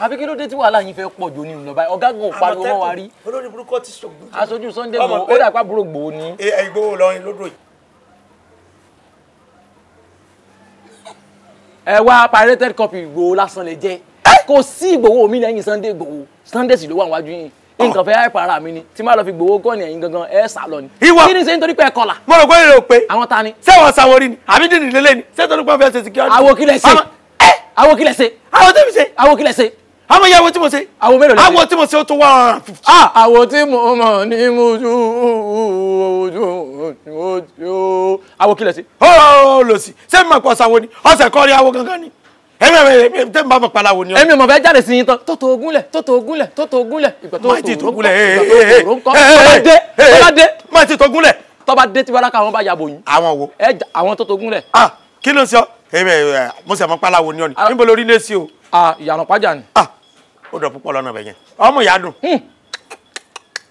B: àbí kí ló dé tí wàhálà yín fẹ́ pọ̀ jù ní ìlọba ọ̀gágun ò pariwo wọn wá rí aṣojú Sunday Igboho ó dà pa burúkú Igboho ni. Igboho lọrin lódò yìí. ẹ wá pirated copy Ìgbòho lásán lè jẹ kò sí Ìgbòho mi lẹ́yìn Sunday Ìgbòho Sunday sì ló wà wájú yìí ah. nǹkan fẹ́ ẹ̀pà ara mi ni tí má lọ fi gbowó gọ́ọ̀nì ẹ̀yìn gangan ẹ̀ sà lọ ni. ìwọ kí ni ṣe nítorí pé ẹ kọlà. mo rò pé èrè pé. àwọn ta ni. ṣé wọn sanwó rí ni àbí dìní lélẹ́ ni ṣé torí pé wọn fẹ́ ṣe security. àwo kí lẹ ṣe. àwo kí ṣe. àwo tẹ́mi ṣe. àwo kí ṣe àmọ́ iye àwo tí mo ṣe. àwo mélòó lẹ́yìn àwo tí mo ṣe ó tó one hundred and fifty. ah àwo tí mo mọ̀ ní mojú ojú ojú àwo kílẹ̀ sí. ó lò sí ṣé mo pọ̀ sáwo ni ọ̀sẹ̀ kọ́ rí àwo gangan ni èmi èmi èmi tẹ́ mi bá mọ̀ pàlà wò ni. èmi mọ̀ fẹ́ jáde sí yín tán tó tó ogúnlẹ̀ eh, tó eh, tó eh, ogúnlẹ̀ tó tó ogúnlẹ̀. má ti tó ogúnlẹ̀ ee ee ee tọ́ba dé má ti tó ogúnlẹ̀. tọ́ba dé tí wàlá káwọn bá yàgò yín. àwọn wo. ẹ àwọn tó tó ogúnlẹ̀. ah kí ló ń sọ. èmi mo sì mọ pàlà wò ni ọ ni ah. níbo lórí lé sí o. ah ìyànà pàjá ni. ah ó dọ̀ púpọ̀ lọ́nà bẹ̀yẹn ọmọ ìyá dùn. Hmm.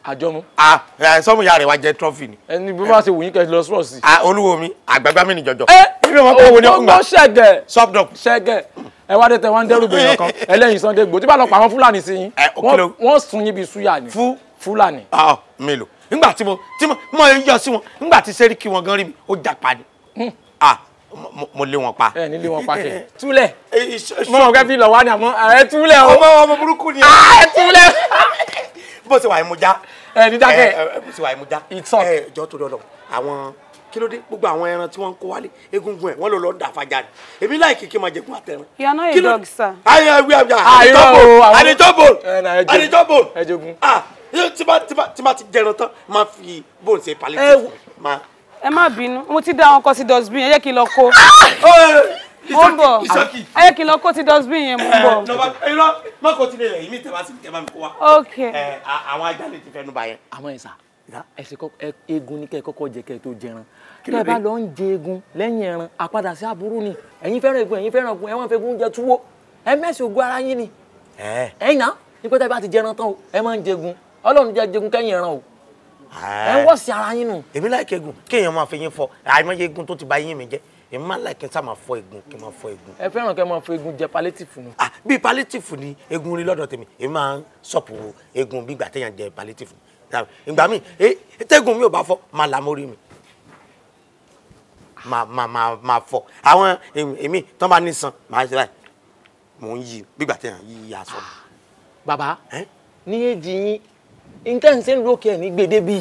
B: àjọmu. Ah, sọmọ ìyá rẹ wa jẹ trọfì ni. ẹni bí wọn ṣe wù yín kẹ lọ sọ̀rọ̀ sí. a olúwo mi àgbàgbà mi ni jọjọ. ẹ eh, ọgbọ́n ṣẹ̀gẹ̀ ṣẹ̀gẹ̀ ẹ wá dé tẹ wá ń dẹ́rù bèèyàn kan ẹlẹ́yin Sunday Igboho tí bá lọ pa àwọn Fúlàní sí yín eh, wọ́n sùn yín bíi súyà ni. fú Fúlàní. Ah, oh, mélòó nígbà tí mo tí mo yọ sí wọn nígbà tí sẹ́ríkì wọn gan rí mi ó jà pa ni. Hmm. Ah, mo lé wọn pa. ẹ ní lé wọn pa kẹ eh, eh. túlẹ̀ eh, mọ ọgá fi lọ wá ní àmọ́ ẹ túlẹ̀ o. ọmọ
F: ọmọ burúkú ni. ẹ ah, túlẹ̀.
B: bó ṣe wà ní mo já. ẹ ní dákẹ́. ẹ bó ṣe wà ní mo já. ìtàn. ẹ jọ tó dọdọ àwọn kí ló dé gbogbo àwọn ẹran tí wọ́n ń kó wálé egungun ẹ̀ wọ́n ló lọ dà fàjà ni èmi láì kìkì máa jẹ̀kún àtẹ̀rìn.
H: you are not a dog sir.
B: ayé ẹgbẹ́ àbíyá àdìjọ́bò àdìjọ́bò àdìjọ́bò ẹ̀jọ̀gùn. ah tí bá ti jẹran tán máa fi bóun ṣe palliative máa
H: ẹ má bínú mo ti dá àwọn kan sí dustbin yẹn jẹ́ kí n lọ kó mo ah! ń bọ̀ ẹ jẹ́ kí n lọ kó ti dustbin yẹn mo ń bọ̀. irọ́ eh,
B: má kó tilẹ̀ yẹn ìmí tẹ̀ bá sì kẹ́ bá mi kó wa. ok eh, àwọn ajá lè ti fẹnu bà yẹn. àwọn ẹ̀sà ẹ̀sìn eegun ni kẹ́ ẹ kọ́kọ́ jẹ kẹ́ ẹ tó jẹran kẹ́ ẹ bá lọ ń jẹ eegun lẹ́yìn ẹran àpadà sí àbúrú ni ẹ̀yin fẹ́ràn eegun ẹ̀yin fẹ́ràn eegun ẹ̀wọ̀n fẹ́gun jẹ túwó ẹ mẹ́sì ògùn ara yín ni eh. ẹ̀yin náà nípa tẹ́ bá ti jẹran tán o ẹ máa ń jẹgun ọlọ́run jẹ jẹgun kẹ́yìn ẹran o ẹ ń wọ́ sí ara yín nù. èmi láìka egun kéèyàn máa fi yín fọ àìmọye egun tó ti ba yín mi jẹ èmi máa láìka sá máa fọ egun kí n máa fọ egun. ẹ fẹ́ràn kẹ́ máa fọ egun jẹ palétífù ni. ah bíi palétífù ni egun rí lọ́dọ̀ tèmi èmi máa ń sọ̀pù egun bí ìgbà téèyàn jẹ palétífù ìgbà míì e, tẹ́gun mi ò bá fọ máa là mórí mi máa máa máa fọ àwọn èmi tán bá ní san máa ṣe láì mò ń yí bí ìgbà téèyàn yí aṣọ. Ah, bàbá ní èjì yín nǹkan ṣe ń lókè ní gbèdébí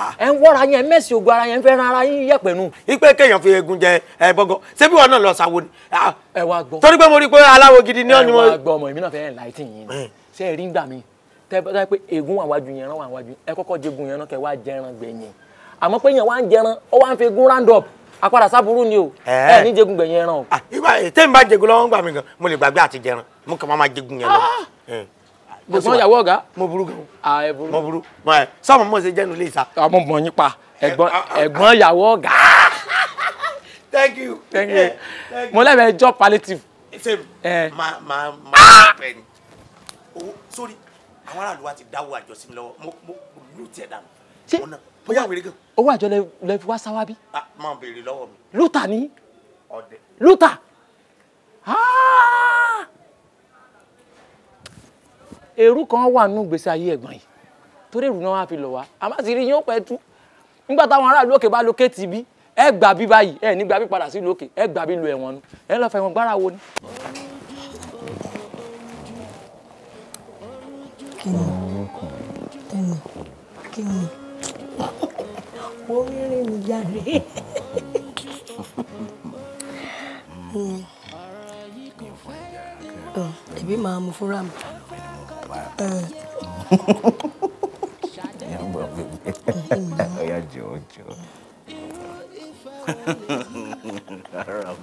B: ah. ẹ ń wọ́ra yẹn mẹ́sì ogun ara yẹn ń fẹ́ ran ara yín yẹ̀pẹ̀ nu. ipe kéèyàn fi eegun jẹ ẹ gbọgàn ṣebí wọn náà lọ ṣàwo ni. Ah. ẹ wá gbọ́ torí pé mo rí i pé aláwo gidi ni ó ní mo. ẹ wá gbọ́ ọmọ èmi náà fẹ́ẹ́ láì tì yín ni eh. ṣé ẹ rí ń gbà mí tẹ bá pé eegun wà wájú yẹn rán wà wájú ẹ kọ́kọ́ jẹgun yẹn náà kẹ wá jẹran gbẹ̀yìn àmọ́ pé yẹn wá ń jẹran ó wá ń fi eegun round up àpàdà sábúrú ni o eh. ẹ ní jẹgun gbẹ̀yìn
A: ẹran
B: gbèsè ìyàwó ọ̀gá. mo burú gan. Ah, ẹ burú. mo burú mọ ẹ sọmọ mọ ṣe jẹnu lè sa. mọ yín pa ah, ah. ẹ̀gbọ́n ìyàwó ọ̀gá. thank you. thank eh, you. mo lẹ́bẹ̀ẹ́ jọ palliative. Eh. ṣe máa máa máa pẹ̀ ni owó sórí àwọn aráàlú wa ti dáwọ́ àjọ mi lọ́wọ́ mo mo lù tiẹ̀ dànù. ṣé mo yà wèrè gan. owó àjọ lẹ fi wá sáwá bí. a máa béèrè lọ́wọ́ mi. lúta ni. ọdẹ. lúta èrú kan wà nù gbèsè ayé ẹ̀gbọ́n yìí torí èrú náà wá fi lọ̀ wá àmọ́ sì rí yín ó pẹ́ tú nígbà táwọn aráàlú òkè bá lókè tì bí ẹ gbà bí báyìí ẹ ní gbà bí padà sí lókè ẹ gbà bí lu ẹ̀wọ̀n nu ẹ lọ́ọ́ fẹ̀wọ̀n gbára wo ni.
E: kíni kíni
I: orí rìn mí jáde ẹbí máa mú fúnra mi.
A: Yamba bèbè.
C: Ọya jọ jọ. Ara gbogbo ìlà rẹ̀.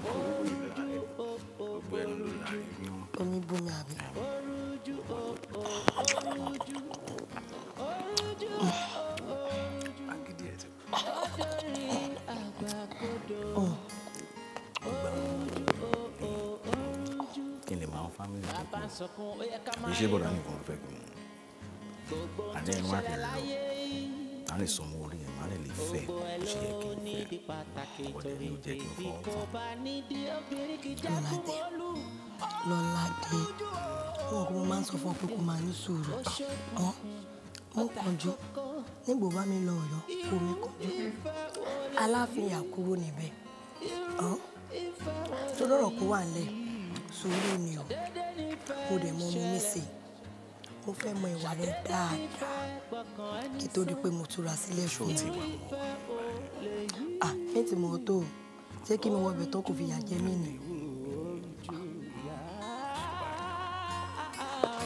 C: Gbogbo
I: ẹnu ló là rẹ̀ ní
J: Oh. family people. Iṣẹ́
C: nìkan fẹ́ gbọ́n. Adé ẹnu wá bẹ̀rẹ̀ lọ. A lè sọ ọmọ orí
J: yẹn, a lè lè fẹ́ ṣe yẹ kí n fẹ́. Ọ̀dẹ ó jẹ́ kí n fọ́ ọ̀tọ̀.
I: Lọ́ládé, Lọ́ládé, wọn kò máa ń sọ fún ọ pé kò máa ní sùúrù. Mo kànjú nígbò bá mi lọ Ọ̀yọ́, kò mi kànjú. Aláàfin Yakubu níbẹ̀. Tó lọ́rọ̀ kó wà nílẹ̀ sùúrù ni o mo dẹ̀ mọ mi níṣe mo fẹ́ mọ ìwà rẹ dáadáa kí tó di pé mo túra sílẹ̀ ṣó ti wà mọ́ wa. ẹ ti mọ̀ tó jẹ́ kí mi wọ ibẹ̀ tó kò fi yà jẹ mí ni.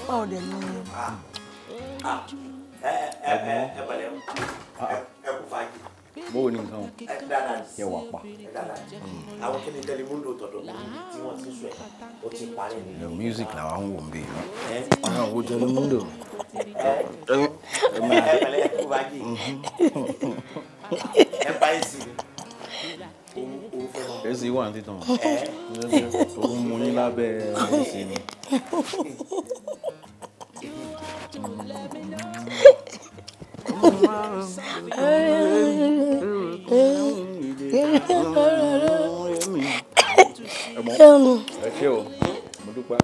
I: báwo dẹ̀ ni.
B: ẹ ẹ ẹ balẹ̀ o bó ni nǹkan yẹ wà pa. àwọn kí ni tẹlimundo tọ̀dọ̀ tí wọ́n ti sọ ẹ̀ ó ti parí ni. ẹ
C: music làwa ń wò ń bè é ọ̀nà wo tẹlimundo. ẹ pẹ̀lẹ́ kú bá jì ẹ bá yín sí i. èsì wà ní títàn òun mú yín lábẹ́ ẹ̀sìn ni.
A: Oh, ẹ
C: ṣe o mo dúpẹ́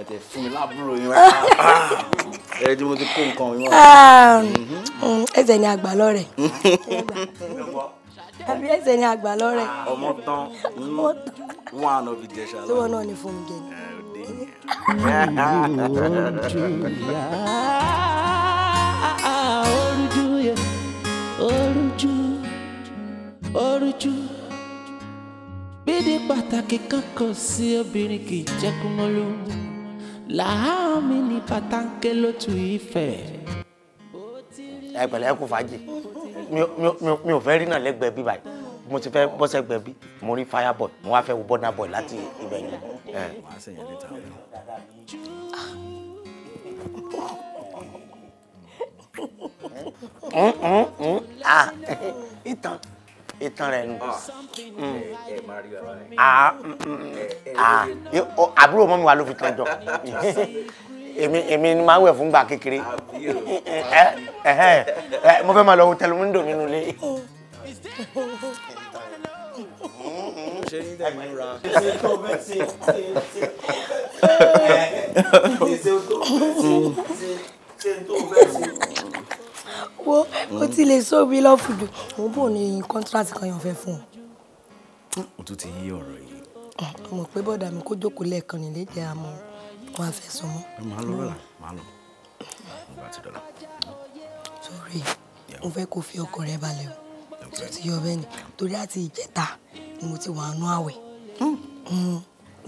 C: ẹ tẹ fún mi láàbúrò yín wá ẹ tí mo ti kó nǹkan yín wá.
I: ẹsẹ ni àgbà lọrẹ àbí ẹsẹ ni àgbà lọrẹ. ọmọ tán
C: wọn àna fi jẹ ṣáà lọ. lọ́wọ́
I: náà ni fún mi jẹ. Orujuya,
J: orujuya orújú gbédè pàtàkì kankan sí obìnrin kì í jẹ́ kó mọ́ ló làá mi ní pàtàkì lótú ìfẹ́.
B: ẹ pẹ̀lẹ́ fàájì mi ò fẹ́ rí náà lẹ́gbẹ̀ẹ́ bí báyìí mo ti fẹ́ bọ́sẹ̀ gbẹ bí mo rí fireboy mo wá fẹ́ wo burna boy láti ibẹ̀ yẹn. ìtàn ìtàn rẹ̀ nù. àbúrò mọ́ mi wà ló fi tàn jọ èmi èmi ni máa ń wẹ̀ fún gbà kékeré mo fẹ́ máa lọ wo tẹlifíńdò mi nulẹ̀. ṣe ń
I: tó bẹ́ẹ̀ sí wo o ti lè sóbi lọ́fù jù òun bò ní kọ́ńtíráàtì kan yàn fẹ́ fún ọ.
C: o tún ti yí ọ̀rọ̀ yìí.
I: Ah, mo pé bọ́dà mi kó jókòó lẹ́ẹ̀kan nílé jẹ́ àmọ́ wọn á fẹ́ sọ mọ́. màá lọ lọ́la
C: màá lọ nígbà tí dọ́là.
I: sórí mo fẹ́ kó fi ọkọ rẹ balẹ̀ o tó ti yọ bẹ́ẹ̀ ni torí àti ìjẹta ni mo ti wà á nú àwẹ̀. Hmm.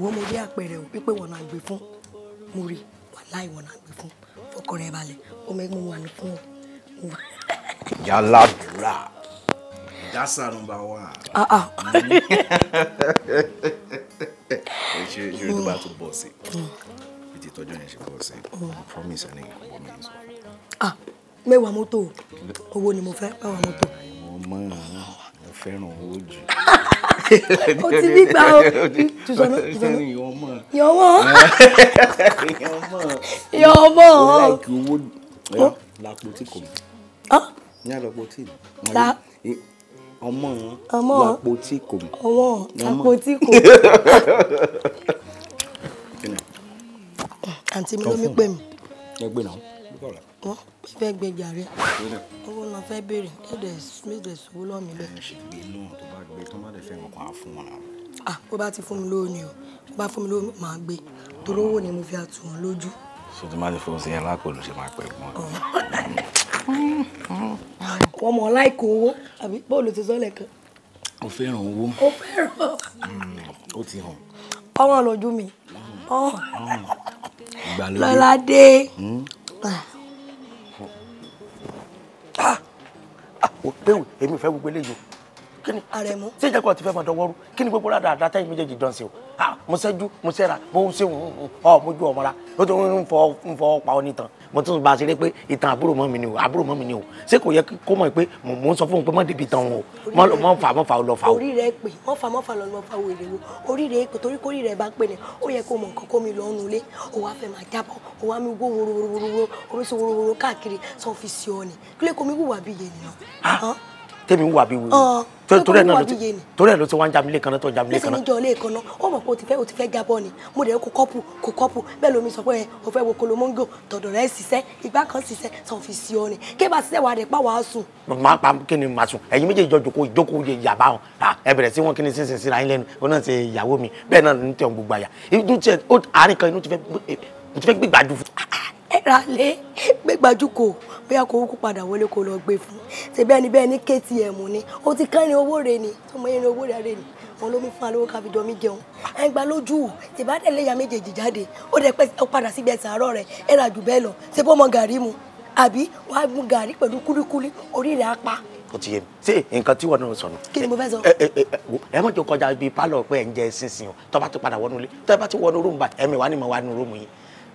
I: wo mo rí àpẹẹrẹ o pípé wọn náà gbé mo rí wàhálà ìwọ̀n náà gbé fún fọkọ rẹ balẹ̀ ó mẹ́gbọ́n wà ní fún
C: ìyá ládùúrà that's our number one. ṣe ṣe tó bá tó bọ̀ sí ètò ìtọ́jú yẹn ṣe bọ̀ sí promise ẹni ìgbọ́ mi sọ.
I: Ah, mẹ́wàá mọ́tò owó ni mo fẹ́ mẹ́wàá mọ́tò.
C: mo mọ mo fẹ́ràn owó jù. o ti bí gbà o tùsọ̀nà tùsọ̀nà yọ̀ọ́mọ̀ yọ̀ọ́mọ̀ yọ̀ọ́mọ̀ o láìkí owó lápò tí kò mọ̀ ní àlọ́pọ̀ tí ọmọ ọmọ àpò tí kò mọ. ọmọ àpò tí kò mọ.
I: àǹtí mi ló mi pè
C: mí. ẹ gbé náà wọ́n
I: fẹ́ gbé jàre owó náà fẹ́ béèrè ẹ̀dẹ̀ méje sòwò lọ́mí bẹ́ẹ̀. ṣègbè
C: náà tó bá gbé tó má lè fẹ́ ọkàn fún wọn náà.
I: ah bó bá ti fún mi lówó ni o bó bá fún mi lówó màá gbé torí owó ni mo fi àtù wọn lójú. sotí
C: má ti fún sí ẹ lápò ló ṣe máa pẹ̀ mọ́
I: wọ́n mọ̀ láìkó owó àbí bóòlù ti sọ́lẹ̀ kan. o, fẹ́ràn owó. ó fẹ́ràn.
C: Mm, ó ti hàn.
I: ọwọ́n lójú mi.
C: Mm. lọ́ládé. ó mm.
I: ah.
B: ah, ah, pé èmi fẹ́ gbogbo eléyìí kíni àrẹ̀mú ṣé ìjẹ́kọ̀ ti fẹ́ máa dọwọ́rú kíni gbogbo rádà àdá tẹ́yìn méjèèjì dán sí o ha mo ṣẹ́jú mo ṣẹ́ra bó ń ṣeun ọ mo ju ọmọra ó tó ń fọ ń fọ pa ọ nìtàn mo tún bá a ṣeré pé ìtàn àbúrò mọ́ mi ni o àbúrò mọ́ mi ni o ṣé kò yẹ kó mọ̀ pé mò ń sọ fún un pé mọ́ débi tán o mọ́ fà mọ́ fà ó lọ fà ó. orí
I: rẹ pè mọ́ fà mọ́ fà lọ lọ fà ó èrè o orí rẹ pè torí kórìí rẹ bá pè ní ó yẹ kó mọ nǹkan kó mi lọ ọ́nù ilé ó wá fẹ́ máa jábọ̀ ó wá mi wó wóró wóró wóró oríṣi wóró wóró káàkiri sọ fi ṣe ọ ni kílẹ̀ kó mi wùwà bí yẹn nìyẹn
B: tèmi wà bí wèrè torí ẹ náà torí ẹ ló ti wá ń jà mí lẹ́ẹ̀kan náà tó ń jà mí lẹ́ẹ̀kan náà. lẹ́sìn
I: níjọ́ lẹ́ẹ̀kan náà ó mọ̀ pé o ti fẹ́ o ti fẹ́ jábọ́ ni mo dẹ̀ kó kọ́pù kó kọ́pù bẹ́ẹ̀ lomi sọ pé ẹ o fẹ́ wo kolomongo tọ̀dọ̀ rẹ ṣiṣẹ́ ìgbà kan ṣiṣẹ́ sọ fi sí ọ ni kí bá ṣiṣẹ́ wà rẹ̀ pa wàá sùn.
B: màá pa kí ni màá sùn ẹ̀yin méjèèjì jọ jòkó ìjókòó yẹ yàbá wọn ẹ bẹ̀rẹ̀ sí wọn kí ni sísìn síra yín lẹ́nu òun náà ṣe ìyàwó mi bẹ́ẹ̀ náà ní tẹ̀wọ̀n gbogbo àyà inú tiẹ̀ àárín kan inú ti fẹ́ eh, gbígbàdú fún ah, ah,
I: ẹ̀rà lé gbégbájúkò bóyá kò kú padà wọlé kò lọ gbé fún ṣèbí ẹni bẹ́ẹ̀ ní ktm ni ó ti kán ní owó rẹ ni ọmọ yẹn ní owó rẹ rẹ ni wọn ló mú fún alówó káfí dọmí jẹun ẹ ń gba lójú tèbá tẹ̀lé ìyá méjèèjì jáde ó dẹ pẹ́ padà síbi ẹ̀sán àárọ̀ rẹ ẹ̀rà jù bẹ́ẹ̀ lọ ṣe bọ́ ọmọ gàrí mu àbí wàá mu gàrí pẹ̀lú kúlíkúlí orí rẹ̀ á pa
B: ó ti yé mi ṣé nǹkan tí wọn náà sọ nù.
I: kí ni mo fẹ́ sọ. ẹ
B: ẹ ẹ mọ̀jọ kọjá bíi pálọ̀ pé ẹ̀ ń jẹ sísìn o tọ́ ti padà wọnú ilé tọ́ ti wọnú rúùmù ẹ̀mí wa ni mo wà nínú rúùmù yìí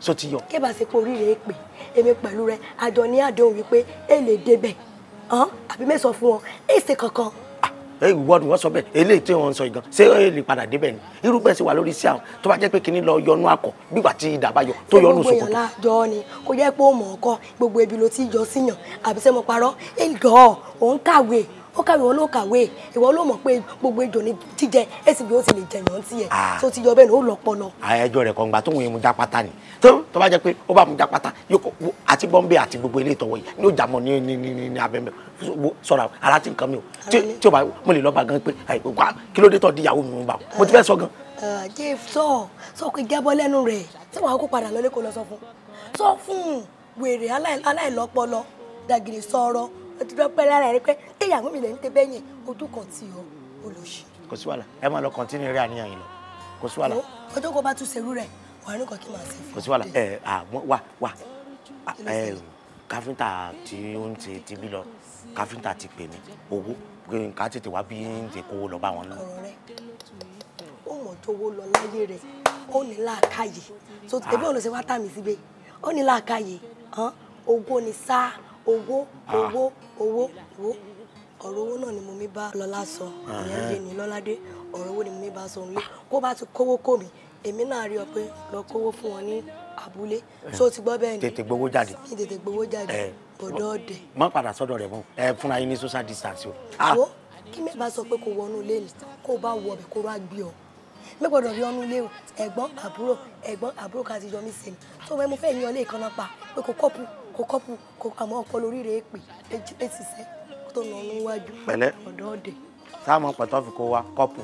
B: sọ ti yọ.
I: kí bá ṣe pé oríire pè èmi pẹ̀lú rẹ àjọ ní àdéhùn wípé ẹ lè débẹ̀ àbí mẹ́sàn fún wọn ẹ ṣe kankan. Ah,
B: ẹ ìwọ́dùn wọn sọ bẹ́ẹ̀ eléyìí tí wọ́n ń sọ ìgan ṣé ẹ lè padà débẹ̀ ni irú bẹ́ẹ̀ ṣe wà lórí sí àwọn tó bá jẹ́ pé kínní lọ yọnu akọ gbígbà tí idà bá yọ tó yọnu sòkòtò. gbogbo ìyànlá
I: jọ ni kò jẹ́ pé mọ̀ ọ́kọ́ gbogbo ibi ló ti yọ síyàn àbí sẹ́mo parọ́ ẹ̀ gọ́ ọ̀ ń kàwé ó kàwé wọn ló kàwé ìwọ ló mọ̀ pé gbogbo ejò ní jíjẹ èsì bí ó sì lè jẹyàn tí ẹ tó ti yọ bẹ́ẹ̀ ni ó lọ pọnà.
B: ẹjọ́ rẹ̀ kọ̀ǹgbà tó ń mu jápátá ni tó bá jẹ́ pé ó bá mu jápátá àti bọ́m̀bé àti gbogbo ilé ìtọ́wọ́ yìí ló jà mọ́ ní ní ní ní abẹ́mẹ́ sọ̀rọ̀ ara ti nǹkan mi o tí o bá mo lè lọ́ọ́ bá gan pé kí ló dé tọ́ di ìyàwó mi bá mo ti fẹ́ sọ gan.
I: jẹ́ sọ sọ pé jábọ́ ó ti dọ́pẹ́ lára rẹ pé téyàwó mi lè ń tẹ bẹ́yìn ojú kan tí o ò lò ṣe.
B: kò sí wàhálà ẹ máa lọ kọ́ntínú eré àníyàn yìí lọ kò sí wàhálà.
I: ọjọ́ kó bá tún ṣerú rẹ̀ wàá ní kan kí màá ṣe fi.
B: kò sí wàhálà ẹ àmọ́ wà wà káfíńtà tí ó ń ṣe ti bí lọ káfíńtà ti pè mí owó pé nǹkan tètè wá bí ń ṣe kówó lọ bá wọn náà. ọ̀rọ̀ rẹ
I: ó mọ̀ tó wó lọ láyé rẹ̀ ó ní láàkáyè tó tẹ̀bí òun ló ṣe wá tà mí síbẹ̀ ó ní láàkáyè ogún ni sáà owó ah. owó owó owó ọ̀rọ̀ owó náà ni mo mi bá lọ́lá sọ ìyẹn lè ní lọ́ládé ọ̀rọ̀ owó ni mo mi bá sọ nílé kó bá ti kówó kò mí èmi náà rí ọ pé lọ kówó fún wọn ní abúlé tó ti gbọ́ bẹ́ẹ̀ ni
B: tètè gbowó jáde ní
I: tètè gbowó jáde bọ̀dọ̀ ọ̀dẹ̀.
B: má padà sọ́dọ̀ rẹ̀ mọ́ ẹ fúnra yín ní social distance o.
I: Ah. àwo kí mi bá sọ pé kò wọnú ilé ni kó bá wọ ọbẹ̀ kó o gbé ọ mi gbọ́dọ̀ rí ọnú ilé o ẹ̀gbọ́n àbúrò ẹ̀gbọ́n àbúrò ká ti yọ mí sẹ́ni tó fẹ́ mo fẹ́ yan ilé ìkànnà pa pé kò kọ́pù kò kọ́pù kò àmọ́ ọpọlọ oríire èpè èsìsẹ́ tó lọ níwájú ọ̀dọ́ ọ̀dẹ̀.
B: sáàmù pẹ̀tọ́ fi kó wa kọ́pù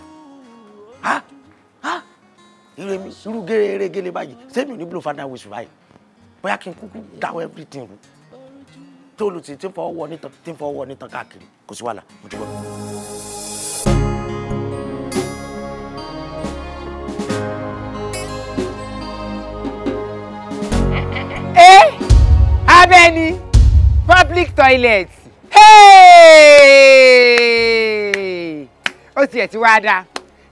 B: irú gẹ́gẹ́lẹ́ báyìí sẹ́mi ò ní blow father wish báyìí bóyá kí n kúkú dáwọ́ everything rú tó olùsí tí ń fọwọ́ wọ nítan káàkiri kò sí wàhálà mo ti gbọ́.
D: rẹ ni public toilet ó tiẹ̀ ti wá dáa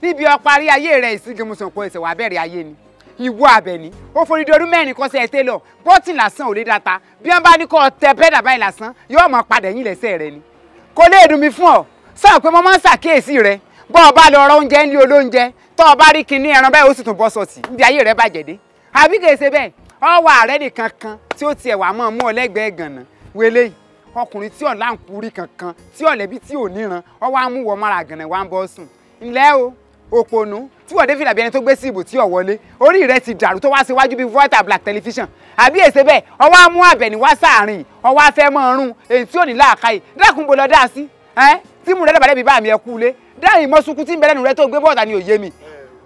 D: níbi ọparí ayé rẹ ìsìnkìmùsànkò ẹsẹ̀ wà bẹ̀rẹ̀ ayé ni ìwọ Àbẹ̀ní ó forí di ọdún mẹ́rin kọ́sẹ̀ ẹtẹ́ lọ bọ́tì lásán ò lè dáta bí wọ́n bá ní kọ́ tẹ bẹ́ẹ̀dà báyìí lásán yóò máa padà yín lẹ́sẹ̀ rẹ ni kò lè dùn mí fún ọ sọ pé mo máa ń ṣàkíyèsí rẹ bọ́ ọ bá lọ ọrọ̀ oúnjẹ ńlẹ́ olóúnjẹ tọ́ ọ bá rí kinní ẹran báyìí ó sì tún bọ́ sọ̀tì níbi ayé rẹ bàjẹ́ dé àbí kèsè bẹ́ẹ̀ ọ wà rẹ́ nìkan kan tí ó tiẹ̀ wà mọ́ mú ọ lẹ́gbẹ̀ẹ́ gànà wele yìí ọkùnrin tí ọ̀la ń kúrí kankan tí ọ̀lẹ́bí tí ò níran ọ wá mú wọ mọ́ra gànà wá ń bọ́ sùn ńlẹ́ o òpònú tí wọ́n dé fìlà bí ẹni tó gbé sí ìbò tí ò wọlé orí rẹ ti dàrú tó wá síwájú bíi voita black television àbí èsè bẹ́ẹ̀ ọ wá mú àbẹ̀ní wá sáàrin ọ wá fẹ́ mọ́ ọrùn èyí tí ò ní láàkáyè dákun bó lọ dá sí tí mú rẹ lọ́bàdẹ́ bíi bá mi ẹ kú lé dáhìn mọ́sùnkú tí ń bẹ lẹ́nu rẹ tó gbé bọ́ọ̀tà ni òye mi.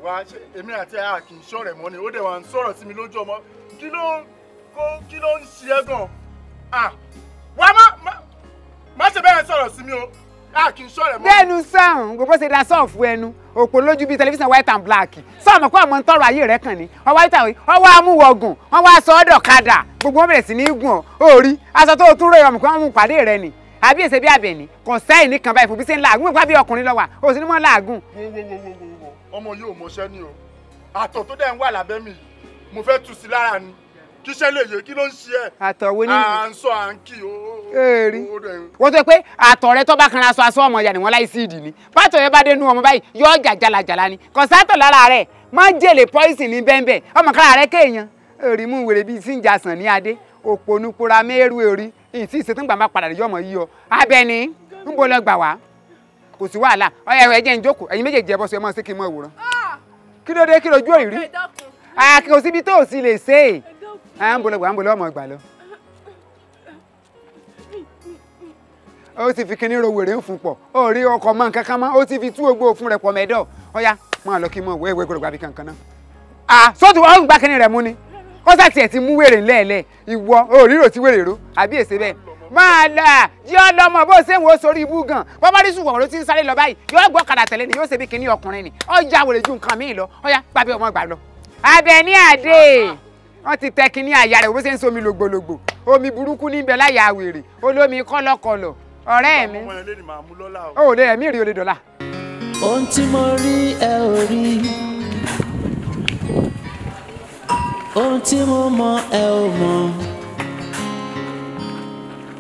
F: wá èmi àti àkìnṣọ́ rẹ̀ mọ́ ni ó dẹ̀ wá ń sọ̀rọ̀ sí mi lójú ọmọ kí ló kó kí ló ń ṣe ẹ́ gan ah wà má má ṣe bẹ́ẹ̀ sọ̀rọ̀ sí mi o a kì í ṣọ̀rẹ́
D: mọ́. bẹ́ẹ̀nu sàn gbogbo ṣe da sọ́ọ̀fù ẹnu òpó lójú bíi tẹlifíṣàn white and black sọ̀nà kó àmọ́ ń tọrọ ayé rẹ̀ kàn ní wọ́n wá ìtàwé wọ́n wá amúwọ̀gùn wọ́n wá aṣọ ọ̀dọ̀ gbogbo wọn bẹ̀rẹ̀ sí ní gùn ọ́ òórí aṣọ tó o tún rẹ̀ ọmọ kí wọ́n mú pàdé rẹ̀ ni àbí èsè bí àbẹ̀ní kò sẹ́yìn nìkan báyìí fòbí sí làágùn ìpá bí ọkùnrin lọ́wà o sì ní mọ́ làágùn. wo
F: wo wo wo wo ọmọ yóò mọṣẹ́ ni o àtọ̀ tó dẹ̀ ń wà lábẹ́ mi mo fẹ́ tu sí lára ni kíṣẹ́ lè yé kí ló
D: ń ṣe ẹ́. àtọ̀wé nínú. à ń
F: sọ à ń kì ó.
D: èèrí wọ́n tó pé àtọ̀ rẹ tó bá kanra sọ aṣọ ọmọ ìyá ni wọ́n láì sí ìdì ni pàtó yẹn bá dé nu ọmọ báyìí yóò jà jalajala ni kọ̀sátọ̀ lára rẹ̀ má jèlè pọ́ìsì ní bẹ́ńbẹ́ ọmọ kára rẹ̀ kéèyàn èèrí mú wèrè bíi sí ìjà sàn ní adé òpònú kura mẹ́rù èrí ìtì ìṣètò padà lè kí n mọ ah! kí ló dé kí àkè ah, òsíbi tó lè ṣe é à ń bolo à ń bolo ọmọ ìgbà lọ. ó ti fi kinní ro wèrè ń fún pọ̀ ó rí ọkọ̀ mọ́ nǹkan kan mọ́ ó ti fi tú ogbó fún rẹ̀ pọ̀ mẹ́dọ̀ ọ̀ya máa lọ kí n mọ̀ wẹ́wẹ́ gbọ́dọ̀ gbàbí kankan náà. à sọ́ọ̀tù wa ń gbá kinní rẹ̀ mú ni ó sàtì ẹ̀ ti mú wèrè lẹ́ẹ̀lẹ́ ìwọ ó ríro ti wèrè ro àbí èsè bẹ́ẹ̀ máa là yí ọlọmọ bó ṣe ń wo sórí ibú gan bọ́bá rí sùn wọ̀n ló ti ń sáré lọ báyìí yóò gbọ́ kàdà tẹ̀lé ni yóò ṣe bí kinní ọkùnrin ni ọjà wèrè ju nǹkan míì lọ ọ̀ya gbàbí ọmọ gbà lọ. Àbẹ̀ní Adé wọ́n ti tẹ́ kínní àyà rẹ̀ bó ṣe ń somi lògbòlògbò omi burúkú níbẹ̀ láyà wèrè olómi kọ́lọ́kọ́lọ́ ọ̀rẹ́ mi ó lè ẹ̀mí rí olè dọ́là. ohun tí mo rí ẹ ò rí
J: ohun tí mo mọ ẹ ò mọ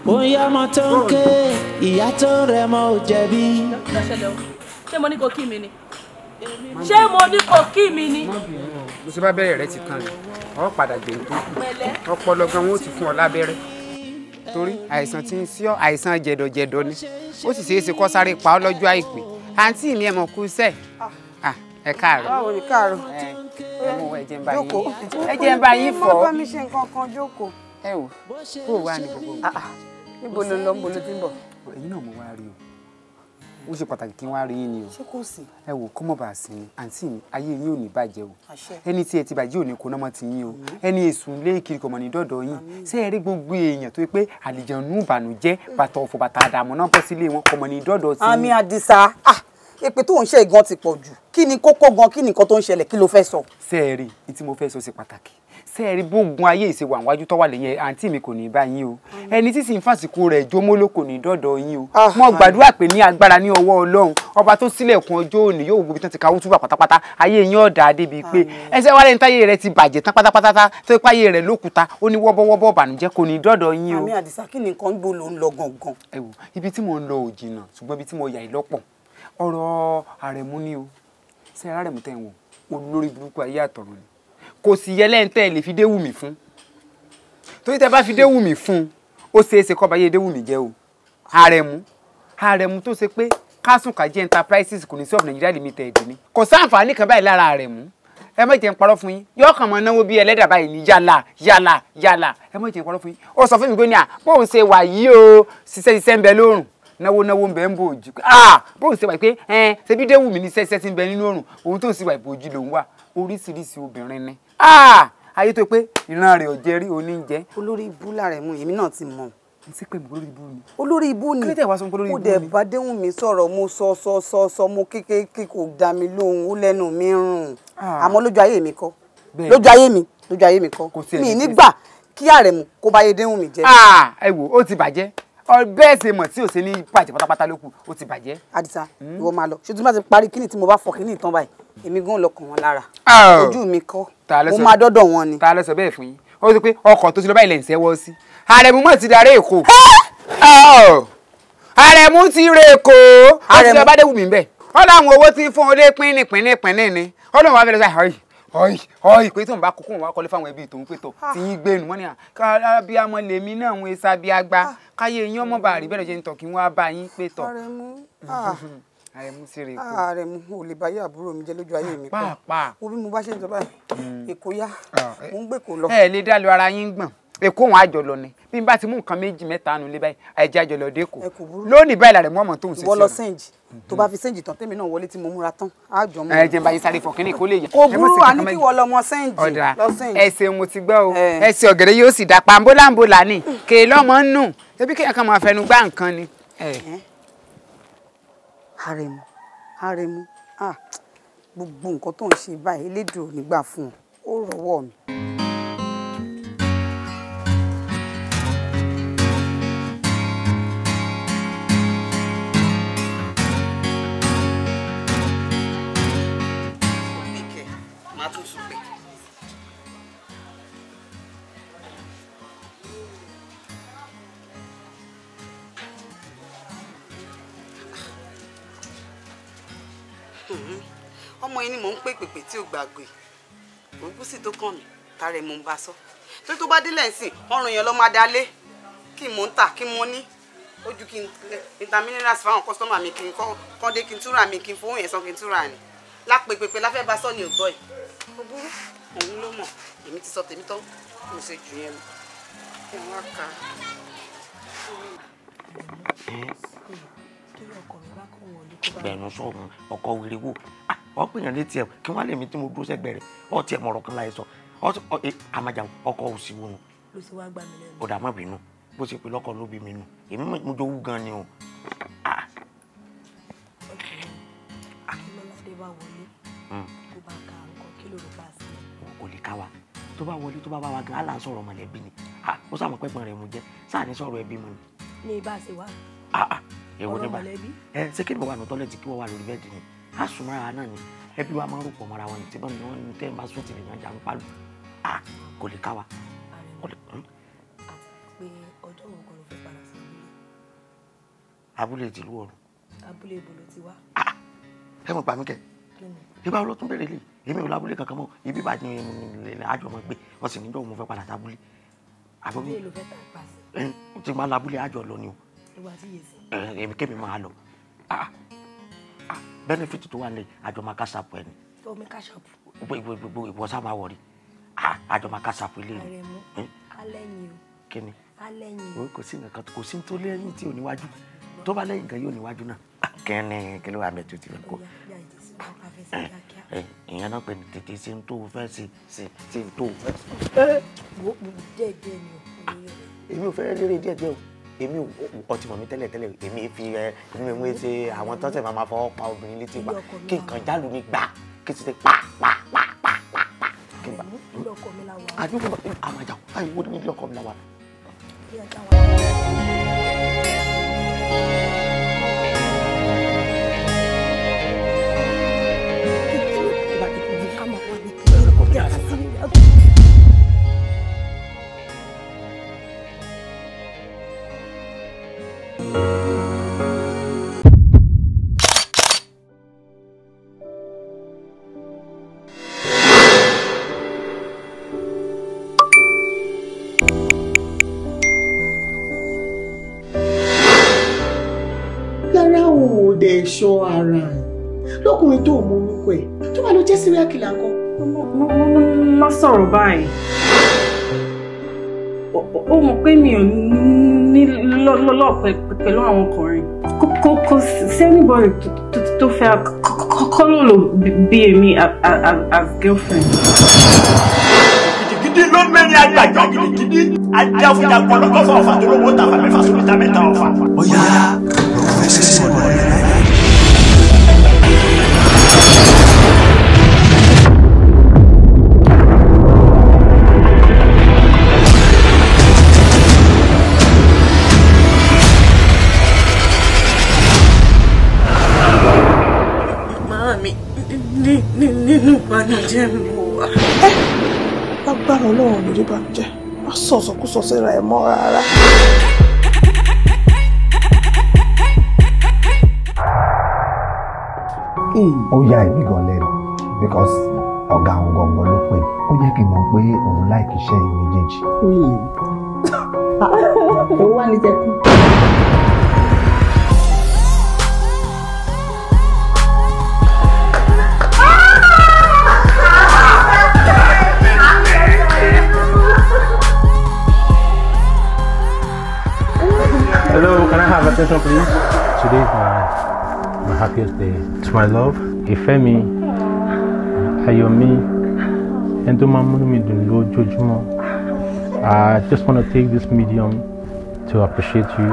J: bóyá ọmọ tó ń ké ìyá tó ń rẹ mọ ò jẹ̀bi.
E: ṣé mo ní kò kí mi ni ṣé mo ní kò kí mi ni
D: bó ṣe bá bẹ̀rẹ̀ rẹ ti kan rẹ̀ ọ padà jẹ̀ tó kù ọpọlọ gan wọn ó ti fún ọ lábẹ́rẹ́ torí àìsàn ti ń sí ọ àìsàn jẹ̀dọ̀jẹ̀dọ̀ ni ó sì ṣeé ṣe kó sáré pa ọ lọ́jọ́ àìpé àǹtí mi ẹ̀ mọ̀ kú sẹ́ẹ̀ ẹ káàárọ̀ báwo ni
H: káàárọ̀ ẹ mú ẹ ń bá yín ẹ jẹ́ ń bá mi ṣe nǹkan kan jókòó ẹ wò kó wà ní gbogbo ah, ah. níbo ló ń lọ níbo ló ti ń bọ̀
D: ẹ̀yin náà mo wá rí o ó ṣe pàtàkì kí n wá rí yín ni o ṣé kò sí. ẹ wò kó mọ̀ bá a sí ni àǹtí mi ayé yín ò ní bàjẹ́ o ẹni tí ẹ ti bàjẹ́ ò ní koná mọ́ ti yín o ẹni èsùn lé kiri kọ̀mọ̀ ní dọ́dọ̀ yín ṣé ẹ rí gbogbo èèyàn tó yẹ pé àlìjànú ìbànújẹ́ bàtà ọ̀fọ̀ bàtà àdàmú náà bọ́ sílé wọn kọ̀mọ̀ ní dọ́dọ̀ sí. àmì àdìsá ah èpè tó ń ṣe gan ti pọ̀ jù kí ni kókó gan kí ni nǹkan tó ń ṣẹlẹ̀ kí mo fẹ́ sọ ṣe pàtàkì ṣe é rí bóògùn ayé ìṣèwà wájú tọ́wà lẹ́yìn àǹtí mi kò ní bá yín o ẹni tí sì ń fàsìkò rẹ̀ jómóló kò ní dọ́dọ̀ yín o mo ah, gbàdúrà pé ní agbára ní ọwọ́ ọlọ́run ọba tó sílẹ̀kùn ọjọ́ òní yóò wo ibi tí wọ́n ti kawó túbà pátápátá ayé yín ọ̀dà débi pé ẹsẹ̀ wálé ní táyé rẹ̀ ti bàjẹ́ tán pátápátá tó ipá ayé rẹ̀ lókùúta ó ní wọ́bọ́wọ́bọ́ ìbànújẹ́ kò ní dọ́dọ̀ yín o. ni nǹkan gbó ló ń lọ gangan. ẹ wò ibi tí mo ń lọ ò jìnnà ṣùgbọ́n ibi tí mo yà í lọ́pọ̀ ọ̀rọ̀ àrẹ̀mú ni o olórí burúkú ayé àtọ̀run ni kò sì yẹ lẹ́ǹtẹ́ lè fi dé wù mí fún torí tẹ bá fi dé wù mí fún ó ṣeéṣe kọ́ báyé dé wù jẹ́ o àrẹ̀mú àrẹ̀mú tó ṣe pé kásùn kàjẹ́ enterprises kò ní sí of Nigeria limited ni kò sáǹfààní kan báyìí lára àrẹ̀mú ẹ má jẹ́ ń parọ́ fún yín yóò kàn mọ́ náwó bíi ẹlẹ́dàá báyìí ní yálà yálà yálà ẹ má jẹ́ ń parọ́ fún yín ó sọ fún mi pé ní à bóun ṣe wà yìí o ṣiṣẹ́ ṣiṣẹ́ ń bẹ lóòrùn náwó náwó ń bẹ ń bò ojú ah bóun ṣe wà pé ẹ ṣe bí déwù mí ní ṣẹ́ṣẹ́ ti ń bẹ nínú òòrùn òun tó ń ṣe wà ìbòjú lòún wà oríṣiríṣi obìnrin ni ah! Ah! ayé tó pé ìran rẹ̀ ò jẹ rí oníjẹ. olórí ibú làrẹ̀ mu èmi náà ti mọ̀. ǹsí pé olórí ibú ni. olórí ibú ni kílódé wàá sọ pé olórí ibú ni. kódà bá
H: déhùn mi sọ̀rọ̀ mo sọ sọ sọ sọ mo kékeré kò dá mi lóhùn ó lẹ́nu mi rùn ah. àmọ́ lójú ayé mi kọ́ lójú ayé mi lójú ayé mi kọ́ mi nígbà kí àrẹ̀mú kó bá yé déhùn mi jẹ́. ẹ wò ó ti bàjẹ́ bẹ́ẹ̀ ṣe mọ̀ tí ò ṣe ní pàjẹ́ pátápátá lókù ó ti bàjẹ́. àdìsá hmm? ìwọ máa lọ ṣé tí mo bá ti parí kíni tí mo bá fọ kíni ìtàn báyìí èmi gan lọkàn wọn lára ah, oh. ojú
D: mi kọ mo máa dọ́dọ̀ wọn ni. ta ló sọ bẹ́ẹ̀ fún yín ó ti pé ọkọ̀ tó ti lọ báyìí lẹ̀ ń sí àrẹ̀mú mọ̀ ti darí èkó ah, oh. àrẹ̀mú ti rè èkó ó ti lọ bá dé ó láwọn owó ti fún olé pínlẹ̀ ni ó lóun wá fẹ́ lọ sí àyè ọyì ọyì pé tóun bá kókó òun wá kọlé fáwọn ẹbí tòun pé tó ah. ti yín gbénu wọn ni à kábíàmọ lèmi náà ń sa bí agbá káyé yín ọmọ bàrí bẹ́ẹ̀ lọ ní tọ̀kí wọn á bá yín pé tọ̀. àrẹ̀mú mm-hmm àrẹ̀mú
H: sí rèé kú. Ah, àrẹ̀mú ò lè báyé àbúrò mi jẹ́ lójú ayé mi kú. pàápàá wo bí mo bá ṣe ń sọ báyìí hmm. èkó yá ah, eh. mo ń gbé
D: kó lọ. ẹ lè dá lu ara yín gbọ̀n èkó wọn àjọ ni bí n bá ti mú nǹkan méjì mẹ́ta nù lé báyìí àìjẹ́ àjọ lọ dé kó lónìí báyìí làrẹ̀ mú ọmọ tó ń ṣe sí ọ. bọ́lọ sẹ́ǹjì mhm. tó bá
H: fi sẹ́ǹjì tán tèmi náà wọlé tí mo múra tán àjọ mọ́. ẹ jẹ́ báyìí sáré fọkàn ní kó lè
D: kò burú àní kí wọ́n lọ mọ sẹ́ǹjì lọ sẹ́ǹjì. ẹ mo ti gbọ́ o eh. ẹ ṣe ọ̀gẹ̀dẹ̀ yóò sì dà pàǹbólàǹbólà ni kèé lọ́mọ ń nù ṣebí kéèyàn kan máa fẹnu gbá nǹkan ni. Eh.
H: Aremu Aremu ah gbogbo nǹkan tó ń ṣe báyìí elédùn ò ní gbà fún un ó rọ́wọ́ mi. ni mò ń pè pèpè tí ò gbàgbé òkú sì tó kàn mí tààrẹ mò ń bá sọ tó tó bá délẹ̀ ńsìn ọrùn èèyàn ló máa dalé kí mò ń tà kí mo ní ó ju kí n ta minerals fáwọn kọ́sítọ́mà mi kí n kọ́ dé kí n túra mi kí n fowó yẹn san kí n túra ni lápè pèpè láfẹ́ bá sọ ni ò gbọ́ ẹ̀ o burú òun ló mọ̀ èmi ti sọ tèmi tán mo ṣe jù yẹn lọ kí n wá ka.
I: gbẹ̀rún
B: sọ̀rọ̀ ọkọ̀ wíriwò ah ọ pè yàn létí ẹ kí wọn lè mi tí mo dúró sẹ́gbẹ̀ẹ́ rẹ ọ tiẹ̀ mọ̀rọ̀ kan láyé sọ ọ àmàjà ọkọ òsì wo nu.
I: ló ti wá gbà mí lẹ́nu.
B: ọ̀dà má bínú bó ṣe pé lọ́kọ ló bí mi nù èmi mo jọ wú gan ni o. akínlọ́ládé
I: ah. bá wọlé hmm. tó bá ka nǹkan kí ló ló bá sí.
E: kò lè ká wa tó bá wọlé tó bá bá wa gan ala sọ̀rọ̀ mọ̀lẹ́bí ni
B: ah, ó sàmọ̀ pẹ́pọ̀n rẹ̀ mo jẹ́ sáà ní sọ̀rọ̀ ẹbí mu ni.
I: ní ibà ṣe wá.
B: Ah, èwo ẹ eh, ṣé kí ni mo wà ní tọ́lẹ̀tì kí wọ́n wà lórí bẹ́ẹ̀dì ni á sùn náà ni ẹbí wa máa ń rògbò mọ́ra wọn ní tẹ́gbọ́n ni wọ́n ní tẹ́ ẹ bá sùn tìlẹ̀ yànjá ń pálù
E: à kò lè ká wa. kò lè kún.
I: Hmm? àti pé ọjọ́ òun kan ló fẹ́ padà sí
B: abúlé. abúlé tìlú ọ̀run.
I: abúlé ibo ló ti wá.
B: ẹ mọ̀ pa mí kẹ́ ìgbà wo ló tún bẹ̀rẹ̀ lè èmi ò lábúlé kankan mọ́ ibi bàjẹ́ àjọ ọmọ gbé ọ̀sìn níjọ́ mo fẹ́ padà sábúlé. àbúrò mi ti máa lábúlé àjọ lọ ni o. ìwà tí yé benefit tó wà nílẹ̀ àjọmọ kásàpù ẹni. omi kásàpù. gbogbo ìwọ sábà wọrí àjọmọ kásàpù ilé rẹ.
I: àrẹ̀mú alẹ́ yìí o. kí ni alẹ́ yìí
B: o. kò sí nǹkan kò sí tó lẹ́yìn tí ò níwájú tó bá lẹ́yìn gan yóò níwájú náà. kẹ́ni kí ló wà mẹ́ tó ti rẹ̀
I: kó. ìyẹn náà pè ní tètè sí tó fẹ́ sí
B: sí tó fẹ́. wo dẹ́ẹ̀dẹ́ẹ̀ ni o. èmi ò fẹ́ rere díẹ̀díẹ̀ o èmi ọtí mọ̀ mi tẹ́lẹ̀ tẹ́lẹ̀ èmi fi ẹ èmi mú ṣe àwọn tọ́sẹ̀ máa ma fọwọ́ pa obìnrin létí gbà kí nǹkan jálù mi gbà kí n ti ṣe pa pa pa pa pa pa
I: kí n bá. àbí
B: wọ́n àmàjà báyìí wọ́n ní ilé ọkọ mi láwa.
E: ìṣọ́ ara ẹ̀ lọ́kùnrin tó mọ orúkọ ẹ̀
I: tó bá lọ jẹ́ serial killer kan.
E: má sọ̀rọ̀ báyìí ó mọ̀ pé mi ò ní lọ́lọ́ pẹ̀lú àwọn ọkùnrin kò
H: sí anybody tó fẹ́ kọ́lọ́lọ́ bí èmi as girlfriend. gidigidi ló mẹ́rin àgbàjọ gidigidi
B: ajáfúnjà pọ̀ ọ̀fà tó lówó tàfà mẹ́fà sórí ta ọ̀fà. rí bàjẹ́ má sọ̀sọ̀kúsọ síra
G: ẹ̀ mọ́ rárá. ó yà èmi gan lẹ́nu because ọ̀gá àwọn gbọ̀ngàn ló pè ó jẹ́ kí n mọ̀ pé òun láìkí iṣẹ́ yìí méjèèjì.
H: ó wà ní tẹ̀kọ́.
G: attention, please. Today is my, my happiest day. To my love, Ifemi, Ayomi, and to my mom, Jojumo. I just want to take this medium to appreciate you.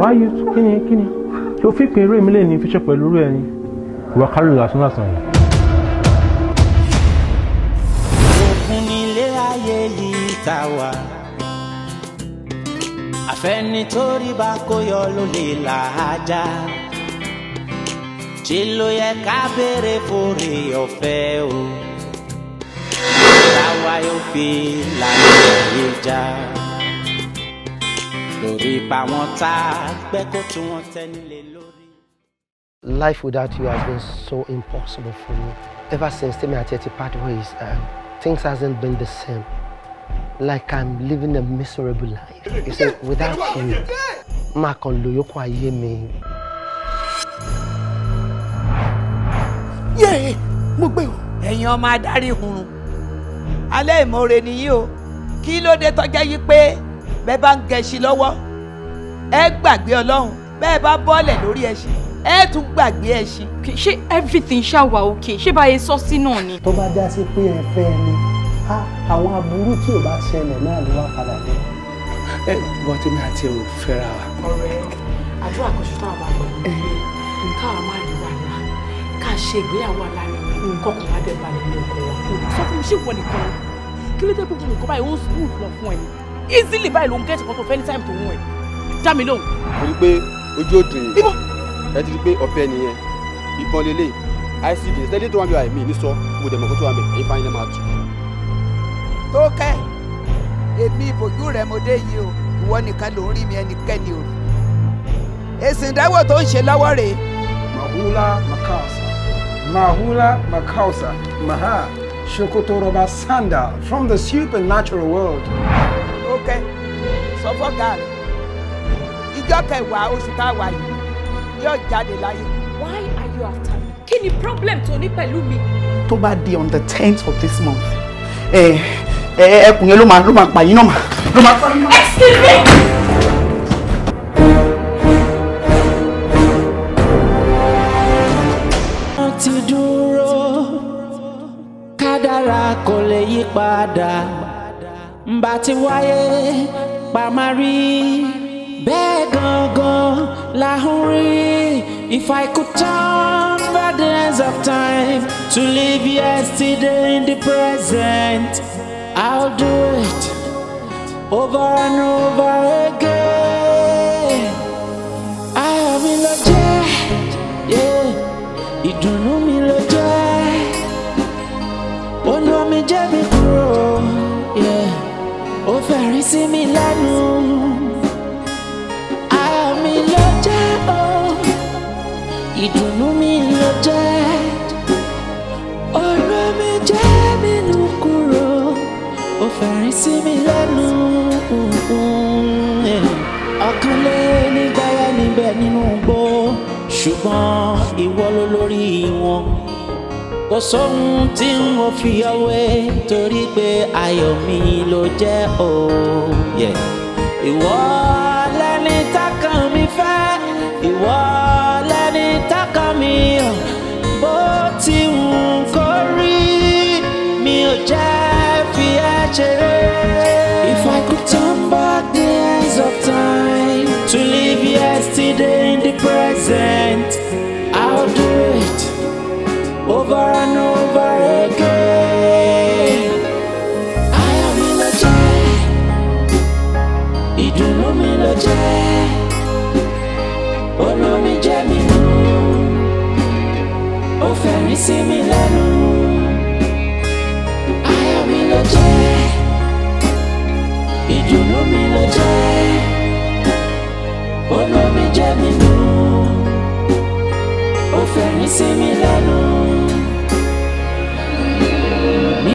G: Why are you kí ni kí ni? Ṣé o in future eré mi lè We are carrying rẹ̀ ni? Ìwà
J: tá a wà. àfẹnitórí ló lè là á já. ló yẹ ká béèrè fòrè ọ̀fẹ́ o. táwa yóò fi làlẹ́ yé já. lórí ipa wọn tá a kó tún wọn tẹ́ nílé lórí.
G: Life without you has been so impossible for me. Ever since Timmy Atieti parted ways, um, things hasn't been the same like I'm living a miserable life. He said, without you, Mark kàn lò yókù ayé mi.
H: Yéè, mo gbé o. Ẹ̀yin ọmọ adarí hurun. Alẹ́ ìmoore nìyí o. Kí ló dé tọ́jẹ́ yí pé bẹ́ẹ̀ bá ń gẹṣin lọ́wọ́? Ẹ
E: gbàgbé Ọlọ́run. Bẹ́ẹ̀ bá bọ́ọ̀lẹ̀ lórí ẹṣin. Ẹ tún gbàgbé ẹṣin. Ṣé everything ṣá wà okay? e báyé sọ́sí náà ni?
K: Tó bá dá sí pé ẹ fẹ́ ni àwọn aburú tí ò bá ṣẹlẹ̀ náà ló wá padà dé. ẹ wọ́n tẹ́mi àti ẹ̀ ò fẹ́ra wa. ọ̀rẹ́
E: àdúrà kan ṣe táwọn bá gbọ́ nǹkan àwọn máa lè wà náà ká ṣe ìgbéyàwó alárinrin kọkàn wá bẹ́ẹ̀ balẹ̀ ní ọkọ̀ wa. sọ fún mi ṣé ìwọ nìkan kí ló dé gbogbo nǹkan báyìí ó sùn lọ fún ẹ ni easily báyìí ló ń gẹ́tì kan tó fẹ́ ní Time tó ń wọ̀ ẹ́ dá mi lóhùn.
D: mo rí pé ojú òdùn yìí ẹ ti rí pé ọ̀bẹ nìyẹn ìbọn lélẹ̀
K: icd ṣẹ́lẹ̀ tó wà ń bẹ àìmí ní sọ mo dẹ̀ mọ̀ kó tó wà ń bẹ ẹ̀yin fáyín náà máa tù
D: tó kẹ́ èmi ìbòjú rẹ̀ mo dé yìí o ìwọ nìkan ló ń rí mi ẹnikẹ́ni o èsì ìdáwọ̀ tó ń ṣe lọ́wọ́ rèé. mahula makausa mahula makausa maha roba sanda from the
C: supernatural world.
H: ó kẹ́ sọ fọ́gà rẹ̀ ìjọ
E: kẹwàá oṣù káwàá yìí yóò jáde láyé. why are you after me? kí ni problem tó ní pẹ̀lú mi?
H: tó bá di on the tenth of this month. Eh, ẹkùn yẹn ló máa ló máa pa yín náà mà
F: ló máa pa yín náà. excuse me.
J: ti dúró kádàrá kò lè yí padà ǹbá ti wáyé pàmárì bẹ́ẹ̀ gangan làhùn rí if I could turn back the hands of time to live yesterday in the present. I'll do it over and over again. I am in the jet, yeah. Ayọ̀ mi ló jẹ́, ìdùnnú mi ló jẹ́, ó ná mi jẹ́ mi kúrò, ó I am in the jet. Oh, you jẹ́, know me, the jet. sí mi lẹ́nu mm-hmm. ọ̀kànlé nígbàyà níbẹ̀ nínú gbó ṣùgbọ́n ìwọ ló lórí wọn kò sóhun tí n ò fi ọwé torí pé ayọ̀ mi ló jẹ́ o ìwọ lẹni tákàn mi fẹ́ ìwọ lẹni tákàn mi bó ti wù kó rí mi ò jẹ́. Jere. If I could turn back the hands of time to live yesterday in the present, I'll do it over and over again. I am in a jam. Ìdùnnú mi ló jẹ́, ọ̀nà mi jẹ́ mi nù, ó fẹ́ mi sí mi lẹ́nu. olómi jẹ́ mi nù ó fẹ̀rín sí mi lẹ́nu.